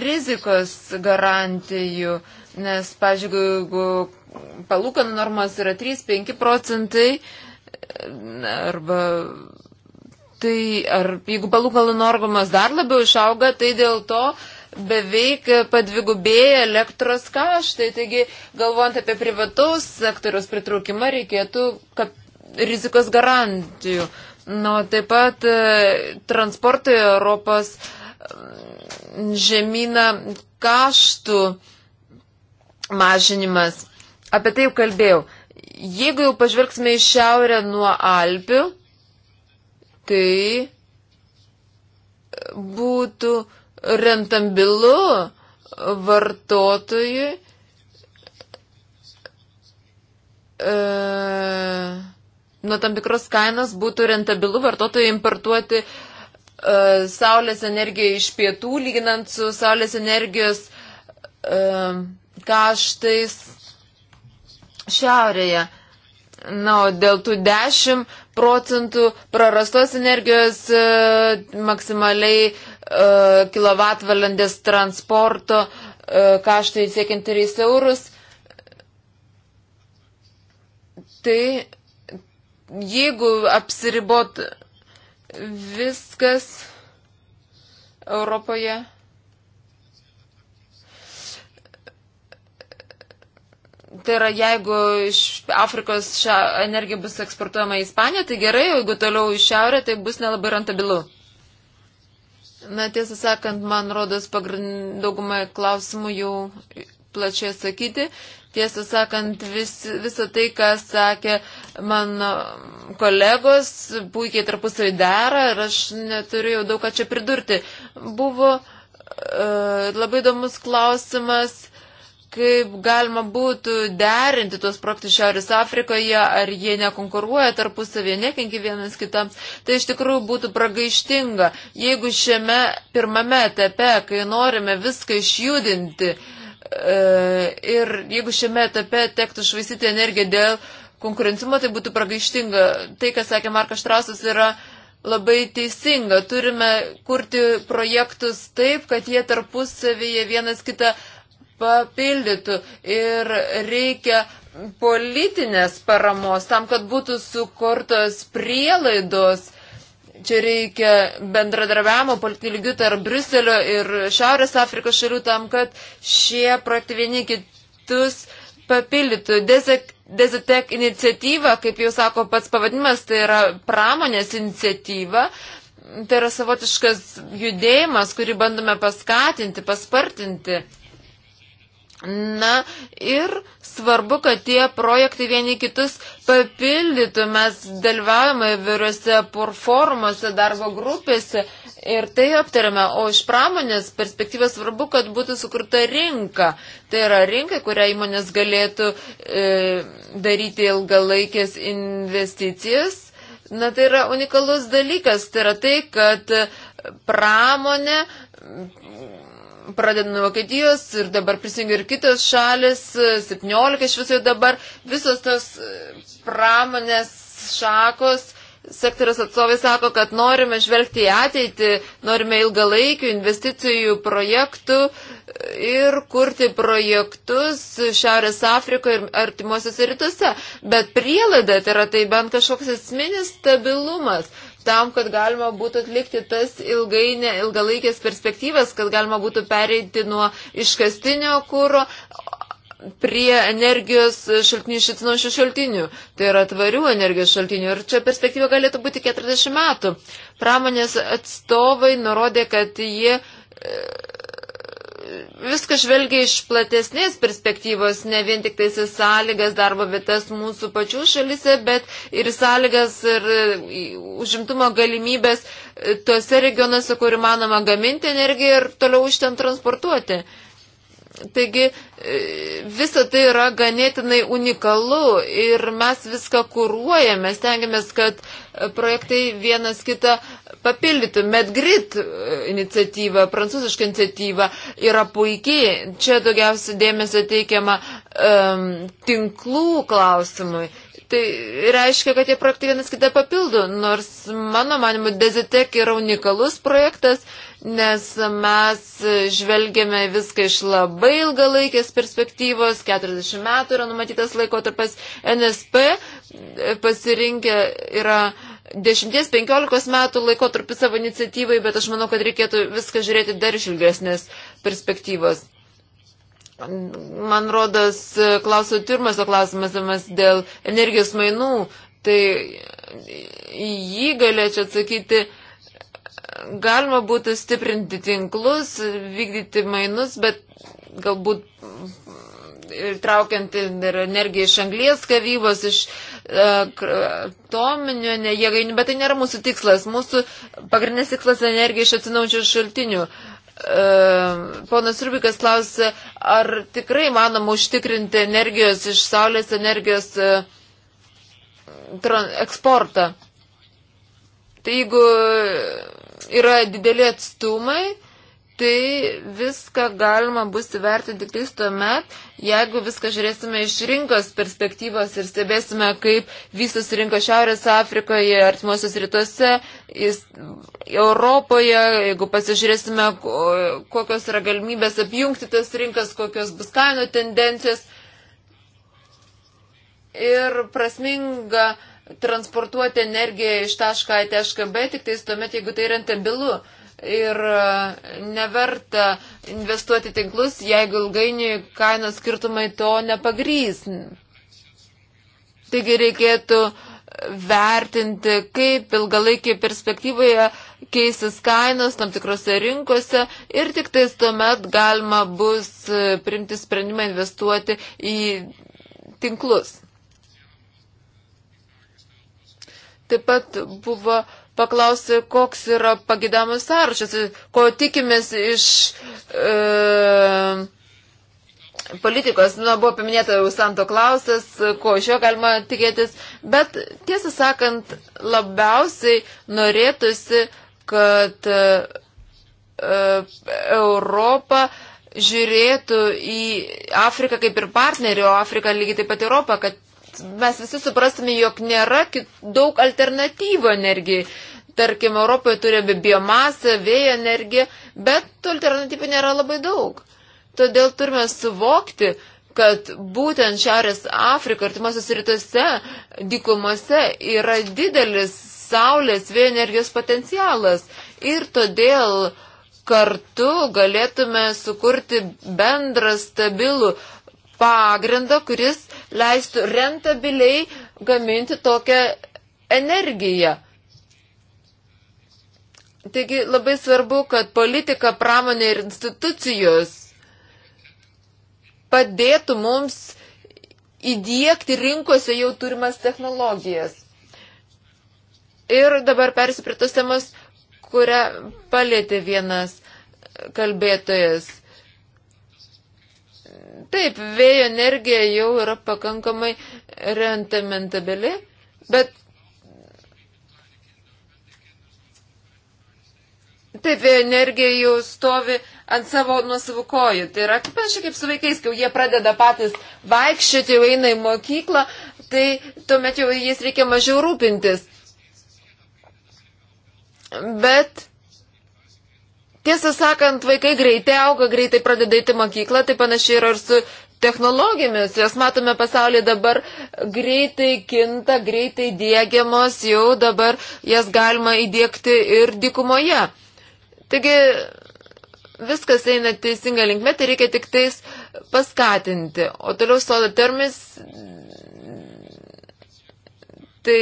rizikos garantijų, nes, pažiūrėjau, jeigu palūkanų normos yra 3-5 procentai, arba tai, ar jeigu palūkanų normos dar labiau išauga, tai dėl to beveik padvigubėja elektros kaštai. Taigi, galvojant apie privataus sektoriaus pritraukimą, reikėtų kap, rizikos garantijų. Nu, taip pat e, transportui Europos žemyną kaštų mažinimas. Apie tai jau kalbėjau. Jeigu jau pažvelgsime į šiaurę nuo Alpių, tai būtų uh, rentabilu vartotojui. E, nuo tam tikros kainos būtų rentabilu vartotojai importuoti e, saulės energiją iš pietų, lyginant su saulės energijos e, kaštais šiaurėje. Na, o dėl tų 10 procentų prarastos energijos e, maksimaliai e, E, kilovatvalandės transporto e, kaštai siekiant 3 eurus, tai jeigu apsiribot viskas Europoje, Tai yra, jeigu iš Afrikos šią energiją bus eksportuojama į Ispaniją, tai gerai, jeigu toliau į šiaurę, tai bus nelabai rentabilu. Na, tiesą sakant, man rodos, pagrind... daugumai klausimų jau plačiai sakyti. Tiesą sakant, vis, visą tai, ką sakė mano kolegos, puikiai tarpusai dera ir aš neturiu jau daug ką čia pridurti. Buvo e, labai įdomus klausimas kaip galima būtų derinti tuos projektus Šiaurės Afrikoje, ar jie nekonkuruoja tarpusavėje, nekenki vienas kitams, tai iš tikrųjų būtų pragaištinga, jeigu šiame pirmame etape, kai norime viską išjudinti e, ir jeigu šiame etape tektų švaistyti energiją dėl konkurencimo, tai būtų pragaištinga. Tai, ką sakė Markas Štrausas, yra labai teisinga. Turime kurti projektus taip, kad jie tarpusavyje vienas kitą papildytų ir reikia politinės paramos tam, kad būtų sukurtos prielaidos. Čia reikia bendradarbiavimo politinių lygių tarp Briuselio ir Šiaurės Afrikos šalių tam, kad šie projektai vieni kitus papildytų. Dezetek iniciatyva, kaip jau sako pats pavadimas, tai yra pramonės iniciatyva, tai yra savotiškas judėjimas, kurį bandome paskatinti, paspartinti. Na ir svarbu, kad tie projektai vieni kitus papildytų, mes dalyvaujame įvairiose forumuose, darbo grupėse ir tai aptariame. O iš pramonės perspektyvės svarbu, kad būtų sukurta rinka. Tai yra rinka, kurią įmonės galėtų e, daryti ilgalaikės investicijas. Na tai yra unikalus dalykas, tai yra tai, kad pramonė pradedant nuo Vokietijos ir dabar prisijungia ir kitos šalis, 17 e, iš viso dabar, visos tos e, pramonės šakos, sektoriaus atstovai sako, kad norime žvelgti į ateitį, norime ilgalaikių investicijų projektų ir kurti projektus Šiaurės Afrikoje ir artimuosiuose rytuose. Bet prielaida tai yra tai bent kažkoks esminis stabilumas tam, kad galima būtų atlikti tas ilgai, ne, ilgalaikės perspektyvas, kad galima būtų pereiti nuo iškastinio kūro prie energijos šaltinių iš atsinaujančių šaltinių. Tai yra tvarių energijos šaltinių. Ir čia perspektyva galėtų būti 40 metų. Pramonės atstovai nurodė, kad jie viską žvelgia iš platesnės perspektyvos, ne vien tik tais į sąlygas darbo vietas mūsų pačių šalise, bet ir sąlygas ir e, užimtumo galimybės e, tose regionuose, kur įmanoma gaminti energiją ir toliau iš ten transportuoti. Uh, Taigi e, visa tai yra ganėtinai unikalu ir mes viską kūruojame, stengiamės, kad e, projektai vienas kitą papildytų. Medgrid e, iniciatyva, prancūziška iniciatyva yra puikiai. Čia daugiausiai dėmesio teikiama um, tinklų klausimui. Tai reiškia, kad tie projektai vienas kitą papildo, nors mano manimu Dezitek yra unikalus projektas. Uh, nes mes žvelgiame viską iš labai ilgalaikės perspektyvos, 40 metų yra numatytas laikotarpis, NSP pasirinkę yra 10-15 metų laikotarpį savo iniciatyvai, bet aš manau, kad reikėtų viską žiūrėti dar iš ilgesnės perspektyvos. Man rodos, klausau Tirmaso klausimas dėl energijos mainų, tai jį galėčiau atsakyti galima būtų stiprinti tinklus, vykdyti mainus, bet galbūt ir traukiant ir energiją iš anglies kavybos, iš e, atominių uh, jėgainių, bet tai nėra mūsų tikslas. Mūsų pagrindinis tikslas - energija iš atsinaujančių šaltinių. Uh, Ponas Rubikas klausė, ar tikrai manoma užtikrinti energijos iš saulės energijos uh, eksportą. Tai jeigu yra dideli atstumai, tai viską galima bus įvertinti tik tuo met, jeigu viską žiūrėsime iš rinkos perspektyvos ir stebėsime, kaip visos rinkos Šiaurės Afrikoje, artimuosios rytuose, Europoje, jeigu pasižiūrėsime, kokios yra galimybės apjungti tas rinkas, kokios bus kainų tendencijos. Ir prasminga uh, transportuoti energiją iš tašką į tašką B, tik tais tuomet, jeigu tai rentabilu. Ir e, neverta investuoti tinklus, jeigu ilgainiui kainos skirtumai to nepagrys. Taigi reikėtų vertinti, kaip ilgalaikį perspektyvoje keisis kainos tam tikrose rinkose ir tik tais tuomet galima bus e, primti sprendimą investuoti į tinklus. taip pat buvo paklausti, koks yra pagidamas sąrašas, ko tikimės iš e, politikos. Na, buvo paminėta jau Santo Klausas, ko iš jo galima tikėtis, bet tiesą sakant, labiausiai norėtųsi, kad e, Europa žiūrėtų į Afriką kaip ir partnerį, o Afrika lygiai taip pat Europą, kad mes visi suprastume, jog nėra daug alternatyvų energijai. Tarkim, Europoje turime biomasę, vėjo energiją, bet tų alternatyvų nėra labai daug. Todėl turime suvokti, kad būtent Šiaurės Afrika, artimuosios rytuose, dykumose yra didelis saulės vėjo energijos potencialas. Ir todėl kartu galėtume sukurti bendrą stabilų pagrindą, kuris leistų rentabiliai gaminti tokią energiją. Taigi labai svarbu, kad politika, pramonė ir institucijos padėtų mums įdėkti rinkose jau turimas technologijas. Ir dabar persi prie tos temos, kurią palėtė vienas kalbėtojas – Taip, vėjo energija jau yra pakankamai rentamentabilė, bet Taip, energija jau stovi ant savo nuosavų kojų. Tai yra panašiai kaip su vaikais, kai jie pradeda patys vaikščioti, jau eina į mokyklą, tai tuomet jau jais reikia mažiau rūpintis. Bet Tiesą sakant, vaikai greitai auga, greitai pradeda įti mokyklą, tai panašiai yra ir su technologijomis. Jas matome pasaulyje dabar greitai kinta, greitai dėgiamos, jau dabar jas galima įdėkti ir dikumoje. Taigi viskas eina teisinga linkme, tai reikia tik tais paskatinti. O toliau soda termis. Tai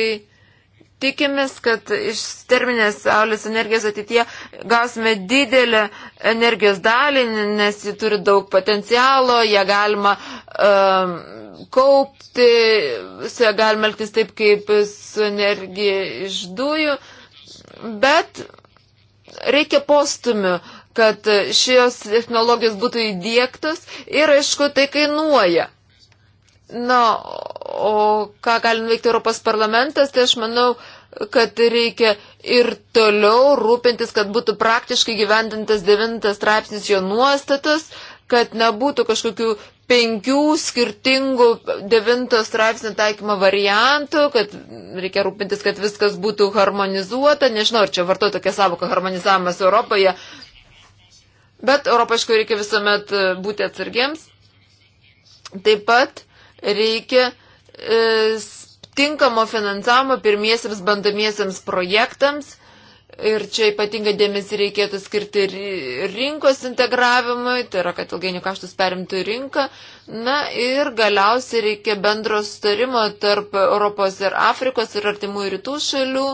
tikimės, kad iš terminės saulės energijos ateityje gausime didelę energijos dalį, nes ji turi daug potencialo, ją galima um, kaupti, su ją galima elgtis taip kaip su energija iš dujų, bet reikia postumių kad šios technologijos būtų įdėktos ir, aišku, tai kainuoja. Na, o ką gali nuveikti Europos parlamentas, tai aš manau, kad reikia ir toliau rūpintis, kad būtų praktiškai gyvendintas devintas straipsnis jo nuostatas, kad nebūtų kažkokių penkių skirtingų devinto straipsnio taikymo variantų, kad reikia rūpintis, kad viskas būtų harmonizuota. Nežinau, ar čia varto tokia savoka harmonizavimas Europoje, bet europaškai reikia visuomet e, būti atsargiems. Taip pat reikia e, tinkamo finansavimo pirmiesiams bandomiesiams projektams. Ir čia ypatingai dėmesį reikėtų skirti rinkos integravimui, tai yra, kad ilgainių kaštus perimtų rinką. Na ir galiausiai reikia bendro sutarimo tarp Europos ir Afrikos ir artimų rytų šalių.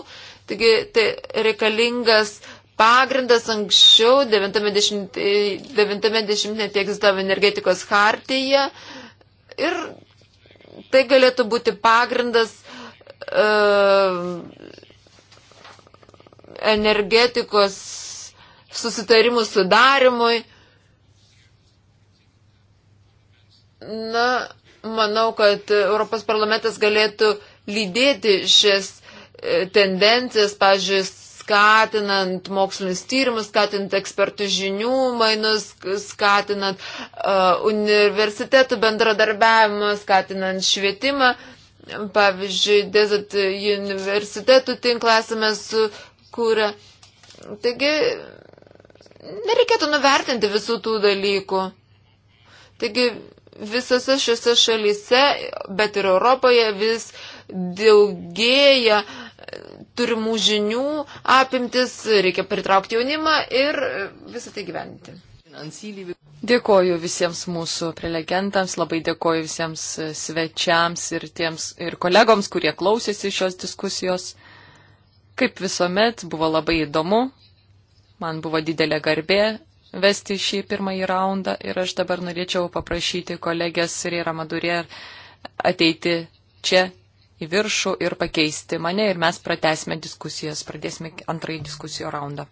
Taigi tai reikalingas pagrindas anksčiau 90-metį egzistavo energetikos hartyje. Ir tai galėtų būti pagrindas e, energetikos susitarimų sudarimui. Na, manau, kad Europos parlamentas galėtų lydėti šias e, tendencijas, pažiūrėjus, skatinant mokslinis tyrimus, skatinant ekspertų žinių mainus, skatinant uh, universitetų bendradarbiavimą, skatinant švietimą. Pavyzdžiui, Desert universitetų tinklą esame sukūrę. Taigi, nereikėtų nuvertinti visų tų dalykų. Taigi, visose šiose šalyse, bet ir Europoje vis daugėja uh, turimų žinių apimtis, reikia pritraukti jaunimą ir e, visą tai gyventi. Dėkoju visiems mūsų prelegentams, labai dėkoju visiems e, svečiams ir, tiems, ir kolegoms, kurie klausėsi šios diskusijos. Kaip visuomet, buvo labai įdomu. Man buvo didelė garbė vesti šį pirmąjį raundą ir aš dabar norėčiau paprašyti kolegės Sirira Madurė ateiti čia į viršų ir pakeisti mane ir mes pratesime diskusijas, pradėsime antrąjį diskusijų raundą.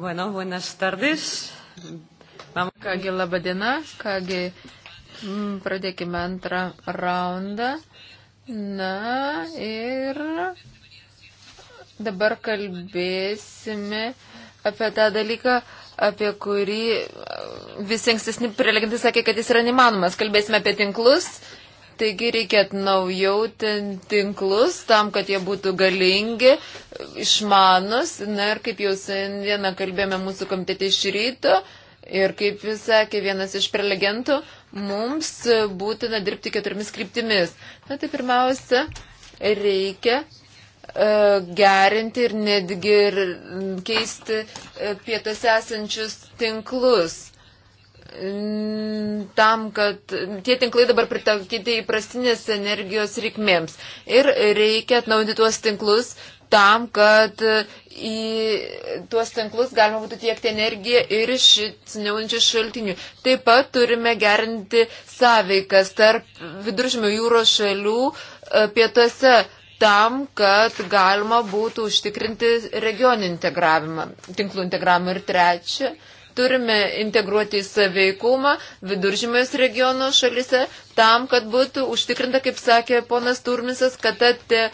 Bueno, buenas tardes. Vamos. Kągi, laba diena. Kągi, m, mm, pradėkime antrą raundą. Na ir dabar kalbėsime apie tą dalyką, apie kurį uh, visi ankstesni prelegentai sakė, kad jis yra nemanomas. Kalbėsime apie tinklus, Taigi reikia atnaujauti tinklus tam, kad jie būtų galingi, išmanus. Na ir kaip jau šiandieną kalbėjome mūsų komitete iš ryto ir kaip jis sakė vienas iš prelegentų, mums būtina dirbti keturiomis kryptimis. Na tai pirmiausia, reikia e, gerinti ir netgi ir keisti e, pietose esančius tinklus tam, kad tie tinklai dabar pritaikyti įprastinės energijos reikmėms. Ir reikia atnaudyti tuos tinklus tam, kad į tuos tinklus galima būtų tiekti energiją ir iš atsinaujinčių šaltinių. Taip pat turime gerinti sąveikas tarp viduržymio jūros šalių e, pietuose tam, kad galima būtų užtikrinti regionų integravimą, tinklų integravimą ir trečią turime integruoti į saveikumą viduržymės regiono šalise tam, kad būtų užtikrinta, kaip sakė ponas Turmisas, kad ta e,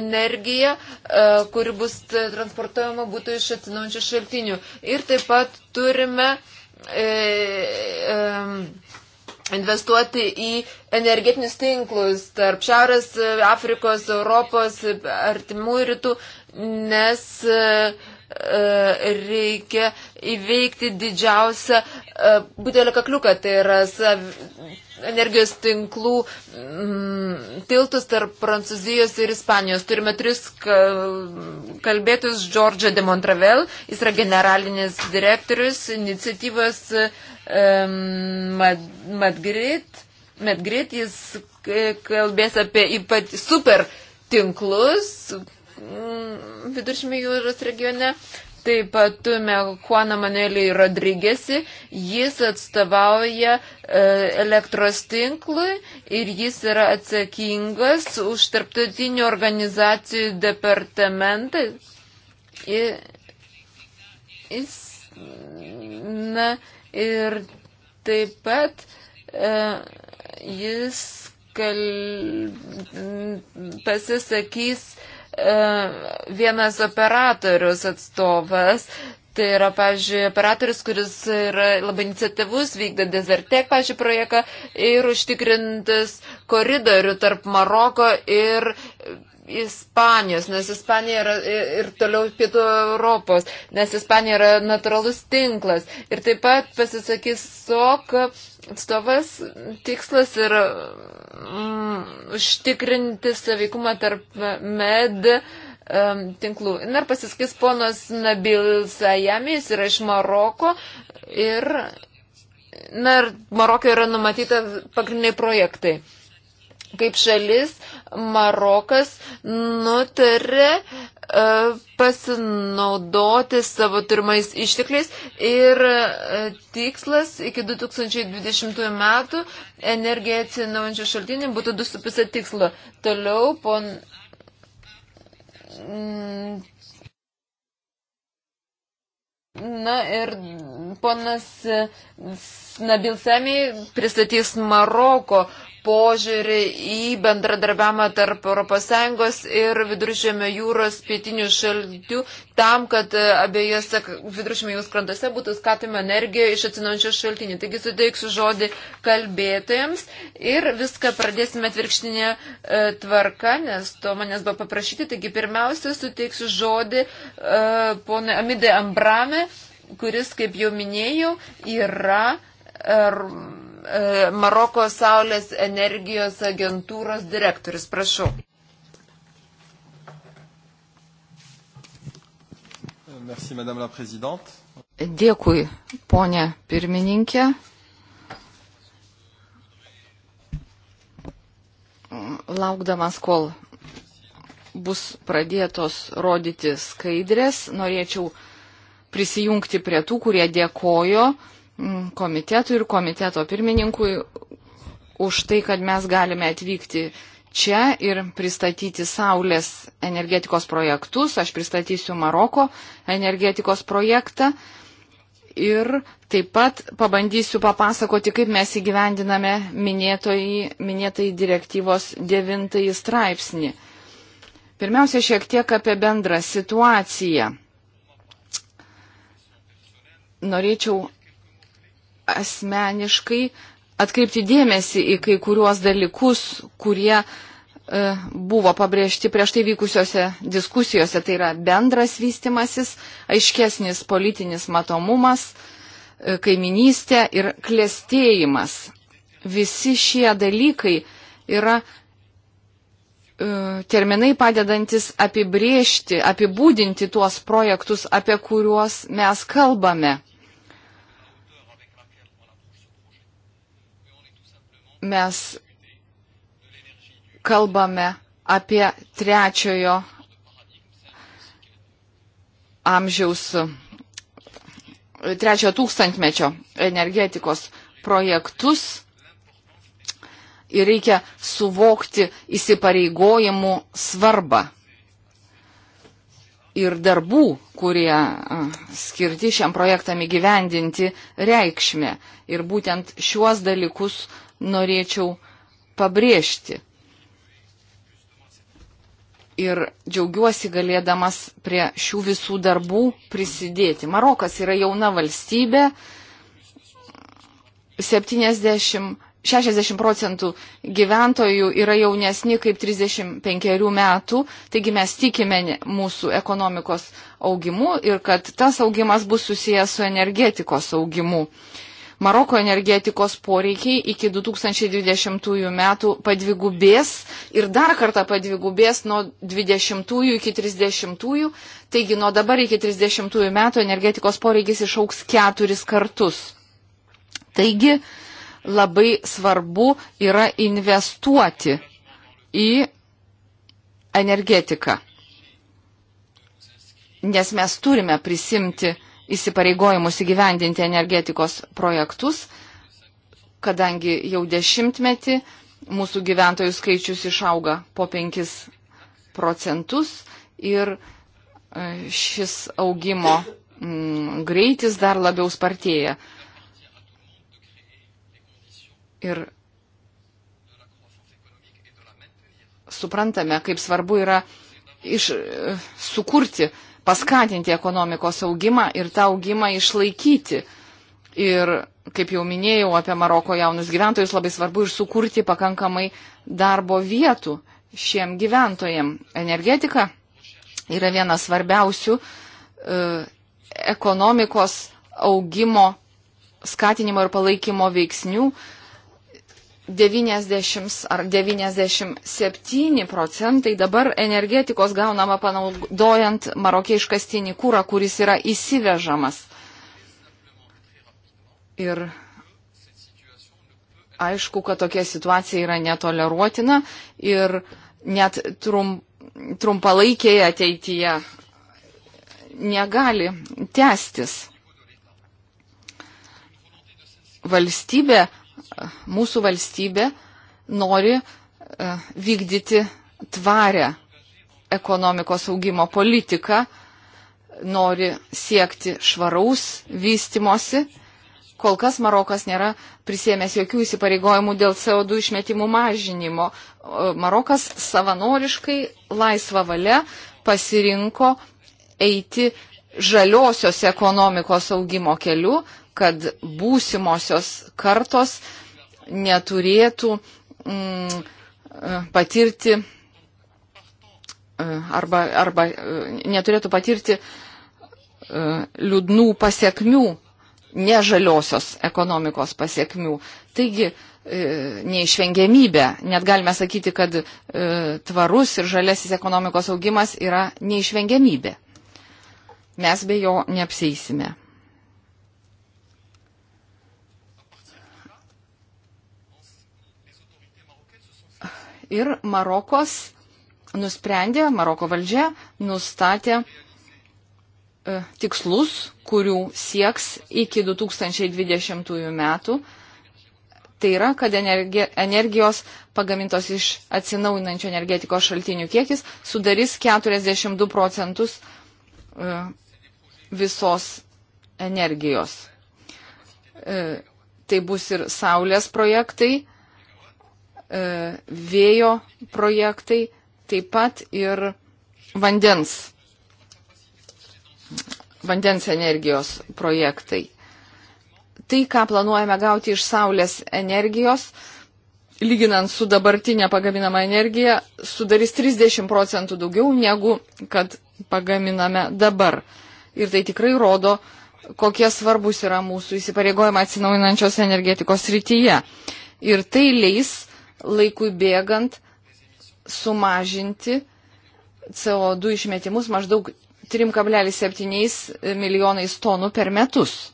energija, e, kuri bus transportuojama, būtų iš atsinaujančių šaltinių. Ir taip pat turime e, investuoti į energetinius tinklus tarp Šiaurės Afrikos, Europos, artimų rytų, nes uh, E, reikia įveikti didžiausią e, būdelio kakliuką, tai yra energijos tinklų mm, tiltus tarp Prancūzijos ir Ispanijos. Turime tris kalbėtus Džordžą de Montravel, jis yra generalinis direktorius iniciatyvos e, Madgrid. Medgrit jis kalbės apie ypat super tinklus, Mm, viduržymį jūros regione. Taip pat turime Juaną Manuelį Rodrygėsi, jis atstovauja e, elektros tinklui ir jis yra atsakingas už tarptautinių organizacijų departamentą. Ir, jis, na, ir taip pat e, jis kal, pasisakys e, E, vienas operatorius atstovas. Tai yra, pavyzdžiui, operatorius, kuris yra labai iniciatyvus, vykdo Desertec, pavyzdžiui, projektą ir užtikrintas koridorių tarp Maroko ir Ispanijos, nes Ispanija yra ir toliau pietų Europos, nes Ispanija yra natūralus tinklas. Ir taip pat pasisakys SOK atstovas tikslas yra mm, užtikrinti savykumą tarp med um, tinklų. Ir pasiskis ponas Nabil Sajami, jis yra iš Maroko ir, na, ir Marokio yra numatyta pagrindiniai projektai kaip šalis Marokas nutarė e, pasinaudoti savo turimais ištekliais ir e, tikslas iki 2020 metų energiją atsinaujančių šaltinių būtų 2,5 tikslo. Toliau pon Na ir ponas Nabil Semi pristatys Maroko požiūrį į bendradarbiamą tarp ES ir viduržėmio jūros pietinių šalių tam, kad e, abiejose viduržėmio jūros krantuose būtų skatima energija iš atsinaujančių šaltinių. Taigi suteiksiu žodį kalbėtojams ir viską pradėsime atvirkštinė e, tvarka, nes to manęs buvo paprašyti. Taigi pirmiausia suteiksiu žodį e, ponui Amidai Ambrame kuris, kaip jau minėjau, yra Er, e, Maroko Saulės energijos agentūros direktorius. Prašau. Merci, Madame la Présidente. Dėkui, ponė pirmininkė. Laukdamas, kol bus pradėtos rodyti skaidrės, norėčiau prisijungti prie tų, kurie dėkojo Mm, komitetui ir komiteto pirmininkui už tai, kad mes galime atvykti čia ir pristatyti Saulės energetikos projektus. Aš pristatysiu Maroko energetikos projektą ir taip pat pabandysiu papasakoti, kaip mes įgyvendiname minėtai direktyvos devintąjį straipsnį. Pirmiausia, šiek tiek apie bendrą situaciją. Norėčiau asmeniškai atkreipti dėmesį į kai kuriuos dalykus, kurie e, buvo pabrėžti prieš tai vykusiuose diskusijose. Tai yra bendras vystimasis, aiškesnis politinis matomumas, e, kaiminystė ir klėstėjimas. Visi šie dalykai yra e, terminai padedantis apibriežti, apibūdinti tuos projektus, apie kuriuos mes kalbame. mes kalbame apie trečiojo amžiaus, trečiojo tūkstantmečio energetikos projektus ir reikia suvokti įsipareigojimų svarbą ir darbų, kurie skirti šiam projektam įgyvendinti reikšmę. Ir būtent šiuos dalykus norėčiau pabrėžti. Ir džiaugiuosi galėdamas prie šių visų darbų prisidėti. Marokas yra jauna valstybė, 70 60 procentų gyventojų yra jaunesni kaip 35 metų, taigi mes tikime mūsų ekonomikos augimu ir kad tas augimas bus susijęs su energetikos augimu. Maroko energetikos poreikiai iki 2020 metų padvigubės ir dar kartą padvigubės nuo 20 iki 30. -ųjų. Taigi nuo dabar iki 30 metų energetikos poreikis išauks keturis kartus. Taigi labai svarbu yra investuoti į energetiką. Nes mes turime prisimti įsipareigojimus įgyvendinti energetikos projektus, kadangi jau dešimtmetį mūsų gyventojų skaičius išauga po 5 procentus ir e, šis augimo mm, greitis dar labiau spartėja. Ir suprantame, kaip svarbu yra iš, e, sukurti paskatinti ekonomikos augimą ir tą augimą išlaikyti. Ir, kaip jau minėjau, apie Maroko jaunus gyventojus labai svarbu ir sukurti pakankamai darbo vietų šiem gyventojim. Energetika yra vienas svarbiausių e, ekonomikos augimo skatinimo ir palaikymo veiksnių. E, 90 ar 97 procentai dabar energetikos gaunama panaudojant marokieškastinį kūrą, kuris yra įsivežamas. Ir aišku, kad tokia situacija yra netoleruotina ir net trum, trumpalaikėje ateityje negali tęstis. Valstybė mūsų valstybė nori e, vykdyti tvarę ekonomikos augimo politiką, nori siekti švaraus vystimosi. Kol kas Marokas nėra prisėmęs jokių įsipareigojimų dėl CO2 išmetimų mažinimo. Marokas savanoriškai laisvą valią pasirinko eiti žaliosios ekonomikos augimo keliu, kad būsimosios kartos neturėtų mm, patirti e, arba, arba e, neturėtų patirti e, liūdnų pasiekmių, nežaliosios ekonomikos pasiekmių. Taigi, neišvengiamybė, net galime sakyti, kad tvarus ir žalesis ekonomikos augimas yra neišvengiamybė. Mes be jo neapsėsime. ir Marokos nusprendė, Maroko valdžia nustatė e, tikslus, kurių sieks iki 2020 metų. Tai yra, kad energijos pagamintos iš atsinaujinančio energetikos šaltinių kiekis sudarys 42 procentus e, visos energijos. E, tai bus ir saulės projektai, E, vėjo projektai, taip pat ir vandens, vandens energijos projektai. Tai, ką planuojame gauti iš saulės energijos, lyginant su dabartinė pagaminama energija, sudarys 30 procentų daugiau negu kad pagaminame dabar. Ir tai tikrai rodo, kokie svarbus yra mūsų įsipareigojimai atsinaujinančios energetikos rytyje. Ir tai leis laikui bėgant sumažinti CO2 išmetimus maždaug 3,7 milijonais tonų per metus.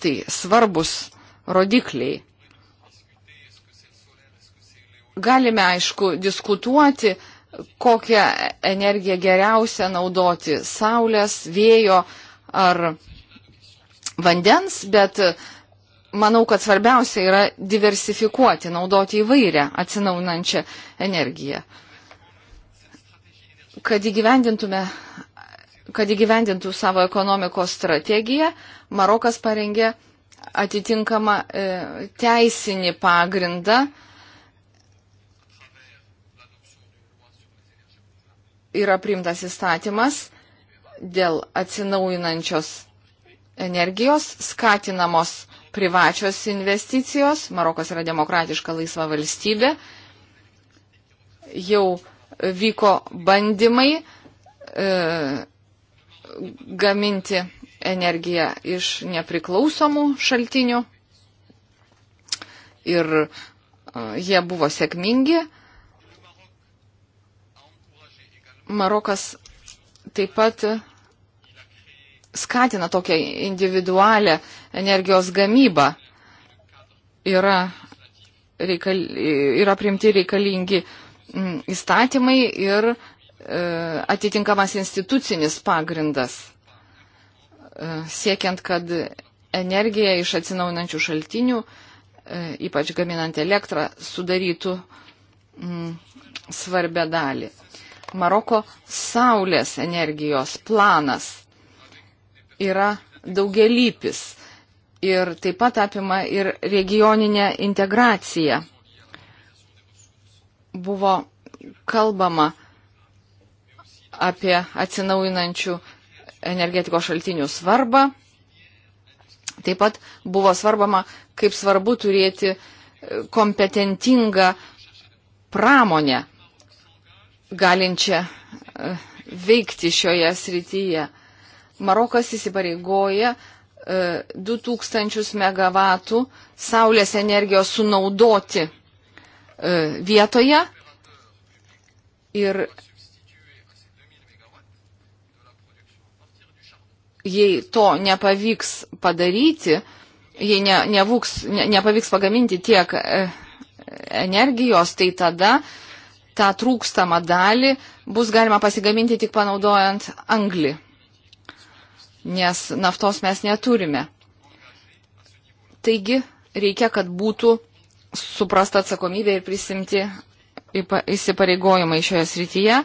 Tai svarbus rodikliai. Galime, aišku, diskutuoti, kokią energiją geriausia naudoti - saulės, vėjo ar vandens, bet uh, manau, kad svarbiausia yra diversifikuoti, naudoti įvairią atsinaunančią energiją. Kad įgyvendintume kad įgyvendintų savo ekonomikos strategiją, Marokas parengė atitinkamą e, teisinį pagrindą yra primtas įstatymas dėl atsinaujinančios energijos skatinamos privačios investicijos. Marokas yra demokratiška laisva valstybė. Jau vyko bandymai e, gaminti energiją iš nepriklausomų šaltinių. Ir e, jie buvo sėkmingi. Marokas taip pat skatina tokią individualią energijos gamybą. Yra, reikal, yra primti reikalingi mm, įstatymai ir e, atitinkamas institucinis pagrindas, e, siekiant, kad energija iš atsinaunančių šaltinių, e, ypač gaminant elektrą, sudarytų m, mm, svarbę dalį. Maroko saulės energijos planas yra daugelypis ir taip pat apima ir regioninę integraciją. Buvo kalbama apie atsinaujinančių energetikos šaltinių svarbą. Taip pat buvo svarbama, kaip svarbu turėti e, kompetentingą pramonę, galinčią e, veikti šioje srityje. Marokas įsipareigoja 2000 e, MW saulės energijos sunaudoti e, vietoje ir jei to nepavyks padaryti, jei ne, nevuks, ne, nepavyks pagaminti tiek e, energijos, tai tada tą trūkstamą dalį bus galima pasigaminti tik panaudojant anglį nes naftos mes neturime. Taigi reikia, kad būtų suprasta atsakomybė ir prisimti įsipareigojimai šioje srityje.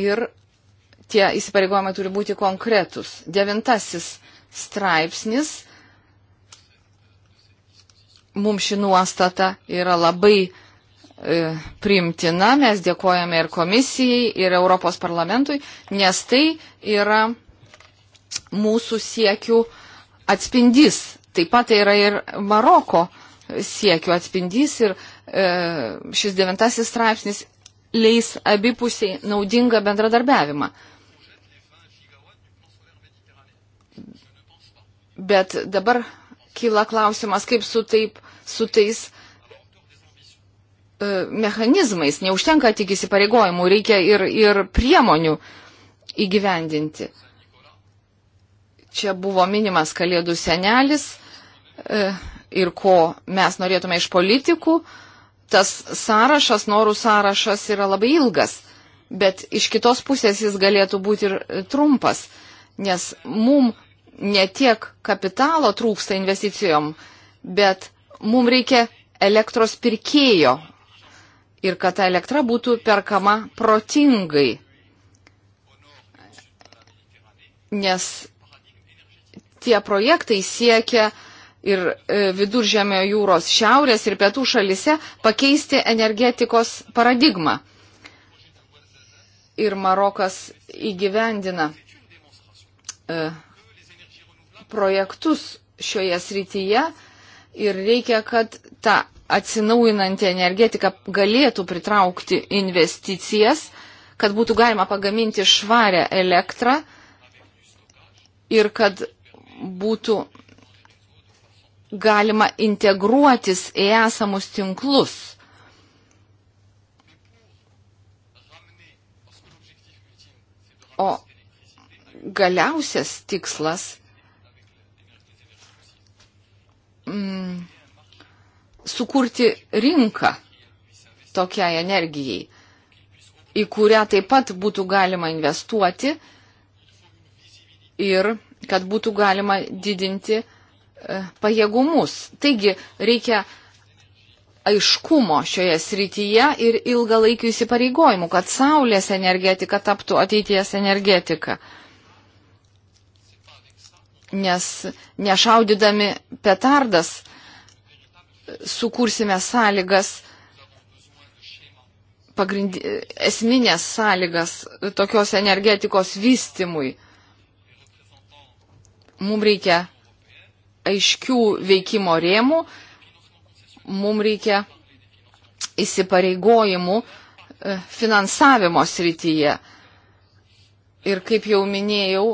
Ir tie įsipareigojimai turi būti konkretus. Devintasis straipsnis. Mums ši nuostata yra labai E, priimtina, mes dėkojame ir komisijai, ir Europos parlamentui, nes tai yra mūsų siekių atspindys. Taip pat tai yra ir Maroko siekių atspindys ir e, šis devintasis straipsnis leis abipusiai naudingą bendradarbiavimą. Bet dabar kyla klausimas, kaip su, taip, su tais E, mechanizmais, neužtenka tik įsipareigojimų, reikia ir, ir priemonių įgyvendinti. Čia buvo minimas Kalėdų senelis e, ir ko mes norėtume iš politikų. Tas sąrašas, norų sąrašas yra labai ilgas, bet iš kitos pusės jis galėtų būti ir e, trumpas, nes mum ne tiek kapitalo trūksta investicijom, bet mum reikia elektros pirkėjo, ir kad ta elektra būtų perkama protingai. Nes tie projektai siekia ir e, viduržėmio jūros šiaurės ir pietų šalise pakeisti energetikos paradigmą. Ir Marokas įgyvendina e, projektus šioje srityje ir reikia, kad ta atsinaujinanti energetika galėtų pritraukti investicijas, kad būtų galima pagaminti švarę elektrą ir kad būtų galima integruotis į esamus tinklus. O galiausias tikslas mm, sukurti rinką tokiai energijai, į kurią taip pat būtų galima investuoti ir kad būtų galima didinti e, pajėgumus. Taigi reikia aiškumo šioje srityje ir ilgalaikių įsipareigojimų, kad saulės energetika taptų ateities energetika. Nes nešaudydami petardas sukursime sąlygas, pagrindi, esminės sąlygas tokios energetikos vystimui. Mums reikia aiškių veikimo rėmų, mums reikia įsipareigojimų e, finansavimo srityje. Ir kaip jau minėjau,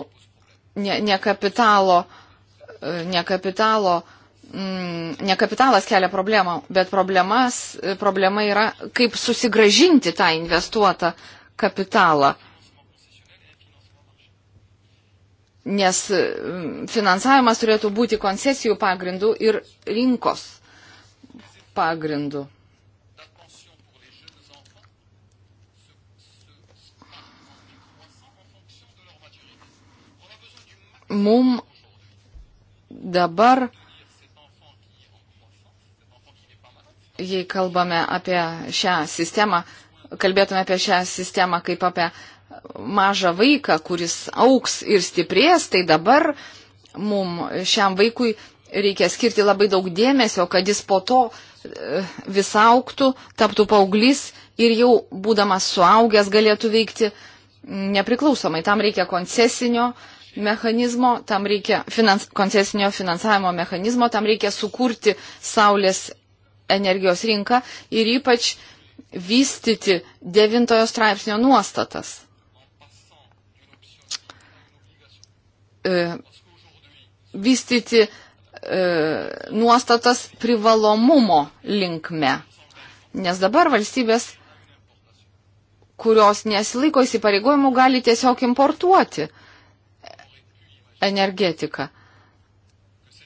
ne, ne kapitalo, e, ne kapitalo uh, Mm, ne kapitalas kelia problemą, bet problemas, problema yra, kaip susigražinti tą investuotą kapitalą. Nes mm, finansavimas turėtų būti koncesijų pagrindų ir rinkos pagrindų. Mums dabar jei kalbame apie šią sistemą, kalbėtume apie šią sistemą kaip apie mažą vaiką, kuris auks ir stiprės, tai dabar mum šiam vaikui reikia skirti labai daug dėmesio, kad jis po to e, vis auktų, taptų paauglys ir jau būdamas suaugęs galėtų veikti nepriklausomai. Tam reikia koncesinio mechanizmo, tam reikia finans, koncesinio finansavimo mechanizmo, tam reikia sukurti saulės energijos rinką ir ypač vystyti devintojo straipsnio nuostatas. E, vystyti e, nuostatas privalomumo linkme. Nes dabar valstybės, kurios nesilaiko įsipareigojimų, gali tiesiog importuoti energetiką,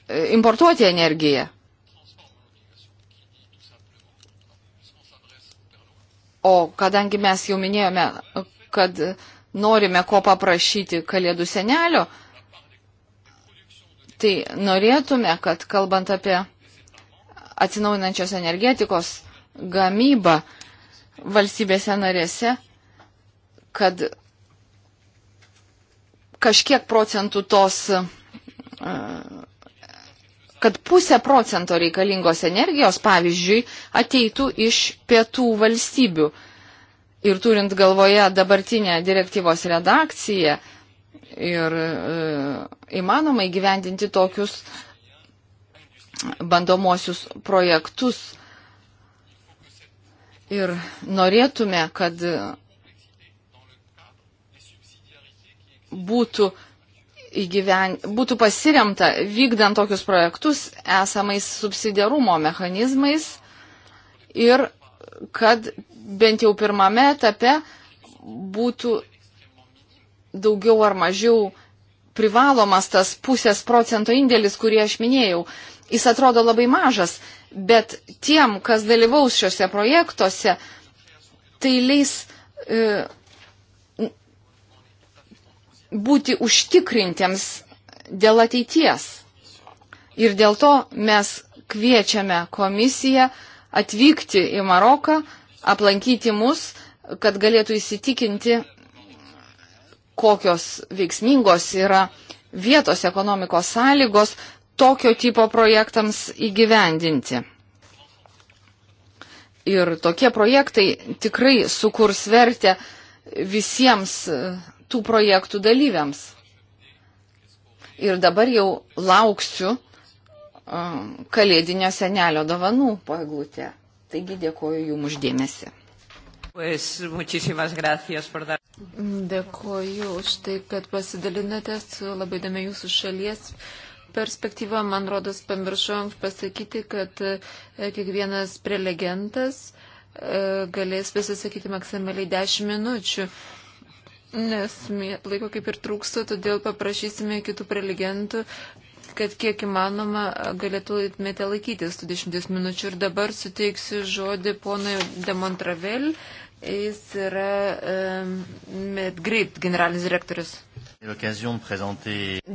e, importuoti energiją. O kadangi mes jau minėjome, kad norime ko paprašyti kalėdų senelio, tai norėtume, kad kalbant apie atsinaujinančios energetikos gamybą valstybėse narėse, kad kažkiek procentų tos kad pusė procento reikalingos energijos, pavyzdžiui, ateitų iš pietų valstybių. Ir turint galvoje dabartinę direktyvos redakciją ir e, įmanoma įgyvendinti tokius bandomosius projektus. Ir norėtume, kad būtų įgyven... būtų pasiremta vykdant tokius projektus esamais subsidiarumo mechanizmais ir kad bent jau pirmame etape būtų daugiau ar mažiau privalomas tas pusės procento indėlis, kurį aš minėjau. Jis atrodo labai mažas, bet tiem, kas dalyvaus šiuose projektuose, tai leis e, būti užtikrintiems dėl ateities. Ir dėl to mes kviečiame komisiją atvykti į Maroką, aplankyti mus, kad galėtų įsitikinti, kokios veiksmingos yra vietos ekonomikos sąlygos tokio tipo projektams įgyvendinti. Ir tokie projektai tikrai sukurs vertę visiems tų projektų dalyviams. Ir dabar jau lauksiu kalėdinio senelio dovanų po eglutę. Taigi dėkoju Jums uždėmesi. Dėkoju už tai, kad pasidalinate su labai įdomi jūsų šalies perspektyva. Man rodos, pamiršom pasakyti, kad e, kiekvienas prelegentas e, galės pasisakyti maksimaliai 10 minučių nes laiko kaip ir trūksta, todėl paprašysime kitų prelegentų, kad kiek įmanoma galėtumėte laikytis tų dešimties minučių. Ir dabar suteiksiu žodį ponui Demontravel. Jis yra um, Medgrid generalinis direktorius.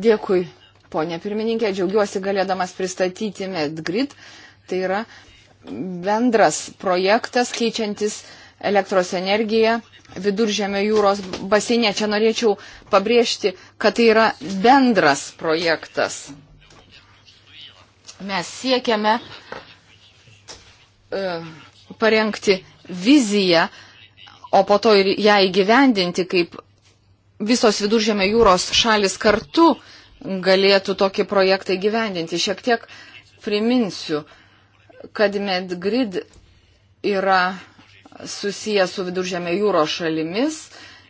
Dėkui, ponė pirmininkė, džiaugiuosi galėdamas pristatyti Medgrid. Tai yra bendras projektas keičiantis elektros energiją viduržėmio jūros baseine. Čia norėčiau pabrėžti, kad tai yra bendras projektas. Mes siekiame e, parengti viziją, o po to ir ją įgyvendinti, kaip visos viduržėmio jūros šalis kartu galėtų tokį projektą įgyvendinti. Šiek tiek priminsiu, kad Medgrid yra susijęs su viduržėmė jūros šalimis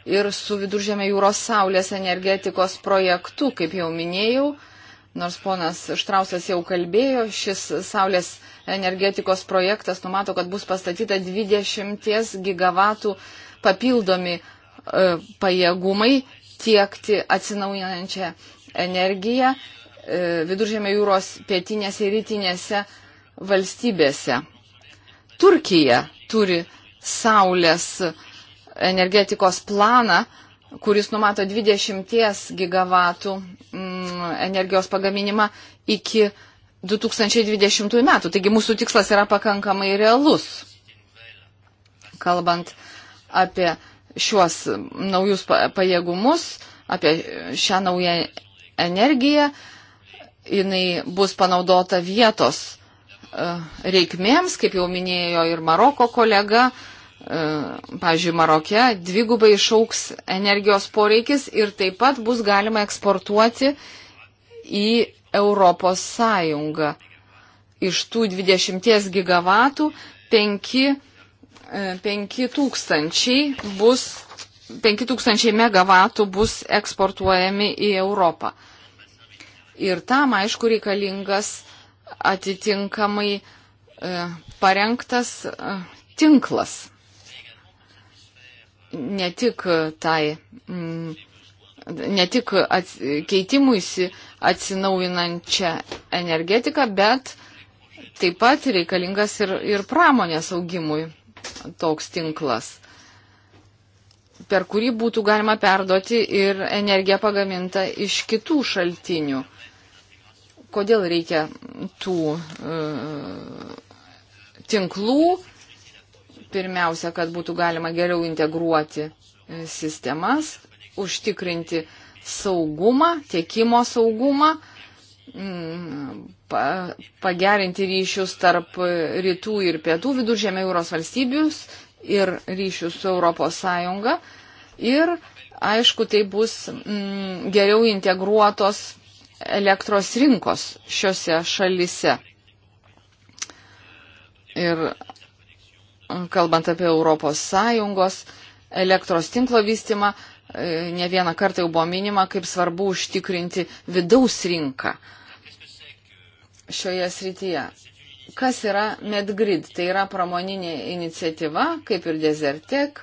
ir su viduržėmė jūros saulės energetikos projektu, kaip jau minėjau. Nors ponas Štrausas jau kalbėjo, šis saulės energetikos projektas numato, kad bus pastatyta 20 gigavatų papildomi e, pajėgumai tiekti atsinaujinančią energiją e, viduržėmė jūros pietinėse ir rytinėse valstybėse. Turkija turi saulės energetikos planą, kuris numato 20 gigavatų mm, energijos pagaminimą iki 2020 metų. Taigi mūsų tikslas yra pakankamai realus. Kalbant apie šiuos naujus pajėgumus, apie šią naują energiją, jinai bus panaudota vietos e, reikmėms, kaip jau minėjo ir Maroko kolega, E, pavyzdžiui, Marokė dvigubai išauks energijos poreikis ir taip pat bus galima eksportuoti į Europos Sąjungą. Iš tų 20 gigavatų 5, 5 e, tūkstančiai bus 5000 megavatų bus eksportuojami į Europą. Ir tam, aišku, reikalingas atitinkamai e, parengtas e, tinklas ne tik tai, mm, ne tik ats, keitimuisi atsinaujinančią energetiką, bet taip pat reikalingas ir, ir pramonės augimui toks tinklas, per kurį būtų galima perduoti ir energiją pagamintą iš kitų šaltinių. Kodėl reikia tų e, tinklų? Pirmiausia, kad būtų galima geriau integruoti e, sistemas, užtikrinti saugumą, tiekimo saugumą, mm, pagerinti ryšius tarp rytų ir pietų viduržėmė jūros valstybius ir ryšius su Europos Sąjunga. Ir aišku, tai bus mm, geriau integruotos elektros rinkos šiuose šalise. Ir kalbant apie Europos Sąjungos elektros tinklo vystimą, e, ne vieną kartą jau buvo minima, kaip svarbu užtikrinti vidaus rinką šioje srityje. Kas yra Medgrid? Tai yra pramoninė iniciatyva, kaip ir Desertek.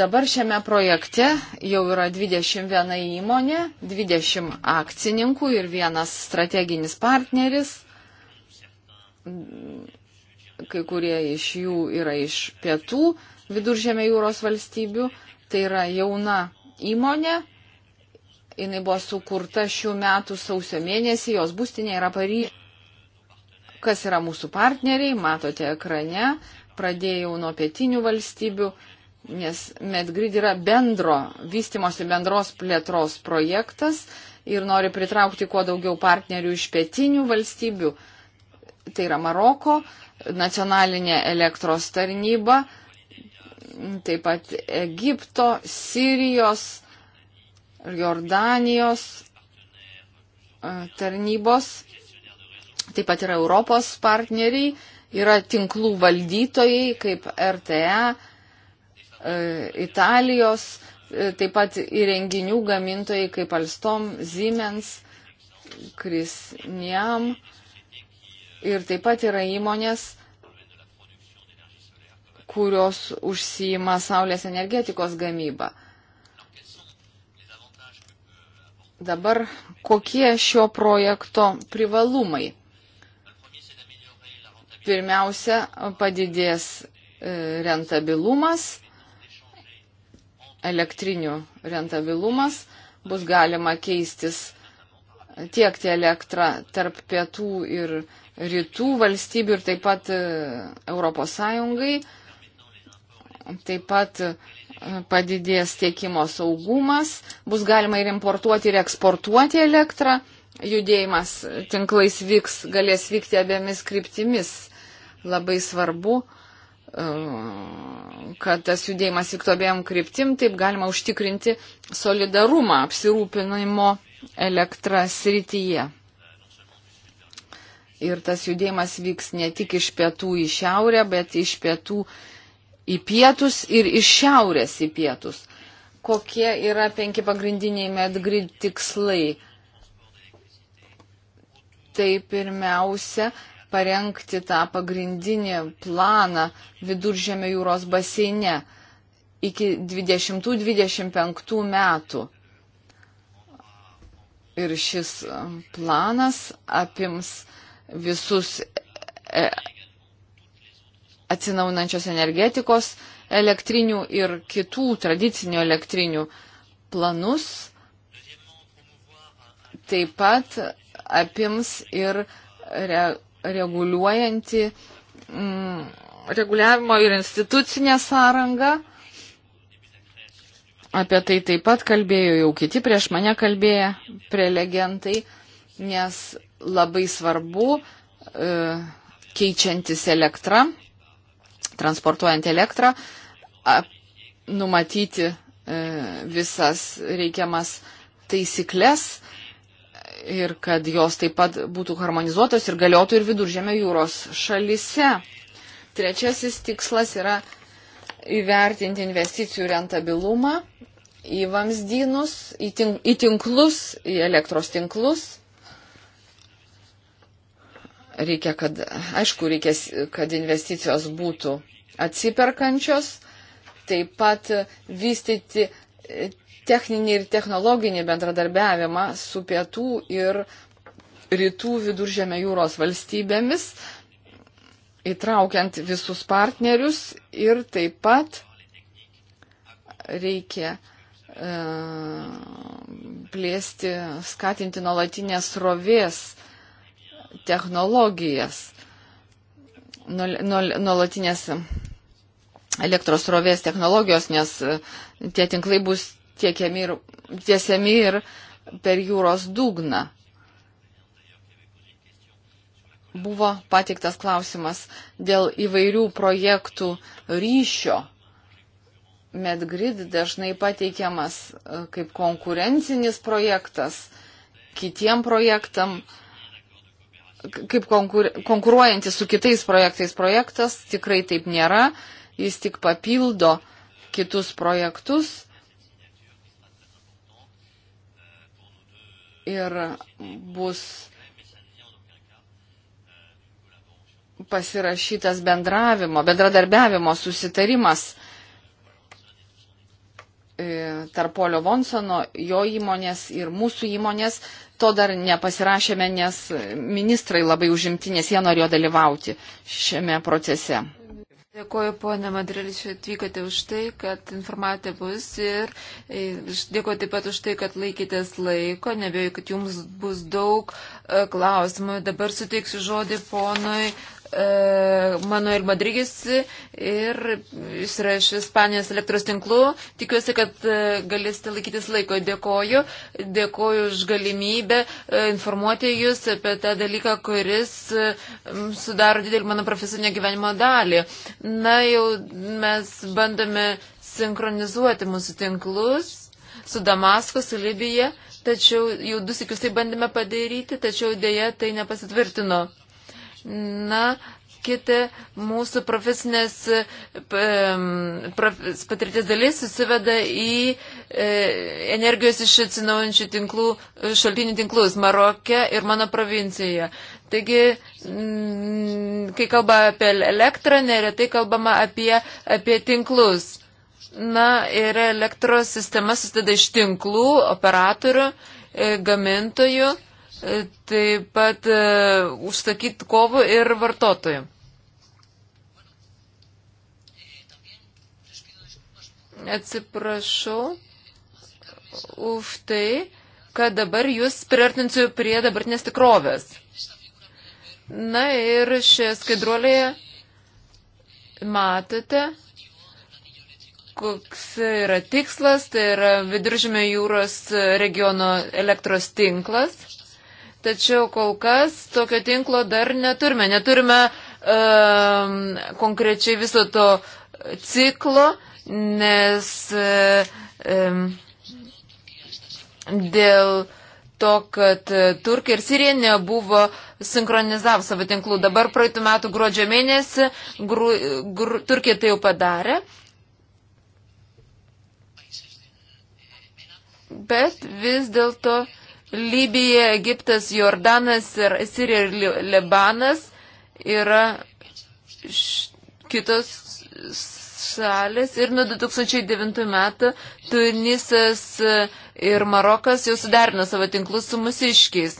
Dabar šiame projekte jau yra 21 įmonė, 20 akcininkų ir vienas strateginis partneris kai kurie iš jų yra iš pietų viduržėmė jūros valstybių. Tai yra jauna įmonė. Jis buvo sukurta šių metų sausio mėnesį, jos būstinė yra Paryžiuje. Kas yra mūsų partneriai, matote ekrane, pradėjau nuo pietinių valstybių, nes Medgrid yra bendro vystimosi bendros plėtros projektas ir nori pritraukti kuo daugiau partnerių iš pietinių valstybių. Uh, tai yra Maroko, nacionalinė elektros tarnyba, taip pat Egipto, Sirijos, Jordanijos e, tarnybos, taip pat yra Europos partneriai, yra tinklų valdytojai kaip RTE, e, Italijos, e, taip pat įrenginių gamintojai kaip Alstom, Siemens, Krisniam. Niam Ir taip pat yra įmonės, kurios užsijima saulės energetikos gamybą. Dabar kokie šio projekto privalumai? Pirmiausia, padidės e, rentabilumas, elektrinių rentabilumas, bus galima keistis tiekti elektrą tarp pietų ir rytų valstybių ir taip pat e, Europos Sąjungai. Taip pat e, padidės tiekimo saugumas, bus galima ir importuoti, ir eksportuoti elektrą, judėjimas tinklais vyks, galės vykti abiemis kryptimis. Labai svarbu, e, kad tas judėjimas vyktų abiem kryptim, taip galima užtikrinti solidarumą apsirūpinimo elektrą srityje ir tas judėjimas vyks ne tik iš pietų į šiaurę, bet iš pietų į pietus ir iš šiaurės į pietus. Kokie yra penki pagrindiniai medgrid tikslai? Tai pirmiausia, parengti tą pagrindinį planą viduržėmio jūros baseine iki 2025 metų. Ir šis planas apims uh, visus e, atsinaunančios energetikos elektrinių ir kitų tradicinių elektrinių planus. Taip pat apims ir re, reguliuojanti mm, reguliavimo ir institucinė sąranga. Apie tai taip pat kalbėjo jau kiti prieš mane kalbėję prelegentai, nes labai svarbu e, keičiantis elektrą, transportuojant elektrą, numatyti e, visas reikiamas taisyklės ir kad jos taip pat būtų harmonizuotos ir galiotų ir viduržėmio jūros šalise. Trečiasis tikslas yra įvertinti investicijų rentabilumą į vamzdynus, į, tink, į tinklus, į elektros tinklus Reikia, kad, aišku, reikės, kad investicijos būtų atsiperkančios, taip pat vystyti e, techninį ir technologinį bendradarbiavimą su pietų ir rytų viduržėme jūros valstybėmis, įtraukiant visus partnerius ir taip pat reikia e, plėsti, skatinti nuolatinės rovės technologijas, nuolatinės elektros rovės technologijos, nes e, tie tinklai bus tiekiami ir tiesiami ir per jūros dugną. Buvo pateiktas klausimas dėl įvairių projektų ryšio. Medgrid dažnai pateikiamas e, kaip konkurencinis projektas kitiem projektam. Uh, kaip konkur, konkuruojantis su kitais projektais projektas, tikrai taip nėra, jis tik papildo kitus projektus. Ir bus pasirašytas bendravimo, bendradarbiavimo susitarimas e, tarp Polio Vonsono, jo įmonės ir mūsų įmonės to dar nepasirašėme, nes ministrai labai užimti, nes jie norėjo dalyvauti šiame procese. Dėkuoju, ponė Madrelis, atvykote už tai, kad informate bus ir e, dėkuoju taip pat už tai, kad laikytės laiko. Nebėjau, kad jums bus daug e, klausimų. Dabar suteiksiu žodį ponui E, Manuel Madrigis ir jis yra iš Ispanijos elektros tinklų. Tikiuosi, kad e, galėsite laikytis laiko. Dėkoju. Dėkoju už galimybę e, informuoti Jūs apie tą dalyką, kuris sudaro didelį mano profesinio gyvenimo dalį. Na, jau mes bandome sinchronizuoti mūsų tinklus su Damasku, su Libija, tačiau jau du sikius tai bandėme padaryti, tačiau dėja tai nepasitvirtino. Na, kiti mūsų profesinės patirties dalis susiveda į e, energijos iš atsinaujančių tinklų, šaltinių tinklus Marokė ir mano provincijoje. Taigi, kai kalba apie elektrą, neretai kalbama apie, apie tinklus. Na ir elektros sistema susideda iš tinklų, operatorių, e, gamintojų E, taip pat uh, e, užsakyti kovų ir vartotojų. Atsiprašau už tai, kad dabar jūs priartinsiu prie dabartinės tikrovės. Na ir šioje skaidruolėje matote, koks yra tikslas, tai yra viduržymė jūros regiono elektros tinklas. Tačiau kol kas tokio tinklo dar neturime. Neturime um, konkrečiai viso to ciklo, nes um, dėl to, kad Turkija ir Sirija nebuvo sinchronizavę savo tinklų. Dabar praeitų metų gruodžio mėnesį gru, gru, Turkija tai jau padarė. Bet vis dėlto. Libija, Egiptas, Jordanas ir Sirija ir Libanas yra kitos šalis ir nuo 2009 metų Tunisas ir Marokas jau suderino savo tinklus su musiškiais.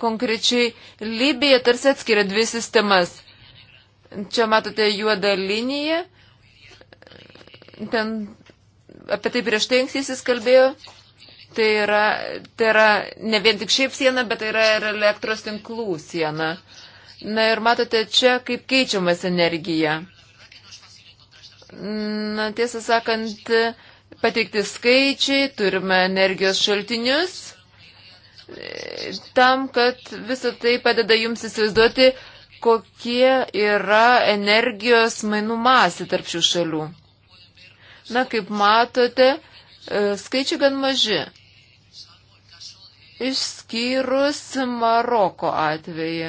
Konkrečiai Libija tarsi atskiria dvi sistemas. Čia matote juodą liniją, ten apie tai prieš tai ankstysis kalbėjo. Tai yra, tai yra ne vien tik šiaip siena, bet tai yra ir elektros tinklų siena. Na ir matote čia, kaip keičiamas energija. Na, tiesą sakant, pateikti skaičiai, turime energijos šaltinius, tam, kad visą tai padeda jums įsivaizduoti, kokie yra energijos mainų masė tarp šių šalių. Na, kaip matote, e, skaičiai gan maži. Išskyrus Maroko atvejį.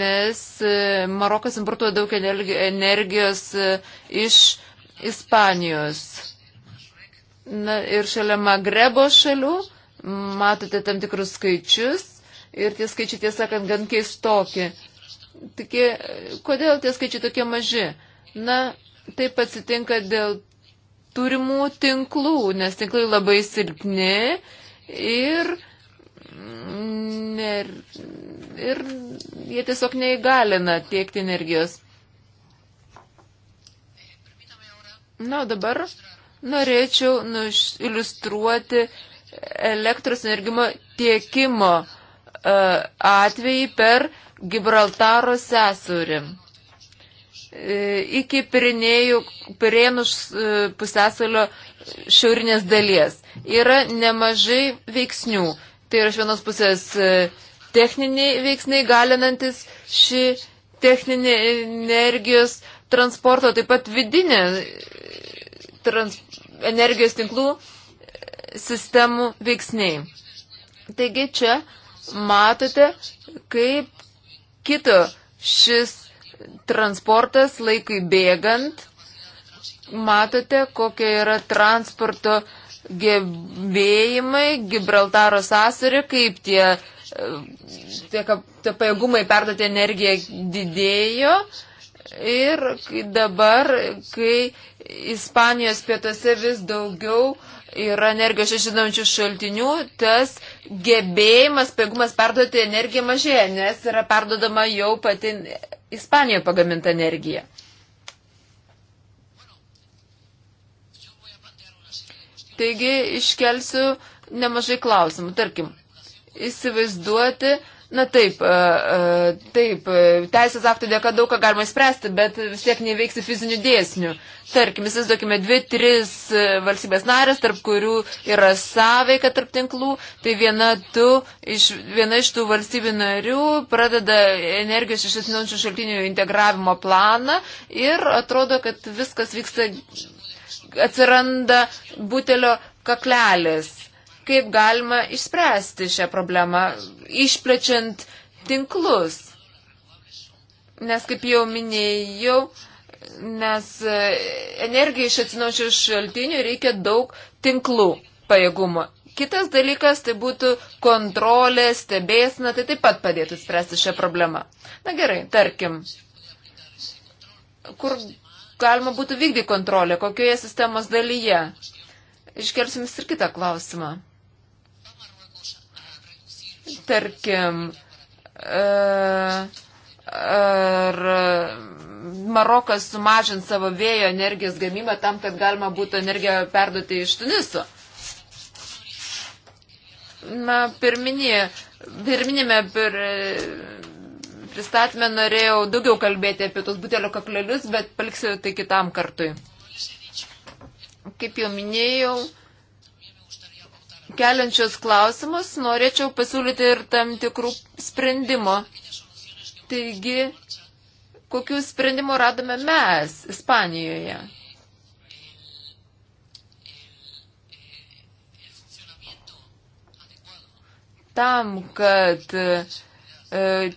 Nes e, Marokas importuoja daug energijos e, iš Ispanijos. Na, ir šalia Magrebo šalių matote tam tikrus skaičius ir tie skaičiai, tiesąkant, gan keistokie. Tik, kodėl tie skaičiai tokie maži? Na, Taip atsitinka dėl turimų tinklų, nes tinklai labai silpni ir, ir, ir jie tiesiog neįgalina tiekti energijos. Na, dabar norėčiau nuš, iliustruoti elektros energimo tiekimo uh, atvejį per Gibraltaro sesūrį. E, iki Pirinėjų, Pirėnų e, pusėsalio šiaurinės dalies. Yra nemažai veiksnių. Tai yra iš vienos pusės e, techniniai veiksniai galinantis šį techninį energijos transporto, taip pat vidinę trans, energijos tinklų sistemų veiksniai. Taigi čia matote, kaip kito šis transportas laikui bėgant, matote, kokia yra transporto gebėjimai Gibraltaro sąsarį, kaip tie, tie, tie pajėgumai perduoti energiją didėjo. Ir dabar, kai Ispanijos pietuose vis daugiau yra energijos išinančių šaltinių, tas gebėjimas, pajėgumas perduoti energiją mažėja, nes yra perdodama jau pati Ispanijoje pagaminta energija. Taigi iškelsiu nemažai klausimų. Tarkim, įsivaizduoti, Na taip, e, e, taip, e, teisės aktų dėka daug ką galima spręsti, bet vis tiek neveiksi fizinių dėsnių. Tarkim, įsivaizduokime dvi, tris valstybės narės, tarp kurių yra sąveika tarp tinklų, tai viena, tu, iš, viena iš tų valstybių narių pradeda energijos iš atsinaujančių šaltinių integravimo planą ir atrodo, kad viskas vyksta, atsiranda butelio kaklelės kaip galima išspręsti šią problemą, išplečiant tinklus. Nes, kaip jau minėjau, nes e, energijai iš atsinaučių šaltinių reikia daug tinklų pajėgumo. Kitas dalykas tai būtų kontrolė, stebėsna, tai taip pat padėtų spręsti šią problemą. Na gerai, tarkim, kur galima būtų vykdyti kontrolę, kokioje sistemos dalyje. Iškelsim ir kitą klausimą. Tarkim, e, ar Marokas sumažins savo vėjo energijos gamybą tam, kad galima būtų energiją perduoti iš Tuniso. Na, pirminė, pirminėme pir, pristatymę norėjau daugiau kalbėti apie tos butelio kaklelius, bet paliksiu tai kitam kartui. Kaip jau minėjau, keliančios klausimus, norėčiau pasiūlyti ir tam tikrų sprendimo. Taigi, kokių sprendimų radome mes Ispanijoje? Tam, kad e,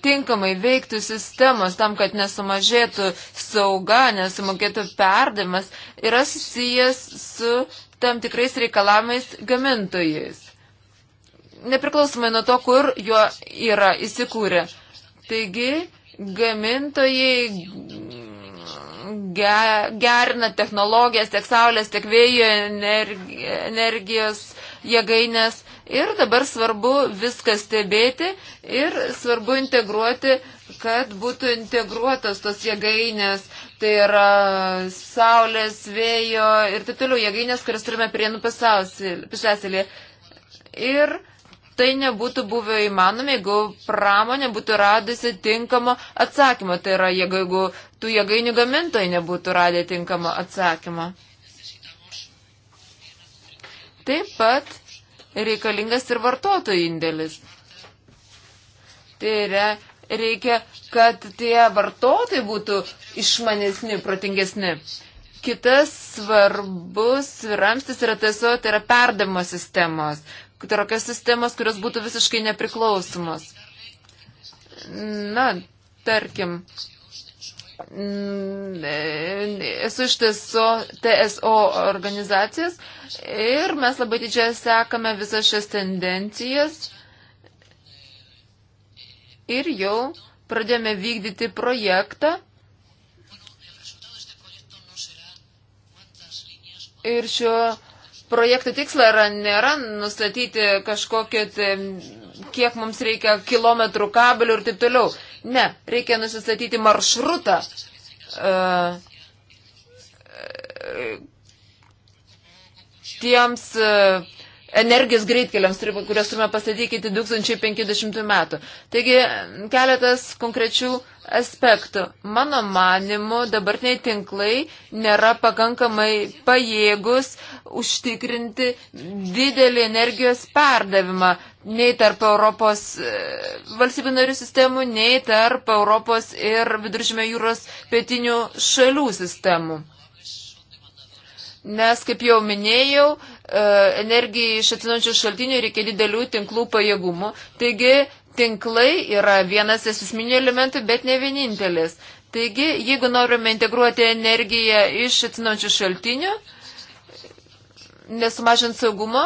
tinkamai veiktų sistemos, tam, kad nesumažėtų sauga, nesumokėtų perdavimas, yra susijęs su tam tikrais reikalavimais gamintojais. Nepriklausomai nuo to, kur jo yra įsikūrę. Taigi, gamintojai gerina technologijas tiek saulės, tiek vėjo energijos jėgainės. Ir dabar svarbu viską stebėti ir svarbu integruoti, kad būtų integruotas tos jėgainės Tai yra saulės, vėjo ir taip toliau jėgainės, kurias turime prienų nu pusiasalį. Ir tai nebūtų buvę įmanoma, jeigu pramonė būtų radusi tinkamo atsakymo. Tai yra, jeigu tų jėgainių gamintojai nebūtų radę tinkamo atsakymo. Taip pat reikalingas ir vartotojų indėlis. Tai yra, reikia, kad tie vartotojai būtų išmanesni, protingesni. Kitas svarbus ramstis yra tiesiog tai yra perdavimo sistemos. Tokios sistemos, kurios būtų visiškai nepriklausomos. Na, tarkim, esu iš tiesų TSO organizacijas ir mes labai didžiai sekame visas šias tendencijas ir jau pradėjome vykdyti projektą. Ir šio projekto tiksla yra, nėra nustatyti kažkokią, kiek mums reikia kilometrų kabelių ir taip toliau. Ne, reikia nusistatyti maršrutą. Uh, tiems uh, energijos greitkeliams, kurias turime pastatyti iki 2050 metų. Taigi keletas konkrečių aspektų. Mano manimu, dabartiniai tinklai nėra pakankamai pajėgus užtikrinti didelį energijos perdavimą nei tarp Europos e, valstybių narių sistemų, nei tarp Europos ir viduržymė jūros pietinių šalių sistemų. Nes, kaip jau minėjau, E, energijai iš atsinaujančių šaltinių reikia didelių tinklų pajėgumų. Taigi tinklai yra vienas esminių elementų, bet ne vienintelis. Taigi, jeigu norime integruoti energiją iš atsinaujančių šaltinių, nesumažint saugumo,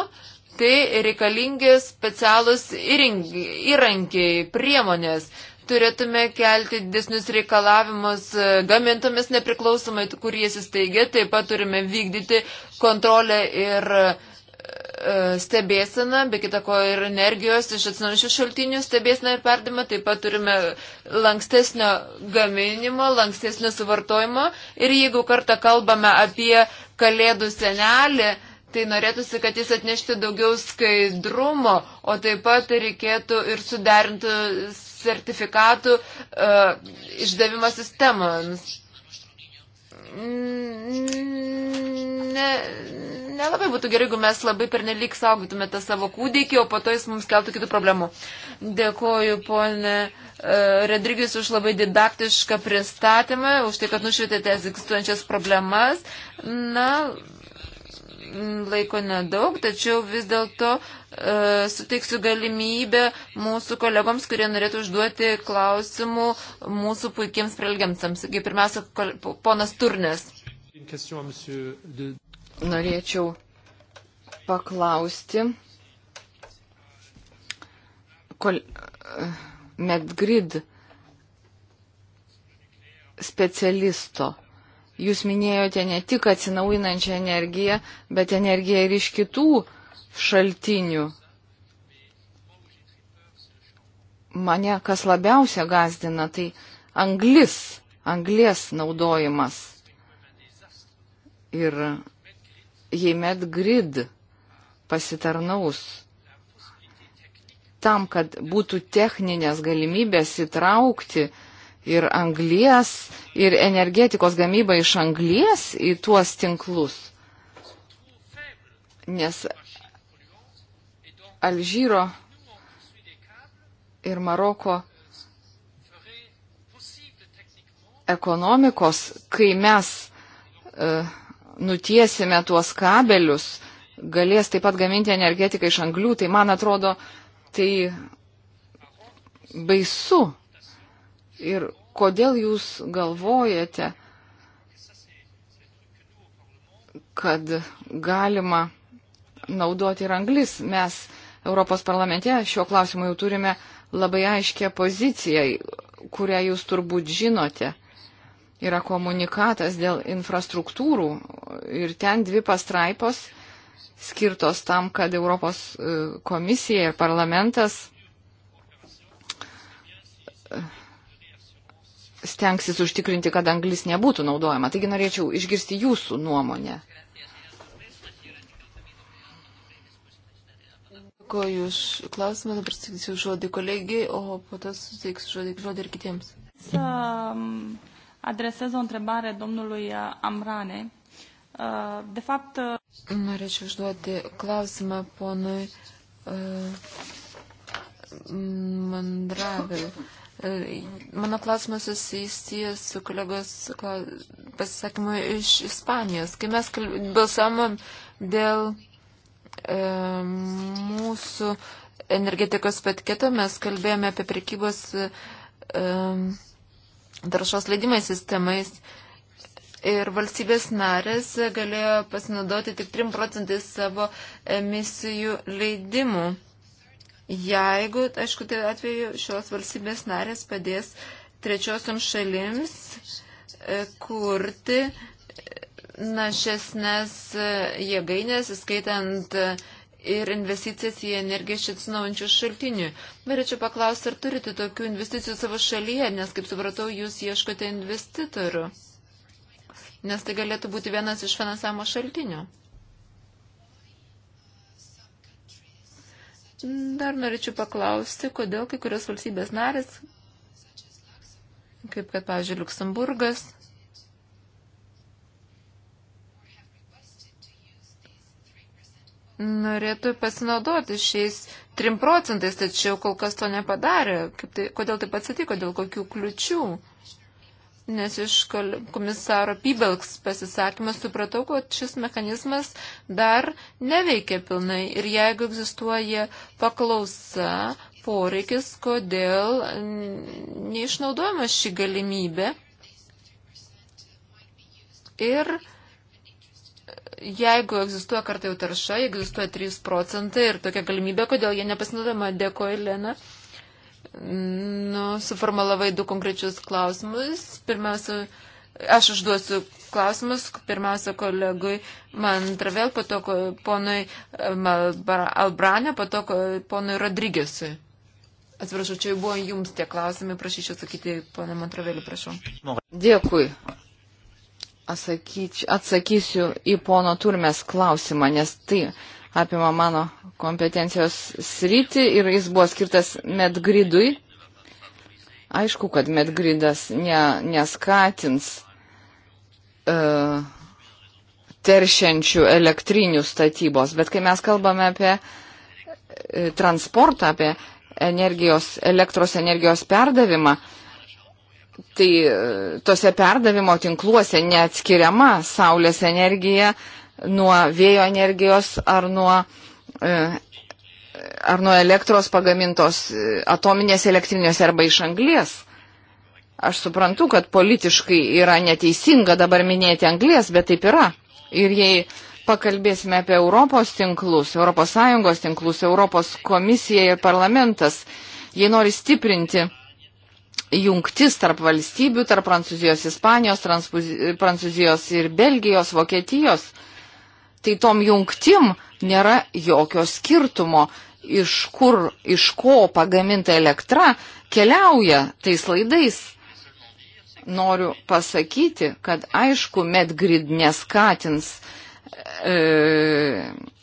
tai reikalingi specialus įrankiai, priemonės turėtume kelti didesnius reikalavimus e, gamintomis nepriklausomai, kur jie įsteigia, taip pat turime vykdyti kontrolę ir e, e, stebėsena, be kita ko ir energijos iš atsinaujančių šaltinių stebėsena ir perdimą, taip pat turime lankstesnio gaminimo, lankstesnio suvartojimo ir jeigu kartą kalbame apie kalėdų senelį, tai norėtųsi, kad jis atneštų daugiau skaidrumo, o taip pat reikėtų ir suderintų sertifikatų uh, išdavimo sistemams. Ne, nelabai būtų gerai, jeigu mes labai pernelyg saugotume tą savo kūdikį, o po to jis mums keltų kitų problemų. Dėkoju, ponė e, Redrigis, už labai didaktišką pristatymą, už tai, kad nušvietėte egzistuojančias problemas. Na, Mm, laiko nedaug, tačiau vis dėlto e, suteiksiu galimybę mūsų kolegoms, kurie norėtų užduoti klausimų mūsų puikiems prelgiamtams. Taigi pirmiausia, kol, ponas Turnės. Norėčiau paklausti. Kol, e, Medgrid specialisto Jūs minėjote ne tik atsinaujinančią energiją, bet energiją ir iš kitų šaltinių. Mane kas labiausia gazdina, tai anglis, anglės naudojimas. Ir jei met grid pasitarnaus tam, kad būtų techninės galimybės įtraukti ir anglies, ir energetikos gamybą iš anglies į tuos tinklus. Nes Alžyro ir Maroko ekonomikos, kai mes e, nutiesime tuos kabelius, galės taip pat gaminti energetiką iš anglių, tai man atrodo, tai baisu ir kodėl jūs galvojate, kad galima naudoti ir anglis. Mes Europos parlamente šiuo klausimu jau turime labai aiškę poziciją, kurią jūs turbūt žinote. Yra komunikatas dėl infrastruktūrų ir ten dvi pastraipos skirtos tam, kad Europos e, komisija ir parlamentas e, stengsis užtikrinti, kad anglis nebūtų naudojama. Taigi norėčiau išgirsti jūsų nuomonę. Dėkuoju už klausimą, dabar suteiksiu žodį kolegijai, o po to suteiksiu žodį, žodį ir kitiems. Să um, adresez o întrebare domnului uh, Amrane. Uh, de fapt... Uh, norėčiau užduoti klausimą ponui uh, Mandravil. Uh, E, mano klausimas susijęs su kolegos pasisakymu iš Ispanijos. Kai mes balsavom dėl e, mūsų energetikos patiketo, mes kalbėjome apie prekybos e, taršos leidimais sistemais. Ir valstybės narės galėjo pasinaudoti tik 3 procentais savo emisijų leidimų jeigu, aišku, tai atveju šios valstybės narės padės trečiosioms šalims e, kurti e, našesnės e, jėgainės, įskaitant ir investicijas į energiją iš atsinaujančių šaltinių. Norėčiau paklausti, ar turite tokių investicijų savo šalyje, nes, kaip supratau, jūs ieškote investitorių, nes tai galėtų būti vienas iš finansavimo šaltinių. Dar norėčiau paklausti, kodėl kai kurios valstybės narės, kaip kad, pavyzdžiui, Luksemburgas, norėtų pasinaudoti šiais 3 procentais, tačiau kol kas to nepadarė. Kaip tai, kodėl taip atsitiko, dėl kokių kliučių? nes iš komisaro Pybelks pasisakymą supratau, kad šis mechanizmas dar neveikia pilnai ir jeigu egzistuoja paklausa, poreikis, kodėl neišnaudojama šį galimybę. Ir jeigu egzistuoja kartai jau tarša, egzistuoja 3 procentai ir tokia galimybė, kodėl jie nepasinaudojama. Dėkoju, Lena. Uh, nu, suformalavai du konkrečius klausimus. Pirmiausia, aš užduosiu klausimus, pirmiausia, kolegui Mantravel, po to ponui Albranė, po to ponui Rodrygėsui. Atsiprašau, čia buvo jums tie klausimai, prašyčiau sakyti, ponė Mantravelį, prašau. Dėkui. Atsakyčiau, atsakysiu į pono turmės klausimą, nes tai apima mano kompetencijos sritį ir jis buvo skirtas medgridui. Aišku, kad medgridas ne, neskatins uh, teršiančių elektrinių statybos, bet kai mes kalbame apie e, transportą, apie energijos, elektros energijos perdavimą, tai e, tose perdavimo tinkluose neatskiriama saulės energija nuo vėjo energijos ar nuo, e, ar nuo elektros pagamintos e, atominės elektrinės arba iš anglės. Aš suprantu, kad politiškai yra neteisinga dabar minėti anglės, bet taip yra. Ir jei pakalbėsime apie Europos tinklus, ES tinklus, Europos komisija ir parlamentas, jie nori stiprinti jungtis tarp valstybių, tarp Prancūzijos, Ispanijos, Prancūzijos ir Belgijos, Vokietijos tai tom jungtim nėra jokio skirtumo, iš kur, iš ko pagaminta elektra keliauja tais laidais. Noriu pasakyti, kad aišku, medgrid neskatins e,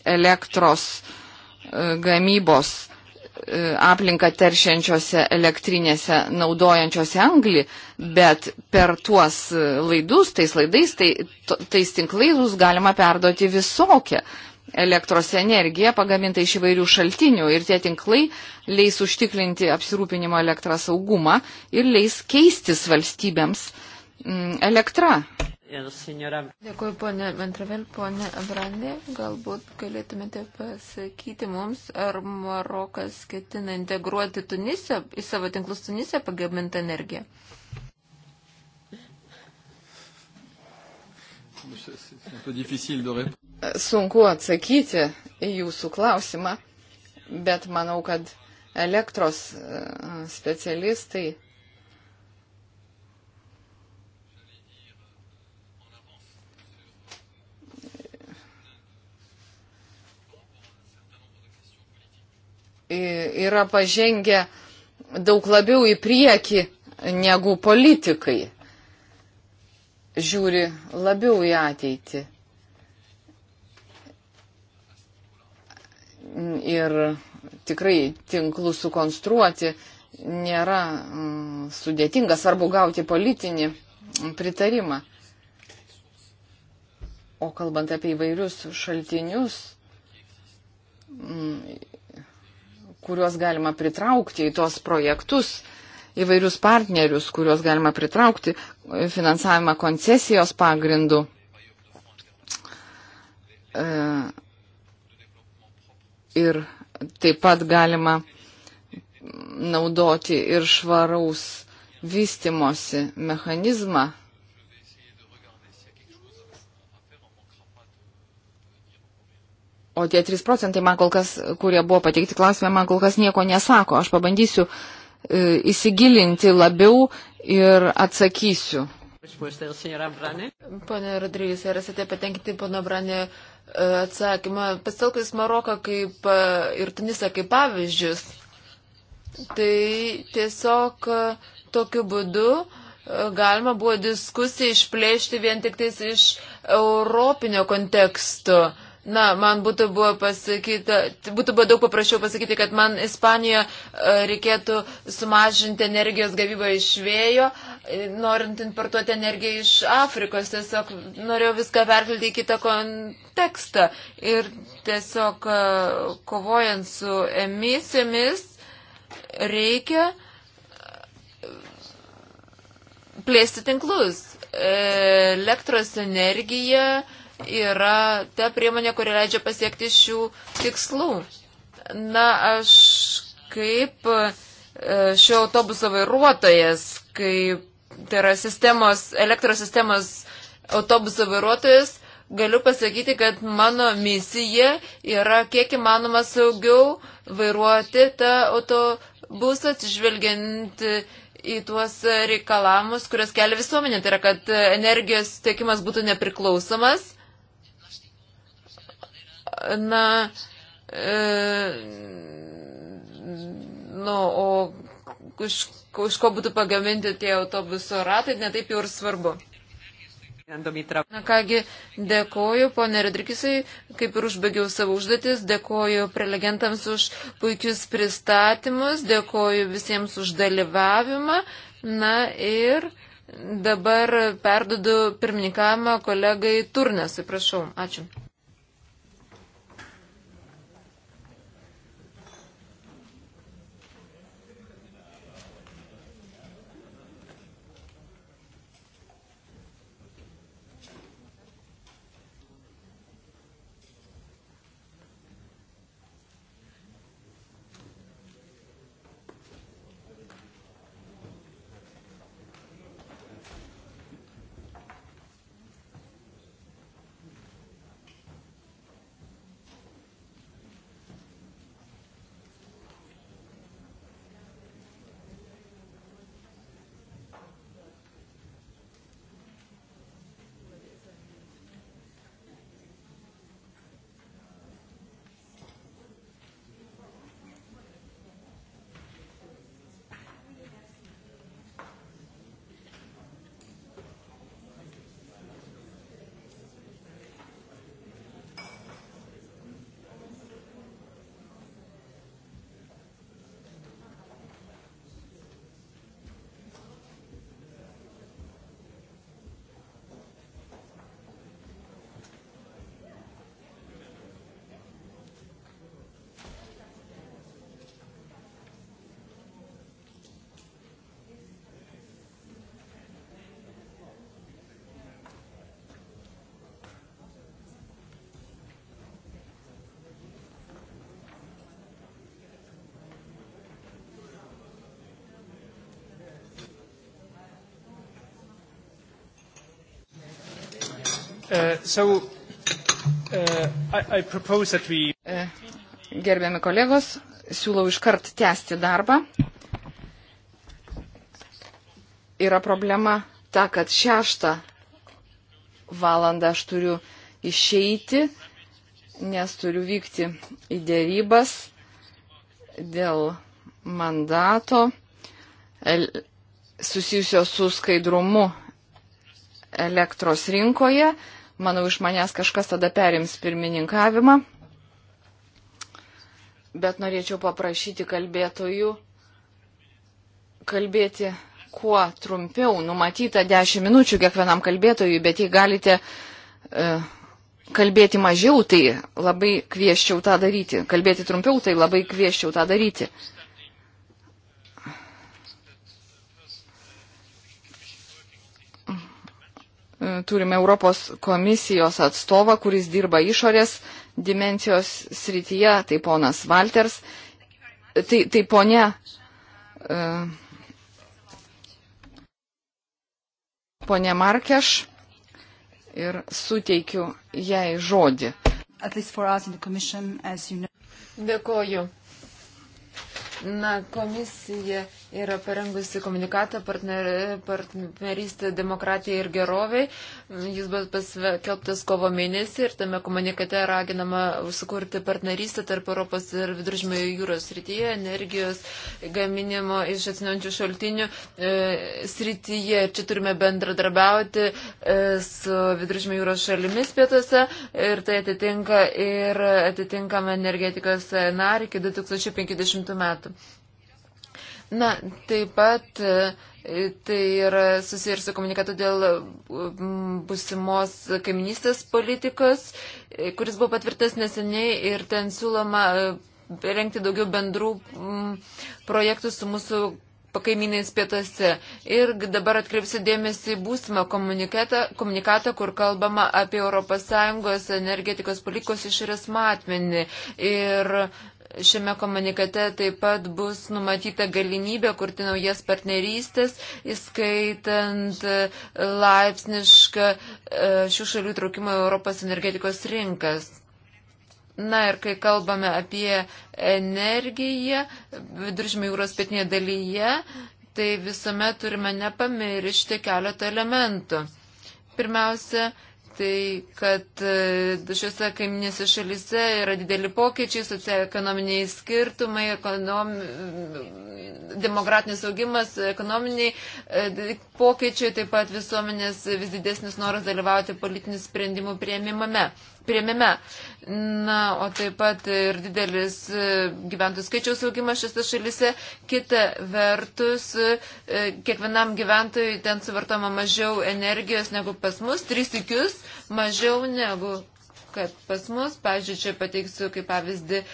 elektros e, gamybos E, aplinką teršiančiose elektrinėse naudojančiose anglį, bet per tuos laidus, tais laidais, tai, tais tinklaidus galima perduoti visokią elektros energiją pagamintą iš įvairių šaltinių ir tie tinklai leis užtikrinti apsirūpinimo elektrą saugumą ir leis keistis valstybėms mm, elektrą. Senora... Dėkuoju, ponė Mentravel, ponė Abrandi, galbūt galėtumėte pasakyti mums, ar Marokas ketina integruoti Tunisę, į savo tinklus Tunisę pagamintą energiją. Sunku atsakyti į jūsų klausimą, bet manau, kad elektros e, specialistai yra pažengę daug labiau į priekį negu politikai. Žiūri labiau į ateitį. Ir tikrai tinklų sukonstruoti nėra mm, sudėtinga, svarbu gauti politinį pritarimą. O kalbant apie įvairius šaltinius, mm, kuriuos galima pritraukti į tos projektus, įvairius partnerius, kuriuos galima pritraukti finansavimą koncesijos pagrindu. E, ir taip pat galima naudoti ir švaraus vystimosi mechanizmą O tie 3 procentai, man kol kas, kurie buvo pateikti klausimai, man kol kas nieko nesako. Aš pabandysiu e, įsigilinti labiau ir atsakysiu. Pane Rodrygis, ar esate patenkinti pono Branė e, atsakymą? Pasitelkus Maroką kaip, e, ir Tunisą kaip pavyzdžius, tai tiesiog e, tokiu būdu galima buvo diskusiją išplėšti vien tik tais iš europinio konteksto. Na, man būtų buvo pasakyta, būtų buvo daug paprasčiau pasakyti, kad man Ispanijoje e, reikėtų sumažinti energijos gavybą iš vėjo, e, norint importuoti energiją iš Afrikos. Tiesiog norėjau viską perkelti į kitą kontekstą. Ir tiesiog e, kovojant su emisijomis reikia plėsti tinklus. Elektros energija yra ta priemonė, kuri leidžia pasiekti šių tikslų. Na, aš kaip e, šio autobuso vairuotojas, kaip tai yra sistemos, elektros sistemos autobuso vairuotojas, galiu pasakyti, kad mano misija yra kiek įmanoma saugiau vairuoti tą autobusą atsižvelgiant į tuos reikalavimus, kurias kelia visuomenė. Tai yra, kad energijos tiekimas būtų nepriklausomas na, e, nu, o iš, iš ko būtų pagaminti tie autobuso ratai, netaip jau ir svarbu. Na kągi, dėkoju, ponė Redrikisai, kaip ir užbaigiau savo užduotis, dėkoju prelegentams už puikius pristatymus, dėkoju visiems už dalyvavimą. Na ir dabar perdodu pirmininkavimą kolegai Turnesui, prašau. Ačiū. Uh, so, uh, I, I propose that we... Uh, gerbiami kolegos, siūlau iškart tęsti darbą. Yra problema ta, kad šeštą valandą aš turiu išeiti, nes turiu vykti į dėrybas dėl mandato susijusio su skaidrumu elektros rinkoje manau, iš manęs kažkas tada perims pirmininkavimą. Bet norėčiau paprašyti kalbėtojų kalbėti kuo trumpiau. Numatyta 10 minučių kiekvienam kalbėtojui, bet jei galite e, kalbėti mažiau, tai labai kvieščiau tą daryti. Kalbėti trumpiau, tai labai kvieščiau tą daryti. turime Europos komisijos atstovą, kuris dirba išorės dimensijos srityje, tai ponas Walters. Tai, tai ponia. E, Pone Markeš ir suteikiu jai žodį. Dėkoju. Na, komisija yra parengusi komunikatą partner, partnerystė demokratijai ir geroviai. Jis bus paskelbtas kovo mėnesį ir tame komunikate raginama sukurti partnerystę tarp Europos ir viduržmio jūros srityje, energijos gaminimo iš atsinaujančių šaltinių e, srityje. Čia turime bendradarbiauti e, su viduržmio jūros šalimis pietuose ir tai atitinka ir atitinkamą energetikos narį iki 2050 metų. Na, taip pat e, tai yra susiję ir su komunikatu dėl e, busimos kaiminystės politikos, e, kuris buvo patvirtas neseniai ir ten siūloma rengti daugiau bendrų projektų su mūsų pakaimynais pietuose. Ir dabar atkreipsiu dėmesį į būsimą komunikatą, kur kalbama apie ES energetikos politikos išorės matmenį. Ir Šiame komunikate taip pat bus numatyta galimybė kurti naujas partnerystės, įskaitant e, laipsnišką e, šių šalių traukimą Europos energetikos rinkas. Na ir kai kalbame apie energiją viduržymio jūros pietinėje dalyje, tai visuomet turime nepamiršti keletą elementų. Pirmiausia, tai, kad e, šiuose kaiminėse šalise yra dideli pokyčiai, socioekonominiai skirtumai, ekonom... demokratinis augimas, ekonominiai e, pokyčiai, taip pat visuomenės vis didesnis noras dalyvauti politinių sprendimų prieimimame prieimime. Na, o taip pat ir didelis e, gyventojų skaičiaus augimas šiose šalise. Kita vertus, e, kiekvienam gyventojui ten suvartoma mažiau energijos negu pas mus, tris ikius mažiau negu kad pas mus, pažiūrėjau, čia pateiksiu kaip pavyzdį e,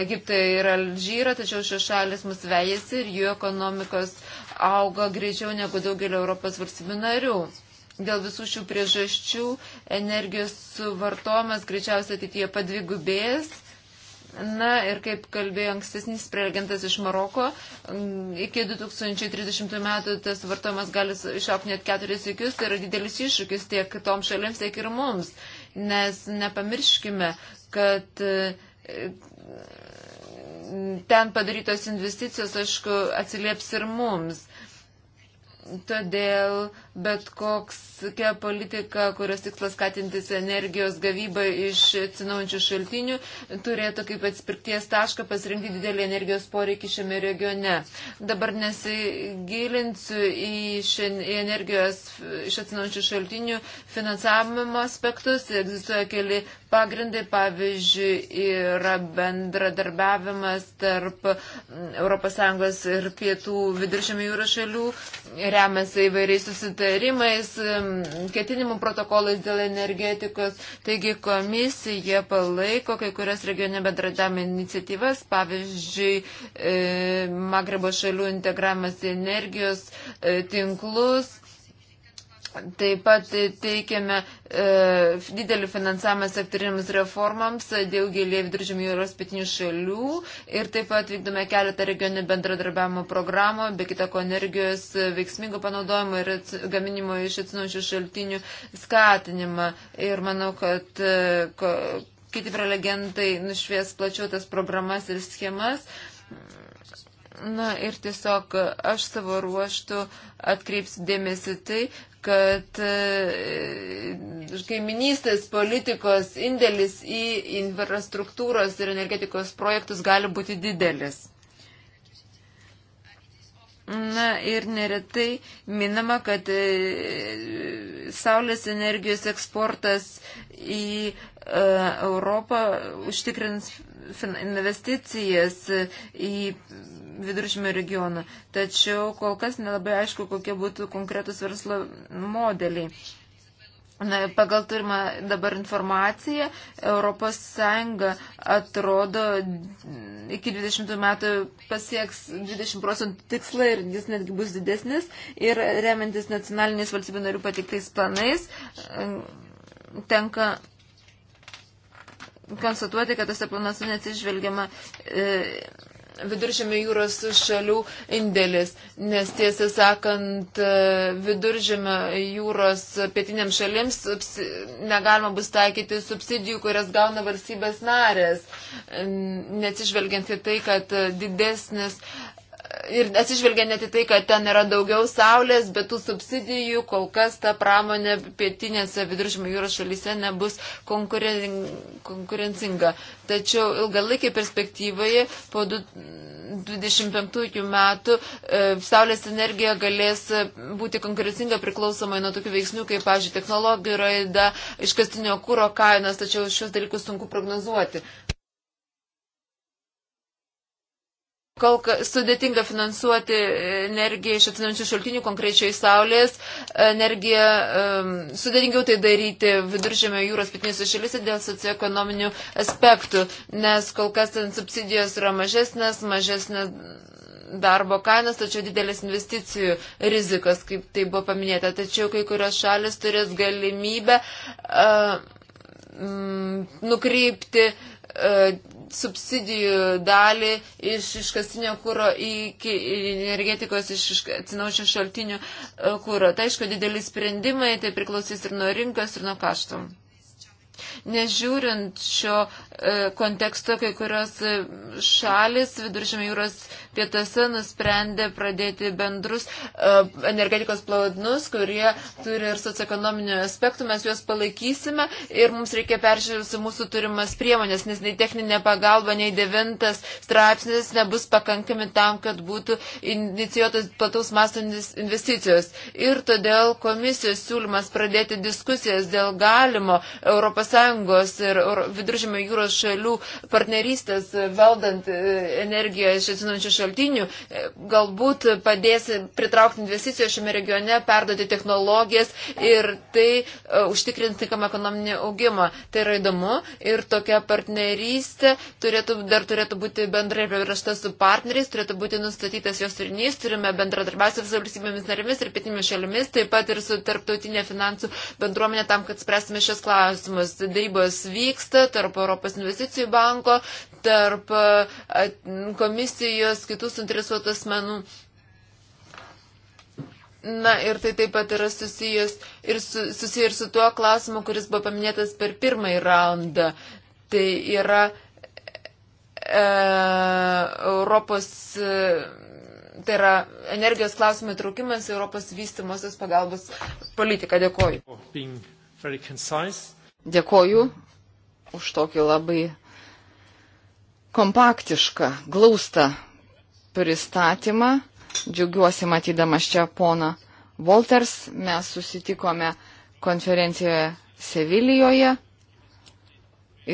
Egiptą ir Alžyrą, tačiau šios šalis mus vejasi ir jų ekonomikos auga greičiau negu daugelio Europos valstybių narių. Dėl visų šių priežasčių energijos suvartojimas greičiausiai ateityje padvigubės. Na ir kaip kalbėjo ankstesnis prelegentas iš Maroko, mm, iki 2030 metų tas vartojimas gali išaukti net keturis įkius, tai yra didelis iššūkis tiek kitoms šalims, tiek ir mums. Nes nepamirškime, kad e, e, ten padarytos investicijos, aišku, atsilieps ir mums. Todėl bet kokia politika, kurios tikslas skatintis energijos gavybą iš atsinaujančių šaltinių, turėtų kaip atspirties tašką pasirinkti didelį energijos poreikį šiame regione. Dabar nesigilinsiu į, šen, į energijos iš atsinaujančių šaltinių finansavimo aspektus. Egzistuoja keli pagrindai, pavyzdžiui, yra bendradarbiavimas tarp ES ir pietų viduržėmio jūros šalių remiasi įvairiais susitarimais, ketinimų protokolais dėl energetikos. Taigi komisija palaiko kai kurias regioninio bendradavimo iniciatyvas, pavyzdžiui, e, Magrebo šalių integravimas į energijos e, tinklus, Taip pat teikiame e, didelį finansavimą sektoriniams reformams daugelį viduržymį jūros pietinių šalių ir taip pat vykdome keletą regionių bendradarbiavimo programų, be kita ko energijos veiksmingo panaudojimo ir gaminimo iš atsinaujančių šaltinių skatinimą. Ir manau, kad e, ko, kiti prelegentai nušvies plačiau tas programas ir schemas. Na ir tiesiog aš savo ruoštų atkreipsiu dėmesį tai, kad e, kaiminystės politikos indėlis į infrastruktūros ir energetikos projektus gali būti didelis. Na ir neretai minama, kad e, saulės energijos eksportas į e, Europą užtikrins investicijas į viduržymio regioną. Tačiau kol kas nelabai aišku, kokie būtų konkretus verslo modeliai. Na, pagal turimą dabar informaciją, ES atrodo iki 20 metų pasieks 20 procentų tikslą ir jis netgi bus didesnis ir remiantis nacionaliniais valstybių narių patiktais planais tenka konstatuoti, kad tose planuose neatsižvelgiama e, viduržėmio jūros šalių indėlis, nes tiesą sakant, e, viduržėmio jūros pietiniams šalims negalima bus taikyti subsidijų, kurias gauna valstybės narės, neatsižvelgiant į tai, kad didesnis uh, ir atsižvelgia net į tai, kad ten yra daugiau saulės, bet tų subsidijų kol kas ta pramonė pietinėse viduržymio jūros šalyse nebus konkurencinga. Tačiau ilgalaikiai perspektyvoje po 25 metų e, saulės energija galės būti konkurencinga priklausomai nuo tokių veiksnių, kaip, pažiūrėjau, technologijų raida, iškastinio kūro kainas, tačiau šios dalykus sunku prognozuoti. Kol sudėtinga finansuoti energiją iš atsinaujančių šaltinių, konkrečiai saulės e, energiją, um, sudėtingiau tai daryti viduržėmio jūros pietinėse šalyse dėl socioekonominių aspektų, nes kol kas ten subsidijos yra mažesnės, mažesnės darbo kainas, tačiau didelis investicijų rizikas, kaip tai buvo paminėta. Tačiau kai kurios šalis turės galimybę uh, um, nukreipti uh, subsidijų dalį iš iškastinio kūro iki energetikos iš atsinaujančių šaltinių e, kūro. Tai aišku, dideli sprendimai, tai priklausys ir nuo rinkos, ir nuo kaštų. Nežiūrint šio e, konteksto, kai kurios e, šalis viduržėmio jūros pietose nusprendė pradėti bendrus e, energetikos planus, kurie turi ir socioekonominių aspektų, mes juos palaikysime ir mums reikia peržiūrėti mūsų turimas priemonės, nes nei techninė pagalba, nei devintas straipsnis nebus pakankami tam, kad būtų inicijuotas plataus masto investicijos. Ir todėl komisijos siūlymas pradėti diskusijas dėl galimo Europos ES ir viduržėmio jūros šalių partnerystės valdant e, energiją iš atsinaujančių šaltinių e, galbūt padės pritraukti investicijas šiame regione, perduoti technologijas ir tai e, užtikrinti tinkamą ekonominį augimą. Tai yra įdomu ir tokia partnerystė turėtų, dar turėtų būti bendrai prirašta su partneriais, turėtų būti nustatytas jos turinys, turime bendradarbiausią su valstybėmis narėmis ir pietinėmis šalimis, taip pat ir su tarptautinė finansų bendruomenė tam, kad spręsime šios klausimus dėrybos. Dėrybos vyksta tarp Europos investicijų banko, tarp komisijos, kitų suinteresuotų asmenų. Na ir tai taip pat yra susijęs ir, su, susijęs ir su tuo klausimu, kuris buvo paminėtas per pirmąjį raundą. Tai yra e, Europos, e, tai yra energijos klausimų įtraukimas Europos vystimosios pagalbos politiką. Dėkoju. Dėkoju už tokį labai kompaktišką, glaustą pristatymą. Džiaugiuosi matydamas čia poną Volters. Mes susitikome konferencijoje Sevilijoje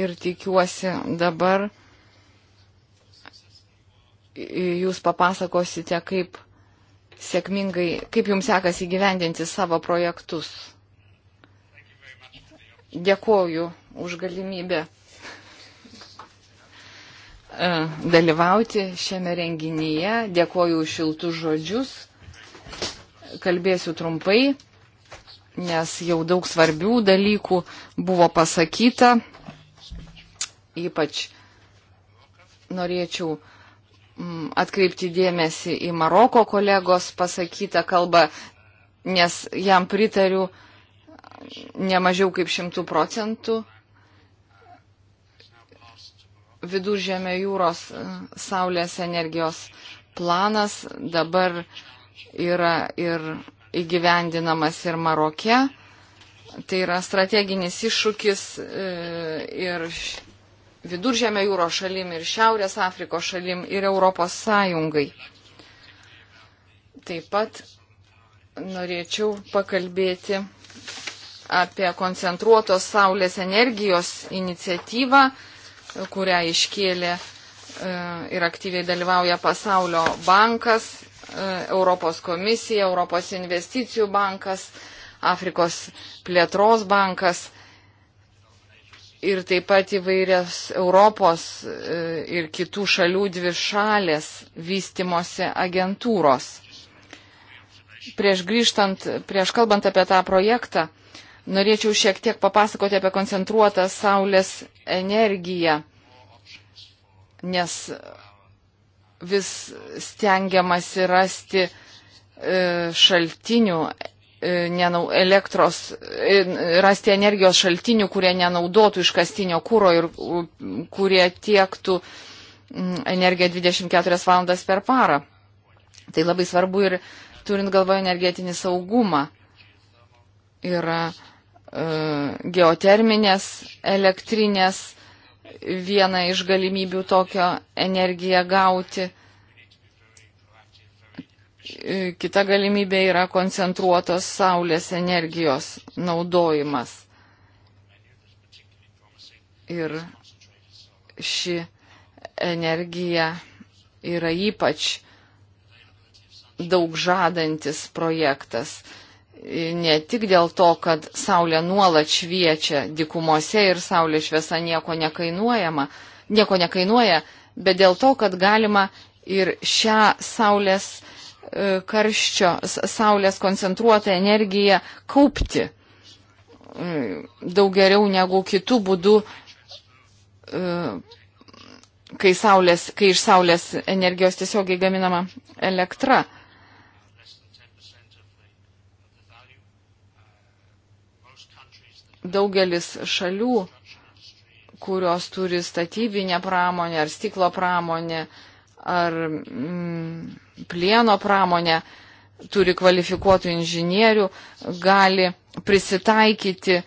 ir tikiuosi dabar jūs papasakosite, kaip sėkmingai, kaip jums sekasi gyvendinti savo projektus. Dėkoju už galimybę e, dalyvauti šiame renginyje. Dėkoju už šiltus žodžius. Kalbėsiu trumpai, nes jau daug svarbių dalykų buvo pasakyta. Ypač norėčiau mm, atkreipti dėmesį į Maroko kolegos pasakytą kalbą, nes jam pritariu nemažiau kaip šimtų procentų viduržėmio jūros e, saulės energijos planas dabar yra ir įgyvendinamas ir Marokė. Tai yra strateginis iššūkis e, ir viduržėmio jūros šalim, ir Šiaurės Afrikos šalim, ir Europos Sąjungai. Taip pat norėčiau pakalbėti apie koncentruotos saulės energijos iniciatyvą, kurią iškėlė e, ir aktyviai dalyvauja Pasaulio bankas, e, Europos komisija, Europos investicijų bankas, Afrikos plėtros bankas ir taip pat įvairias Europos e, ir kitų šalių dvi šalės vystimosi agentūros. Prieš grįžtant, prieš kalbant apie tą projektą, Norėčiau šiek tiek papasakoti apie koncentruotą saulės energiją, nes vis stengiamasi rasti e, šaltinių, e, elektros, e, rasti energijos šaltinių, kurie nenaudotų iškastinio kūro ir kurie tiektų energiją 24 valandas per parą. Tai labai svarbu ir turint galvoje energetinį saugumą. Yra uh, E, geoterminės elektrinės viena iš galimybių tokią energiją gauti. E, kita galimybė yra koncentruotos saulės energijos naudojimas. Ir ši energija yra ypač daug žadantis projektas ne tik dėl to, kad saulė nuolat šviečia dikumose ir saulė šviesa nieko, nieko nekainuoja, bet dėl to, kad galima ir šią saulės e, karščio, saulės koncentruotą energiją kaupti e, daug geriau negu kitų būdų, e, kai, saulės, kai iš saulės energijos tiesiogiai gaminama elektra. daugelis šalių, kurios turi statybinę pramonę ar stiklo pramonę ar mm, plieno pramonę, turi kvalifikuotų inžinierių, gali prisitaikyti e,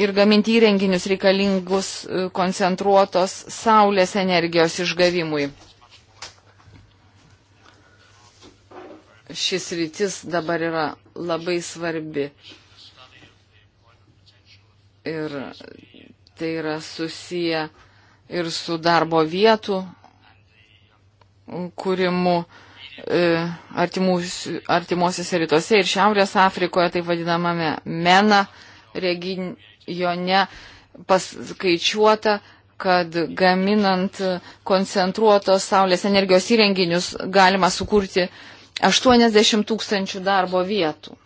ir gaminti įrenginius reikalingus e, koncentruotos saulės energijos išgavimui. Šis rytis dabar yra labai svarbi ir tai yra susiję ir su darbo vietų kūrimu e, artimuosiuose rytuose ir Šiaurės Afrikoje, tai vadinamame MENA regione, paskaičiuota, kad gaminant koncentruotos saulės energijos įrenginius galima sukurti 80 tūkstančių darbo vietų.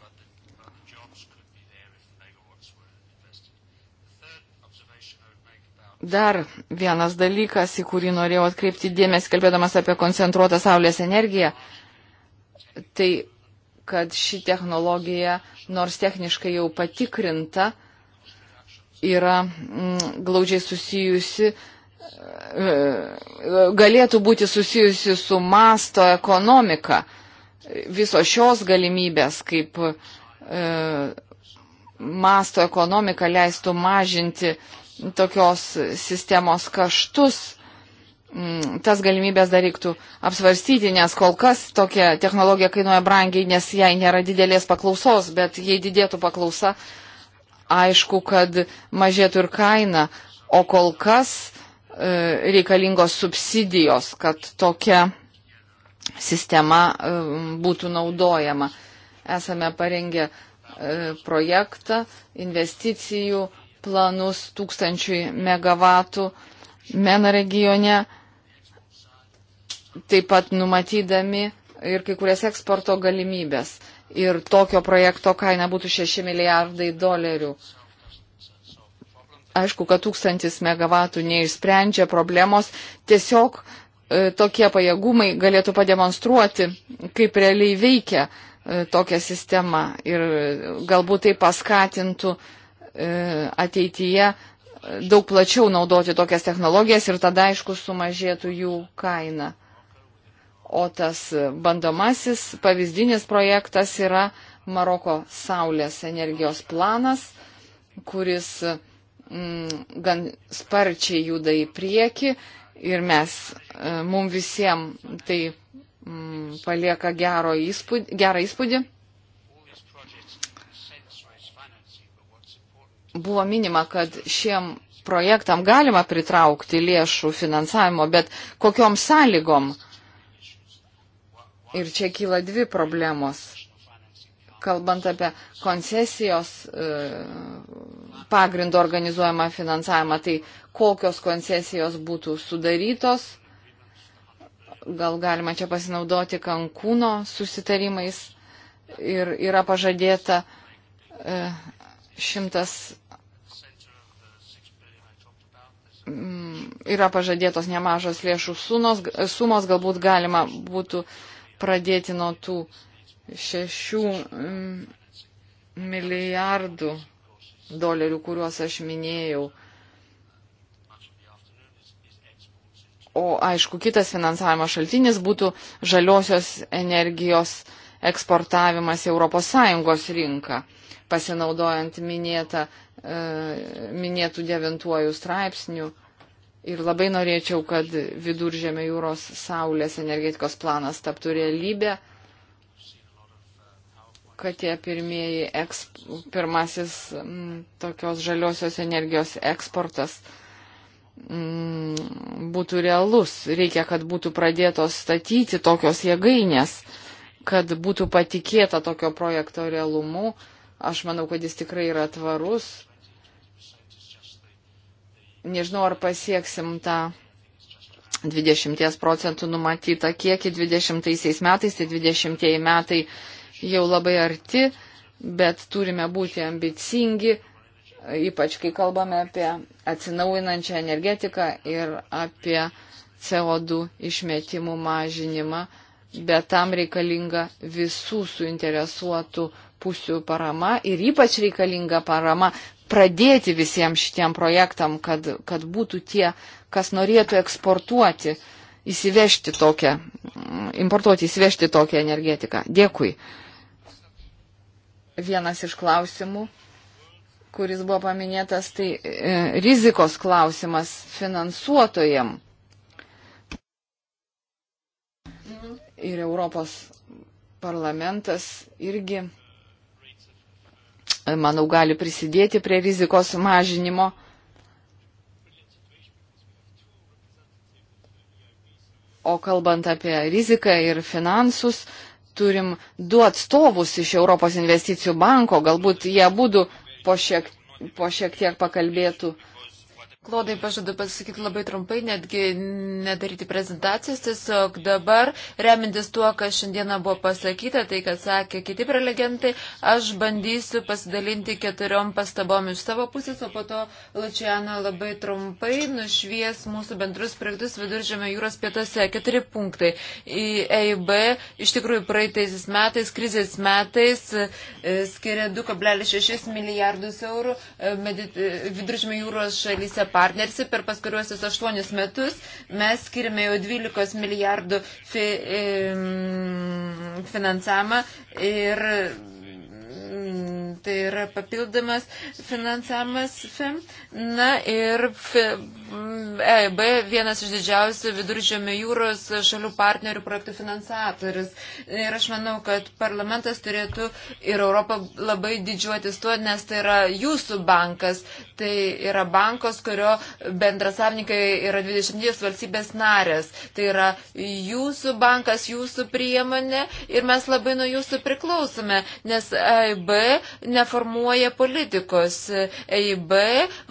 Dar vienas dalykas, į kurį norėjau atkreipti dėmesį, kalbėdamas apie koncentruotą saulės energiją, tai kad ši technologija, nors techniškai jau patikrinta, yra mm, glaudžiai susijusi, e, e, galėtų būti susijusi su masto ekonomika. Visos šios galimybės, kaip e, masto ekonomika leistų mažinti tokios sistemos kaštus, mm, tas galimybės dar reiktų apsvarstyti, nes kol kas tokia technologija kainuoja brangiai, nes jai nėra didelės paklausos, bet jei didėtų paklausa, aišku, kad mažėtų ir kaina, o kol kas e, reikalingos subsidijos, kad tokia sistema e, būtų naudojama. Esame parengę e, projektą investicijų planus tūkstančiui megavatų MENA regione, taip pat numatydami ir kai kurias eksporto galimybės. Ir tokio projekto kaina būtų 6 milijardai dolerių. Aišku, kad tūkstantis megavatų neišsprendžia problemos, tiesiog e, tokie pajėgumai galėtų pademonstruoti, kaip realiai veikia e, tokia sistema ir e, galbūt tai paskatintų uh, E, ateityje daug plačiau naudoti tokias technologijas ir tada, aišku, sumažėtų jų kaina. O tas bandomasis pavyzdinis projektas yra Maroko Saulės energijos planas, kuris mm, gan sparčiai juda į priekį ir mes, e, mums visiems tai mm, palieka gero įspūdį, gerą įspūdį. buvo minima, kad šiem projektam galima pritraukti lėšų finansavimo, bet kokiom sąlygom? Ir čia kyla dvi problemos. Kalbant apie koncesijos e, pagrindo organizuojamą finansavimą, tai kokios koncesijos būtų sudarytos, gal galima čia pasinaudoti Kankūno susitarimais ir yra pažadėta e, šimtas Mm, yra pažadėtos nemažos lėšų sumos, sumos galbūt galima būtų pradėti nuo tų šešių mm, milijardų dolerių, kuriuos aš minėjau. O aišku, kitas finansavimo šaltinis būtų žaliosios energijos eksportavimas į ES rinką, pasinaudojant minėtą E, minėtų devintuoju straipsniu. Ir labai norėčiau, kad viduržėmio jūros saulės energetikos planas taptų realybę, kad tie pirmieji, eksp, pirmasis m, mm, tokios žaliosios energijos eksportas m, mm, būtų realus. Reikia, kad būtų pradėtos statyti tokios jėgainės, kad būtų patikėta tokio projekto realumu. Aš manau, kad jis tikrai yra tvarus, Nežinau, ar pasieksim tą 20 procentų numatytą kiekį 20 metais, tai 20 metai jau labai arti, bet turime būti ambicingi, ypač kai kalbame apie atsinaujinančią energetiką ir apie CO2 išmetimų mažinimą, bet tam reikalinga visų suinteresuotų pusių parama ir ypač reikalinga parama pradėti visiems šitiem projektam, kad, kad būtų tie, kas norėtų eksportuoti, įsivežti tokią, importuoti, įsivežti tokią energetiką. Dėkui. Vienas iš klausimų, kuris buvo paminėtas, tai e, rizikos klausimas finansuotojam. Ir Europos parlamentas irgi manau, gali prisidėti prie rizikos mažinimo. O kalbant apie riziką ir finansus, turim du atstovus iš Europos investicijų banko, galbūt jie būtų po šiek, po šiek tiek pakalbėtų Klodai pažadu pasakyti labai trumpai, netgi nedaryti prezentacijos, tiesiog dabar, remintis tuo, kas šiandieną buvo pasakyta, tai, kad sakė kiti prelegentai, aš bandysiu pasidalinti keturiom pastabom iš savo pusės, o po to Lučiano labai trumpai nušvies mūsų bendrus projektus viduržėme jūros pietose. Keturi punktai. Į EIB iš tikrųjų praeitaisiais metais, krizės metais e, skiria 2,6 milijardus eurų e, e, viduržėme jūros šalyse partnersi. Per paskuriuosius aštuonius metus mes skirime jau 12 milijardų fi, finansavimą ir mm, tai yra papildomas finansavimas FIM. Na ir Mm, EIB vienas iš didžiausių viduržėmio jūros šalių partnerių projektų finansatorius. Ir aš manau, kad parlamentas turėtų ir Europą labai didžiuotis tuo, nes tai yra jūsų bankas. Tai yra bankas, kurio bendrasavininkai yra 20 valstybės narės. Tai yra jūsų bankas, jūsų priemonė ir mes labai nuo jūsų priklausome, nes EIB neformuoja politikos. EIB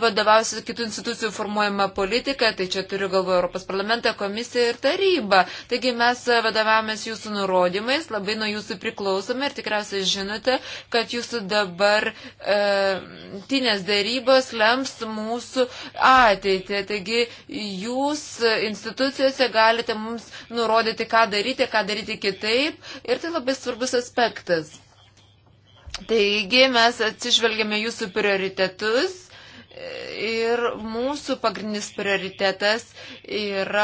vadovausi kitų institucijų formuojama politiką, tai čia turiu galvoje Europos parlamentą, komisiją ir tarybą. Taigi mes e, vadovavomės jūsų nurodymais, labai nuo jūsų priklausome ir tikriausiai žinote, kad jūsų dabar e, tinės dėrybos lems mūsų ateitį. Taigi jūs institucijose galite mums nurodyti, ką daryti, ką daryti kitaip ir tai labai svarbus aspektas. Taigi mes atsižvelgiame jūsų prioritetus Ir mūsų pagrindinis prioritetas yra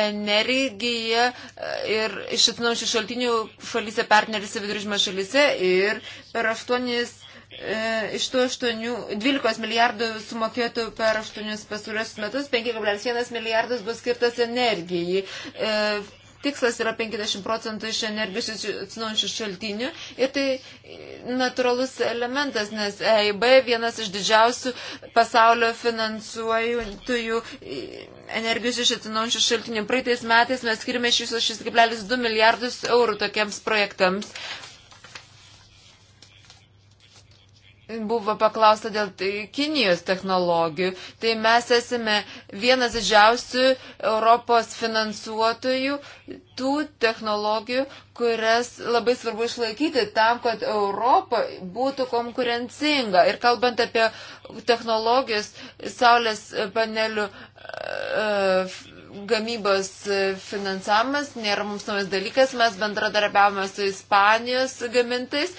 energija ir iš atsinaujančių šaltinių šalyse, partnerėse, viduržymio šalyse ir per 8, e, iš tų 8, 12 milijardų sumokėtų per 8 pasūlius metus, 5,1 milijardas bus skirtas energijai. E, tikslas yra 50 procentų iš energijos atsinaujančių šaltinių ir tai e, natūralus elementas, nes EIB vienas iš didžiausių pasaulio finansuojantųjų e, energijos iš atsinaujančių šaltinių. Praeitais metais mes skirime iš viso 6,2 milijardus eurų tokiems projektams. buvo paklausta dėl tai Kinijos technologijų, tai mes esame vienas didžiausių Europos finansuotojų tų technologijų, kurias labai svarbu išlaikyti tam, kad Europa būtų konkurencinga. Ir kalbant apie technologijos saulės panelių e, e, gamybos finansavimas nėra mums naujas dalykas, mes bendradarbiavome su Ispanijos gamintais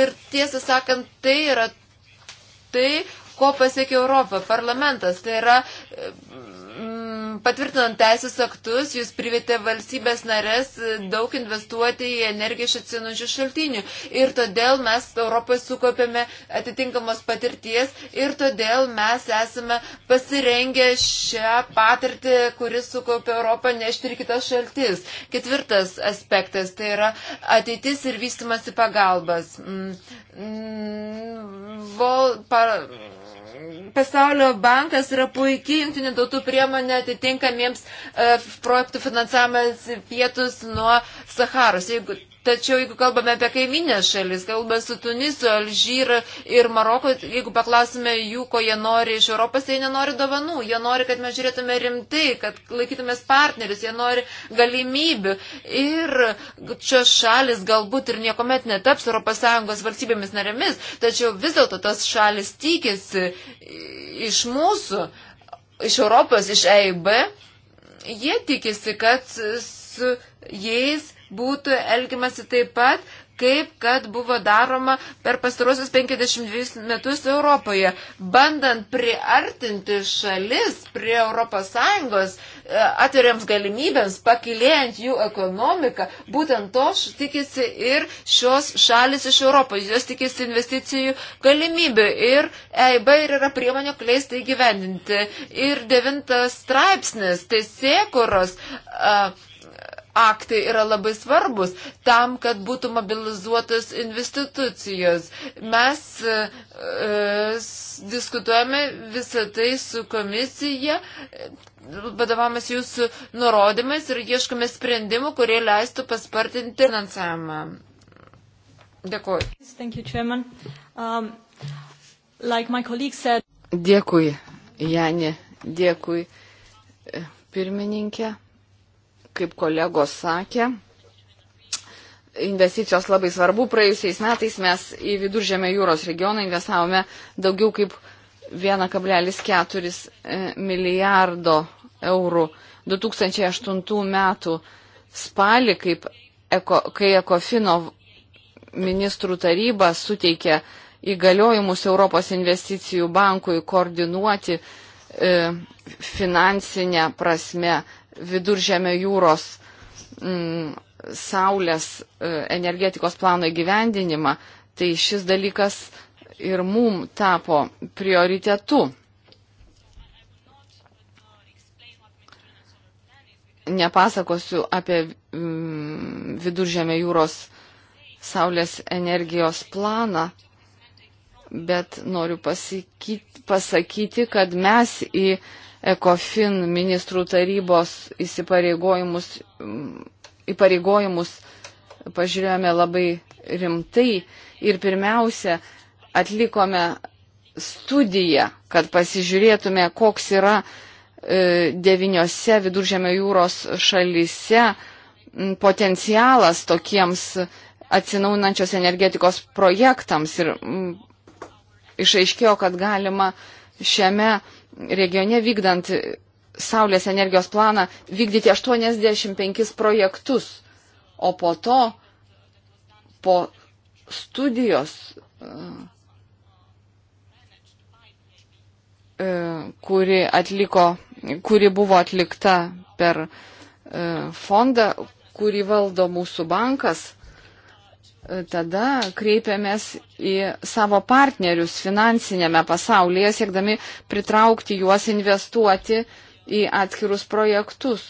ir tiesą sakant, tai yra tai, ko pasiekė Europą, parlamentas, tai yra Patvirtinant teisės aktus, jūs privėte valstybės narės e, daug investuoti į energiją iš atsinaujančių šaltinių. Ir todėl mes Europoje sukopėme atitinkamos patirties ir todėl mes esame pasirengę šią patirtį, kuris sukopė Europą, nešti ir kitas šaltis. Ketvirtas aspektas tai yra ateitis ir vystimasi pagalbas. Mm, mm, vol, par, Pasaulio bankas yra puikiai jungtinių tautų priemonė atitinkamiems e, projektų finansavimas pietus nuo Saharos. Jeigu Tačiau jeigu kalbame apie kaiminės šalis, kalbame su Tunisu, Alžyra ir Maroko, jeigu paklausime jų, ko jie nori iš Europos, tai jie nenori dovanų, jie nori, kad mes žiūrėtume rimtai, kad laikytumės partnerius, jie nori galimybių. Ir šios šalis galbūt ir niekuomet netaps ES valstybėmis narėmis, tačiau vis dėlto tas šalis tikėsi iš mūsų, iš Europos, iš EIB, jie tikėsi, kad su jais būtų elgimasi taip pat, kaip kad buvo daroma per pastarosius 52 metus Europoje, bandant priartinti šalis prie ES e, atveriams galimybėms, pakilėjant jų ekonomiką. Būtent to tikisi ir šios šalis iš Europos, jos tikisi investicijų galimybių ir EIB ir yra priemonė kleistai gyveninti. Ir devintas straipsnis, tai sėkuros. Uh, aktai yra labai svarbus tam, kad būtų mobilizuotos institucijos. Mes e, e diskutuojame visą tai su komisija, vadovavomės jūsų nurodymais ir ieškame sprendimų, kurie leistų paspartinti finansavimą. Dėkuoju. Thank you, Chairman. Um, like my colleague said... Dėkui, Janė. Dėkui, e, pirmininkė kaip kolegos sakė, investicijos labai svarbu. Praėjusiais metais mes į viduržėmę jūros regioną investavome daugiau kaip 1,4 e, milijardo eurų. 2008 metų spalį, kaip, eko, kai Ekofino ministrų taryba suteikė įgaliojimus Europos investicijų bankui koordinuoti e, finansinę prasme viduržėmio jūros mm, saulės e, energetikos plano įgyvendinimą, tai šis dalykas ir mum tapo prioritetu. Nepasakosiu apie mm, viduržėmio jūros saulės energijos planą, bet noriu pasakyti, pasakyti kad mes į mm, ECOFIN ministrų tarybos įsipareigojimus, įpareigojimus pažiūrėjome labai rimtai ir pirmiausia atlikome studiją, kad pasižiūrėtume, koks yra e, deviniose viduržėmio jūros šalise potencialas tokiems atsinaunančios energetikos projektams ir išaiškėjo, kad galima šiame uh, regione vykdant Saulės energijos planą vykdyti 85 projektus, o po to, po studijos, e, e, kuri, atliko, kuri buvo atlikta per e, fondą, kurį valdo mūsų bankas, tada kreipiamės į savo partnerius finansinėme pasaulyje, siekdami pritraukti juos investuoti į atskirus projektus.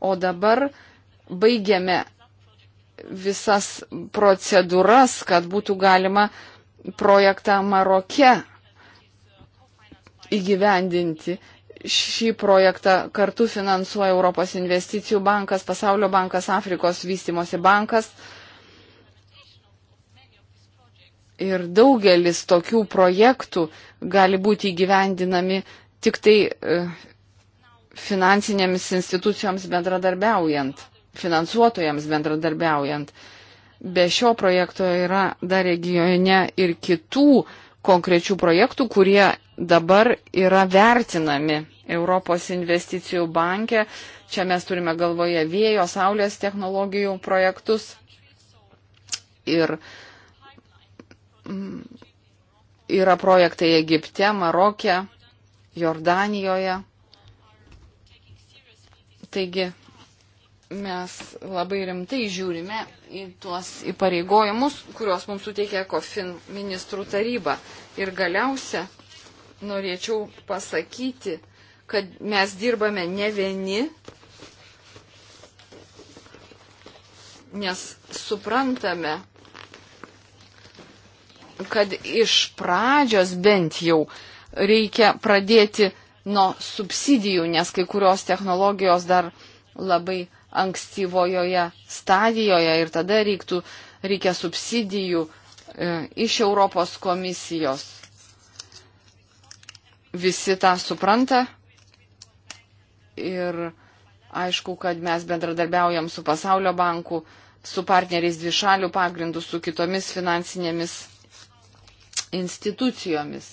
O dabar baigiame visas procedūras, kad būtų galima projektą Maroke įgyvendinti. Šį projektą kartu finansuoja Europos investicijų bankas, Pasaulio bankas, Afrikos vystimosi bankas. Ir daugelis tokių projektų gali būti įgyvendinami tik tai e, finansinėms institucijoms bendradarbiaujant, finansuotojams bendradarbiaujant. Be šio projekto yra dar regione ir kitų konkrečių projektų, kurie dabar yra vertinami Europos investicijų banke. Čia mes turime galvoje vėjo, saulės technologijų projektus. Ir uh, yra projektai Egipte, Marokė, Jordanijoje. Taigi mes labai rimtai žiūrime į tuos įpareigojimus, kuriuos mums suteikė COFIN ministrų taryba. Ir galiausia, norėčiau pasakyti, kad mes dirbame ne vieni, nes suprantame, kad iš pradžios bent jau reikia pradėti nuo subsidijų, nes kai kurios technologijos dar labai ankstyvojoje stadijoje ir tada reiktų, reikia subsidijų e, iš Europos komisijos. Visi tą supranta ir aišku, kad mes bendradarbiaujam su pasaulio banku, su partneriais dvišalių pagrindų, su kitomis finansinėmis institucijomis.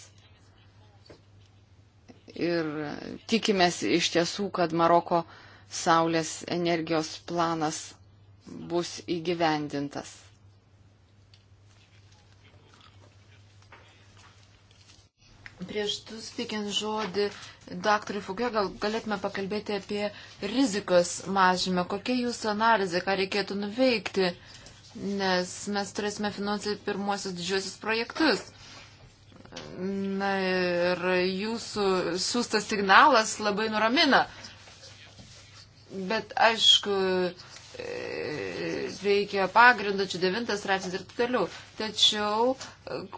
Ir tikimės iš tiesų, kad Maroko Saulės energijos planas bus įgyvendintas. Prieš tu spikiant žodį, daktarui Fugė, gal galėtume pakalbėti apie rizikos mažymę. Kokia jūsų analizė, ką reikėtų nuveikti, nes mes turėsime finansuoti pirmosius didžiosius projektus. Na ir jūsų siūstas signalas labai nuramina. Bet aišku, reikia pagrindo, čia devintas straipsnis ir taip toliau. Tačiau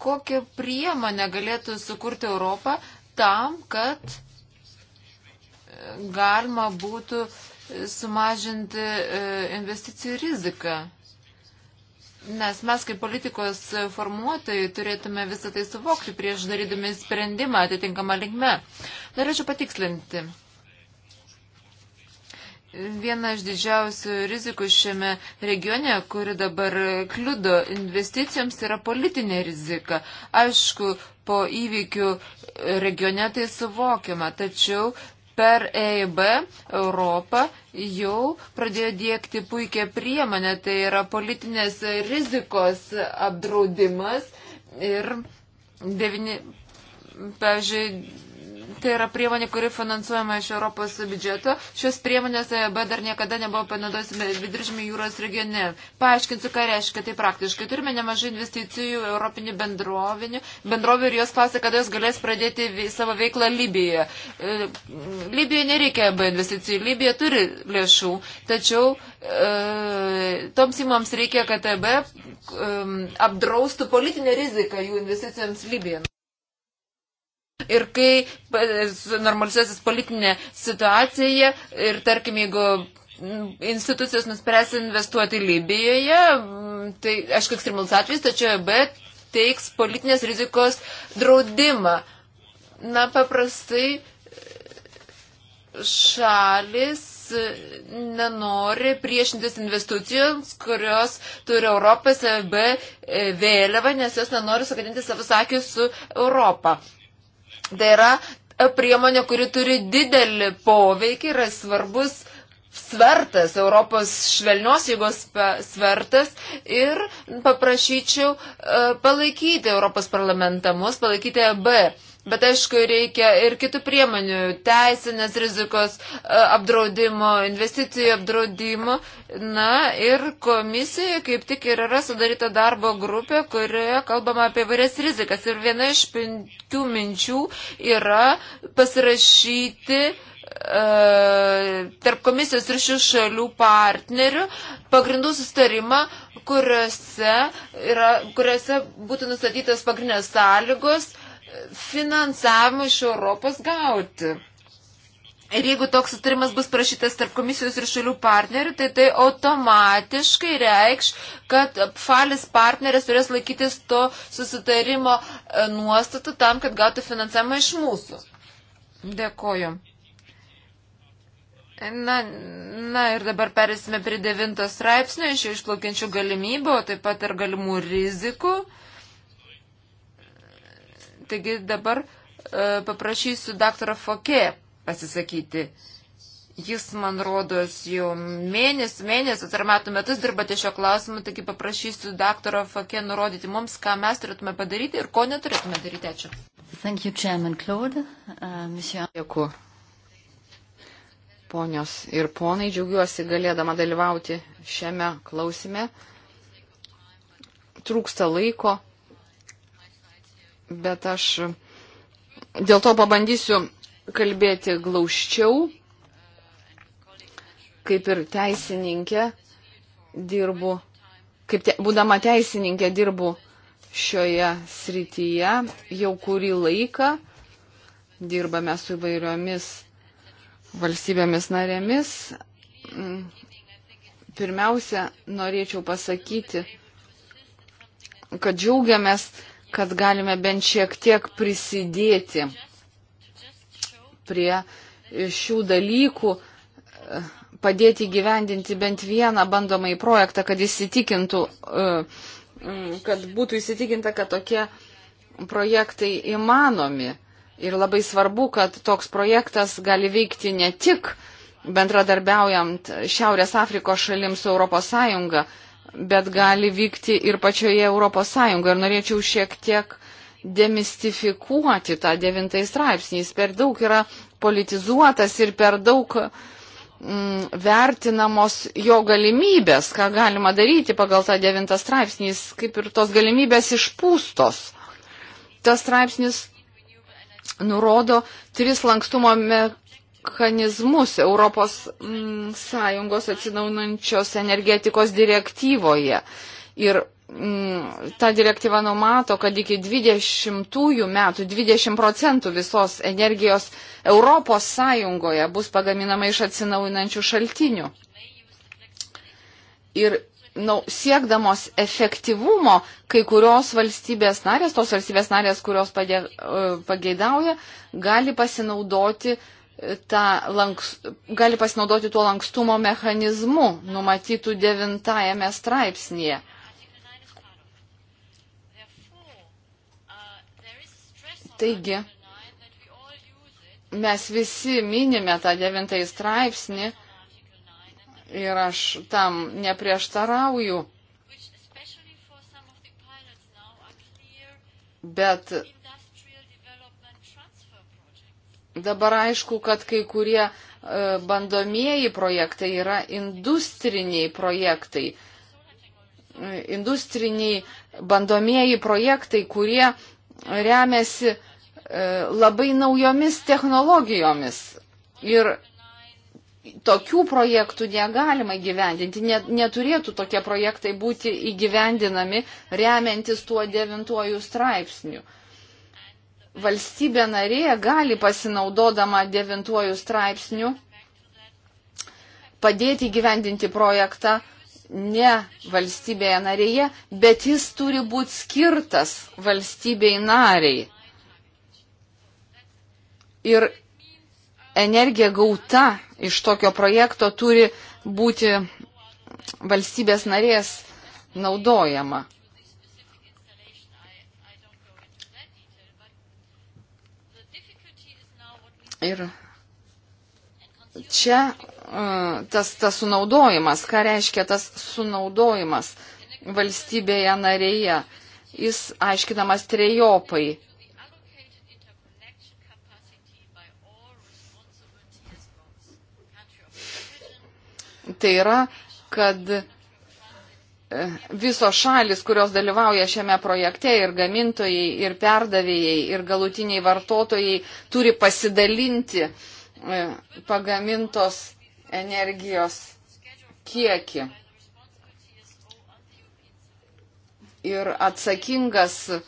kokią priemonę galėtų sukurti Europą tam, kad galima būtų sumažinti e, investicijų riziką? Nes mes kaip politikos formuotojai turėtume visą tai suvokti prieš darydami sprendimą atitinkamą linkme. Norėčiau patikslinti. Viena iš didžiausių rizikų šiame regione, kuri dabar kliudo investicijoms, yra politinė rizika. Aišku, po įvykių regione tai suvokiama, tačiau per EIB Europą jau pradėjo dėkti puikią priemonę, tai yra politinės rizikos apdraudimas ir 9, pavyzdžiui, Tai yra priemonė, kuri finansuojama iš Europos biudžeto. Šios priemonės EB dar niekada nebuvo panaudosime viduržymį jūros regione. Paaiškinsiu, ką reiškia. Tai praktiškai turime nemažai investicijų Europinių bendrovių ir jos klausė, kada jos galės pradėti savo veiklą Libijoje. E, Libijoje nereikia EB investicijų. Libija turi lėšų, tačiau e, toms įmams reikia, kad EB e, apdraustų politinę riziką jų investicijoms Libijoje. Ir kai e, normalizuosis politinė situacija ir tarkim, jeigu institucijos nuspręs investuoti Libijoje, tai aišku, ekstremalus atvejs, tačiau e bet teiks politinės rizikos draudimą. Na, paprastai e, šalis nenori priešintis investicijoms, kurios turi Europos EB vėliavą, nes jos nenori sakadinti savo sakių su Europą. Tai yra priemonė, kuri turi didelį poveikį, yra svarbus svertas, Europos švelnios jėgos svertas ir paprašyčiau e, palaikyti Europos parlamentą mus, palaikyti AB. E Bet aišku, reikia ir kitų priemonių - teisinės rizikos e, apdraudimo, investicijų apdraudimo. Na ir komisijoje kaip tik ir yra sudaryta darbo grupė, kurioje kalbama apie vairias rizikas. Ir viena iš penkių minčių yra pasirašyti e, tarp komisijos ir šių šalių partnerių pagrindų sustarimą, kuriuose, yra, kuriuose būtų nustatytas pagrindinės sąlygos finansavimą iš Europos gauti. Ir jeigu toks sutarimas bus prašytas tarp komisijos ir šalių partnerių, tai tai automatiškai reikš, kad šalis partneris turės laikytis to susitarimo e, nuostatų tam, kad gautų finansavimą iš mūsų. Dėkoju. Na, na ir dabar perėsime prie devintos straipsnio iš išplaukiančių galimybių, o taip pat ir galimų rizikų. Taigi dabar e, paprašysiu dr. Fokė pasisakyti. Jis, man rodos, jau mėnesius, mėnesius ar metų metus dirbate šio klausimu, taigi paprašysiu dr. Fokė nurodyti mums, ką mes turėtume padaryti ir ko neturėtume daryti. Ačiū. Thank you, Chairman Claude. Uh, monsieur... Dėku. Ponios ir ponai, džiaugiuosi galėdama dalyvauti šiame klausime. Trūksta laiko bet aš dėl to pabandysiu kalbėti glaučiau, kaip ir teisininkė dirbu, kaip te, būdama teisininkė dirbu šioje srityje jau kurį laiką, dirbame su įvairiomis valstybėmis narėmis. Pirmiausia, norėčiau pasakyti, kad džiaugiamės kad galime bent šiek tiek prisidėti prie šių dalykų, padėti gyvendinti bent vieną bandomąjį projektą, kad įsitikintų, e, kad būtų įsitikinta, kad tokie projektai įmanomi. Ir labai svarbu, kad toks projektas gali veikti ne tik bendradarbiaujant Šiaurės Afrikos šalims su ES, bet gali vykti ir pačioje Europos Sąjungoje. Ir norėčiau šiek tiek demistifikuoti tą devintąjį straipsnį. Jis per daug yra politizuotas ir per daug mm, vertinamos jo galimybės, ką galima daryti pagal tą devintą straipsnį. Jis kaip ir tos galimybės išpūstos. Tas straipsnis nurodo tris lankstumo me mechanizmus Europos mm, Sąjungos atsinaunančios energetikos direktyvoje. Ir mm, ta direktyva numato, kad iki 20 metų 20 procentų visos energijos Europos Sąjungoje bus pagaminama iš atsinaujinančių šaltinių. Ir nau, siekdamos efektyvumo, kai kurios valstybės narės, tos valstybės narės, kurios padė, e, pageidauja, gali pasinaudoti uh, lanks, gali pasinaudoti tuo lankstumo mechanizmu numatytų devintajame straipsnėje. Taigi, mes visi minime tą devintąjį straipsnį ir aš tam neprieštarauju. Bet Dabar aišku, kad kai kurie e, bandomieji projektai yra industriniai projektai. Industriniai bandomieji projektai, kurie remiasi e, labai naujomis technologijomis. Ir tokių projektų negalima gyvendinti, net, neturėtų tokie projektai būti įgyvendinami remiantis tuo devintuoju straipsniu. Uh, valstybė narė gali pasinaudodama devintuoju straipsniu padėti gyvendinti projektą ne valstybėje narėje, bet jis turi būti skirtas valstybei nariai. Ir energija gauta iš tokio projekto turi būti valstybės narės naudojama. Ir čia e, tas, tas sunaudojimas, ką reiškia tas sunaudojimas valstybėje narėje, jis aiškinamas trejopai. Tai yra, kad visos šalis, kurios dalyvauja šiame projekte ir gamintojai, ir perdavėjai, ir galutiniai vartotojai turi pasidalinti e, pagamintos energijos kiekį. Ir atsakingas uh,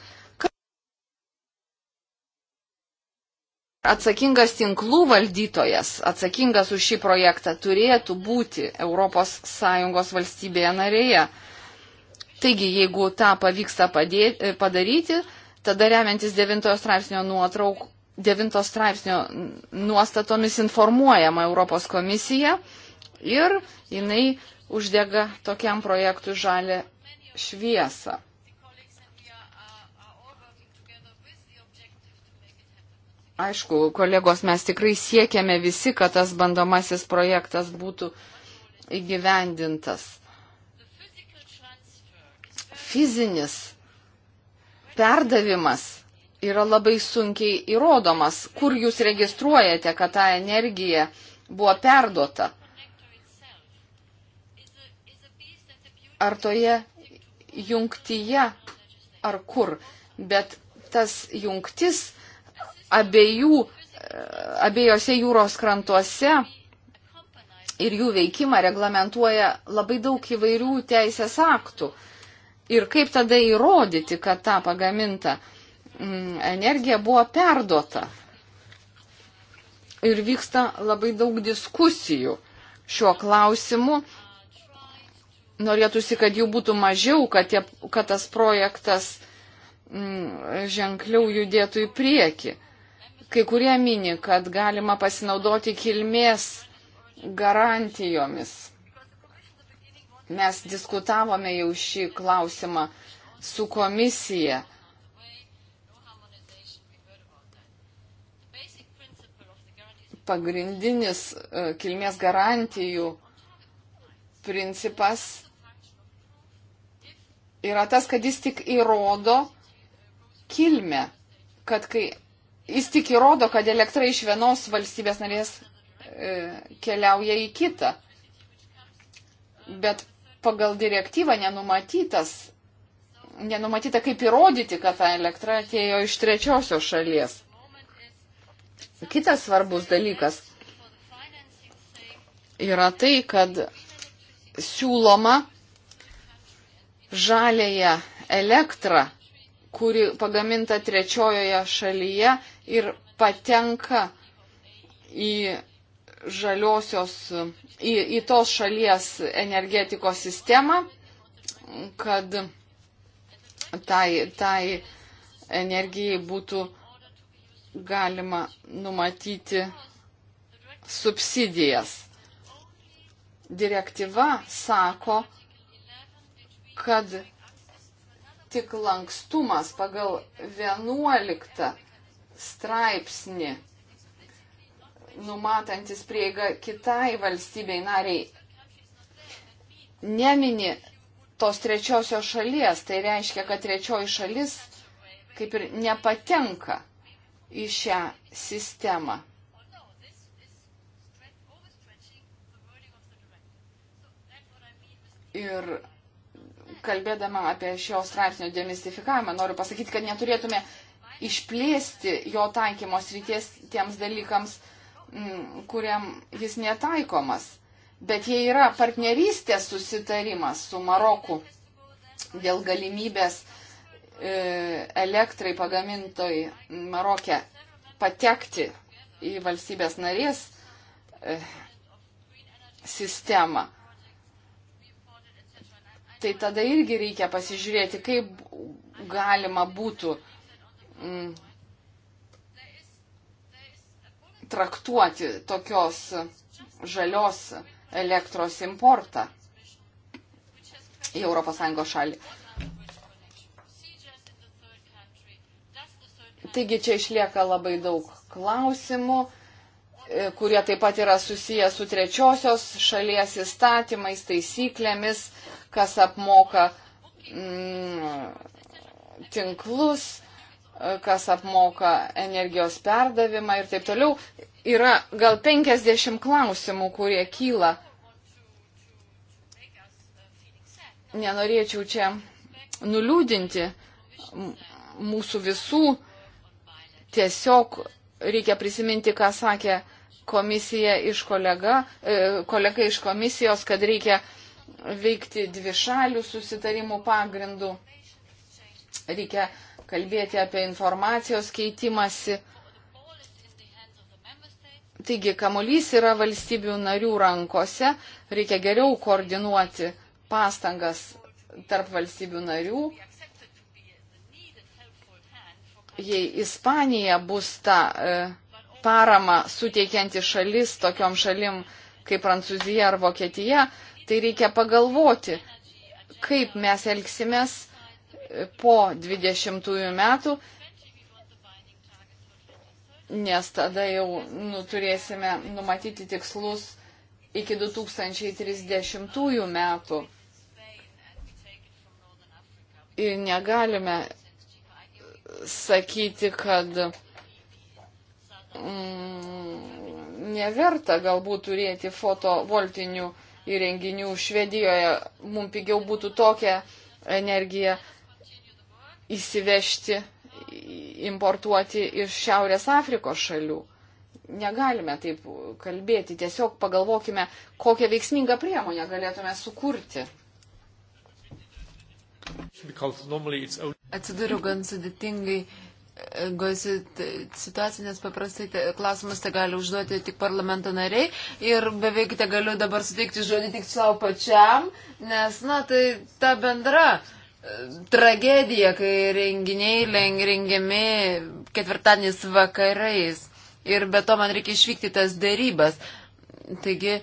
Atsakingas tinklų valdytojas, atsakingas už šį projektą, turėtų būti ES valstybėje narėje. Taigi, jeigu tą pavyksta padėti, padaryti, tada remiantis 9 straipsnio, nuotrauk, 9 straipsnio nuostatomis informuojama Europos komisija ir jinai uždega tokiam projektui žalę šviesą. Aišku, kolegos, mes tikrai siekiame visi, kad tas bandomasis projektas būtų įgyvendintas. Fizinis perdavimas yra labai sunkiai įrodomas, kur jūs registruojate, kad ta energija buvo perduota. Ar toje jungtyje, ar kur. Bet tas jungtis abiejų, abiejose jūros krantuose ir jų veikimą reglamentuoja labai daug įvairių teisės aktų. Ir kaip tada įrodyti, kad ta pagaminta mm, energija buvo perdota. Ir vyksta labai daug diskusijų šiuo klausimu. Norėtųsi, kad jų būtų mažiau, kad, tie, kad tas projektas m, mm, ženkliau judėtų į priekį. Kai kurie mini, kad galima pasinaudoti kilmės garantijomis. Mes diskutavome jau šį klausimą su komisija. Pagrindinis e, kilmės garantijų principas yra tas, kad jis tik įrodo kilmę, kad kai jis tik įrodo, kad elektra iš vienos valstybės narės e, keliauja į kitą. Bet pagal direktyvą nenumatytas, nenumatyta kaip įrodyti, kad ta elektra atėjo iš trečiosios šalies. Kitas svarbus dalykas yra tai, kad siūloma žalėje elektrą kuri pagaminta trečiojoje šalyje ir patenka į žaliosios, į, į tos šalies energetikos sistemą, kad tai, tai energijai būtų galima numatyti subsidijas. Direktyva sako, kad tik lankstumas pagal 11 straipsnį, numatantis prieiga kitai valstybei nariai, nemini tos trečiosios šalies, tai reiškia, kad trečioji šalis kaip ir nepatenka į šią sistemą. Ir kalbėdama apie šio straipsnio demistifikavimą, noriu pasakyti, kad neturėtume išplėsti jo taikymo srities tiems dalykams, m, mm, kuriam jis netaikomas. Bet jie yra partnerystės susitarimas su Maroku dėl galimybės e, elektrai pagamintoj Marokė patekti į valstybės narės e, sistemą tai tada irgi reikia pasižiūrėti, kaip galima būtų mm, traktuoti tokios žalios elektros importą į ES šalį. Taigi čia išlieka labai daug klausimų, e, kurie taip pat yra susiję su trečiosios šalies įstatymais, taisyklėmis, kas apmoka mm, tinklus, kas apmoka energijos perdavimą ir taip toliau. Yra gal 50 klausimų, kurie kyla. Nenorėčiau čia nuliūdinti mūsų visų. Tiesiog reikia prisiminti, ką sakė komisija iš kolega, e, kolega iš komisijos, kad reikia veikti dvišalių susitarimų pagrindų. Reikia kalbėti apie informacijos keitimąsi. Taigi, kamolys yra valstybių narių rankose, reikia geriau koordinuoti pastangas tarp valstybių narių. Jei Ispanija bus ta e, parama suteikianti šalis tokiom šalim kaip Prancūzija ar Vokietija, e, tai reikia pagalvoti, kaip mes elgsimės po 20 metų, nes tada jau nu, turėsime numatyti tikslus iki 2030 metų. Ir negalime sakyti, kad mm, neverta galbūt turėti fotovoltinių įrenginių Švedijoje, mums pigiau būtų tokią energiją įsivežti, importuoti iš Šiaurės Afrikos šalių. Negalime taip kalbėti, tiesiog pagalvokime, kokią veiksmingą priemonę galėtume sukurti. Atsiduriu gan sudėtingai situacija, nes paprastai klausimus te gali užduoti tik parlamento nariai ir beveik te galiu dabar suteikti žodį tik savo pačiam, nes, na, tai ta bendra e, tragedija, kai renginiai rengiami ketvirtadienis vakarais ir be to man reikia išvykti tas dėrybas. Taigi,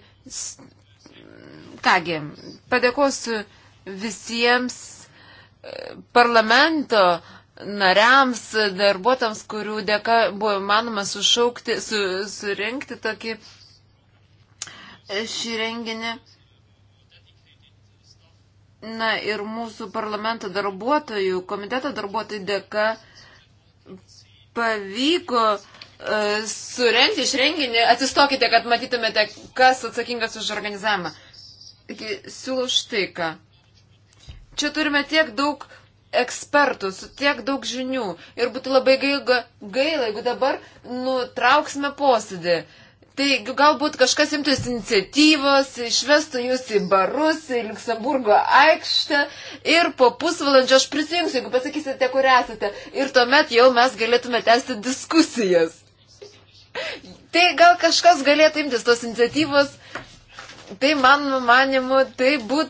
kągi, padėkosiu visiems e, parlamento nariams, darbuotams, kurių dėka buvo įmanoma sušaukti, su, surenkti tokį e, šį renginį. Na ir mūsų parlamento darbuotojų, komiteto darbuotojų dėka pavyko uh, surenti iš renginį. Atsistokite, kad matytumėte, kas atsakingas už organizavimą. Siūlau štai ką. Čia turime tiek daug ekspertų, su tiek daug žinių. Ir būtų labai gaila, gaila jeigu dabar nutrauksime posėdį. Taigi galbūt kažkas imtųsi iniciatyvos, išvestų jūs į barus, į Luxemburgo aikštę ir po pusvalandžio aš prisijungsiu, jeigu pasakysite, kur esate. Ir tuomet jau mes galėtume tęsti diskusijas. Tai gal kažkas galėtų imtis tos iniciatyvos. Tai man manimu, tai būtų.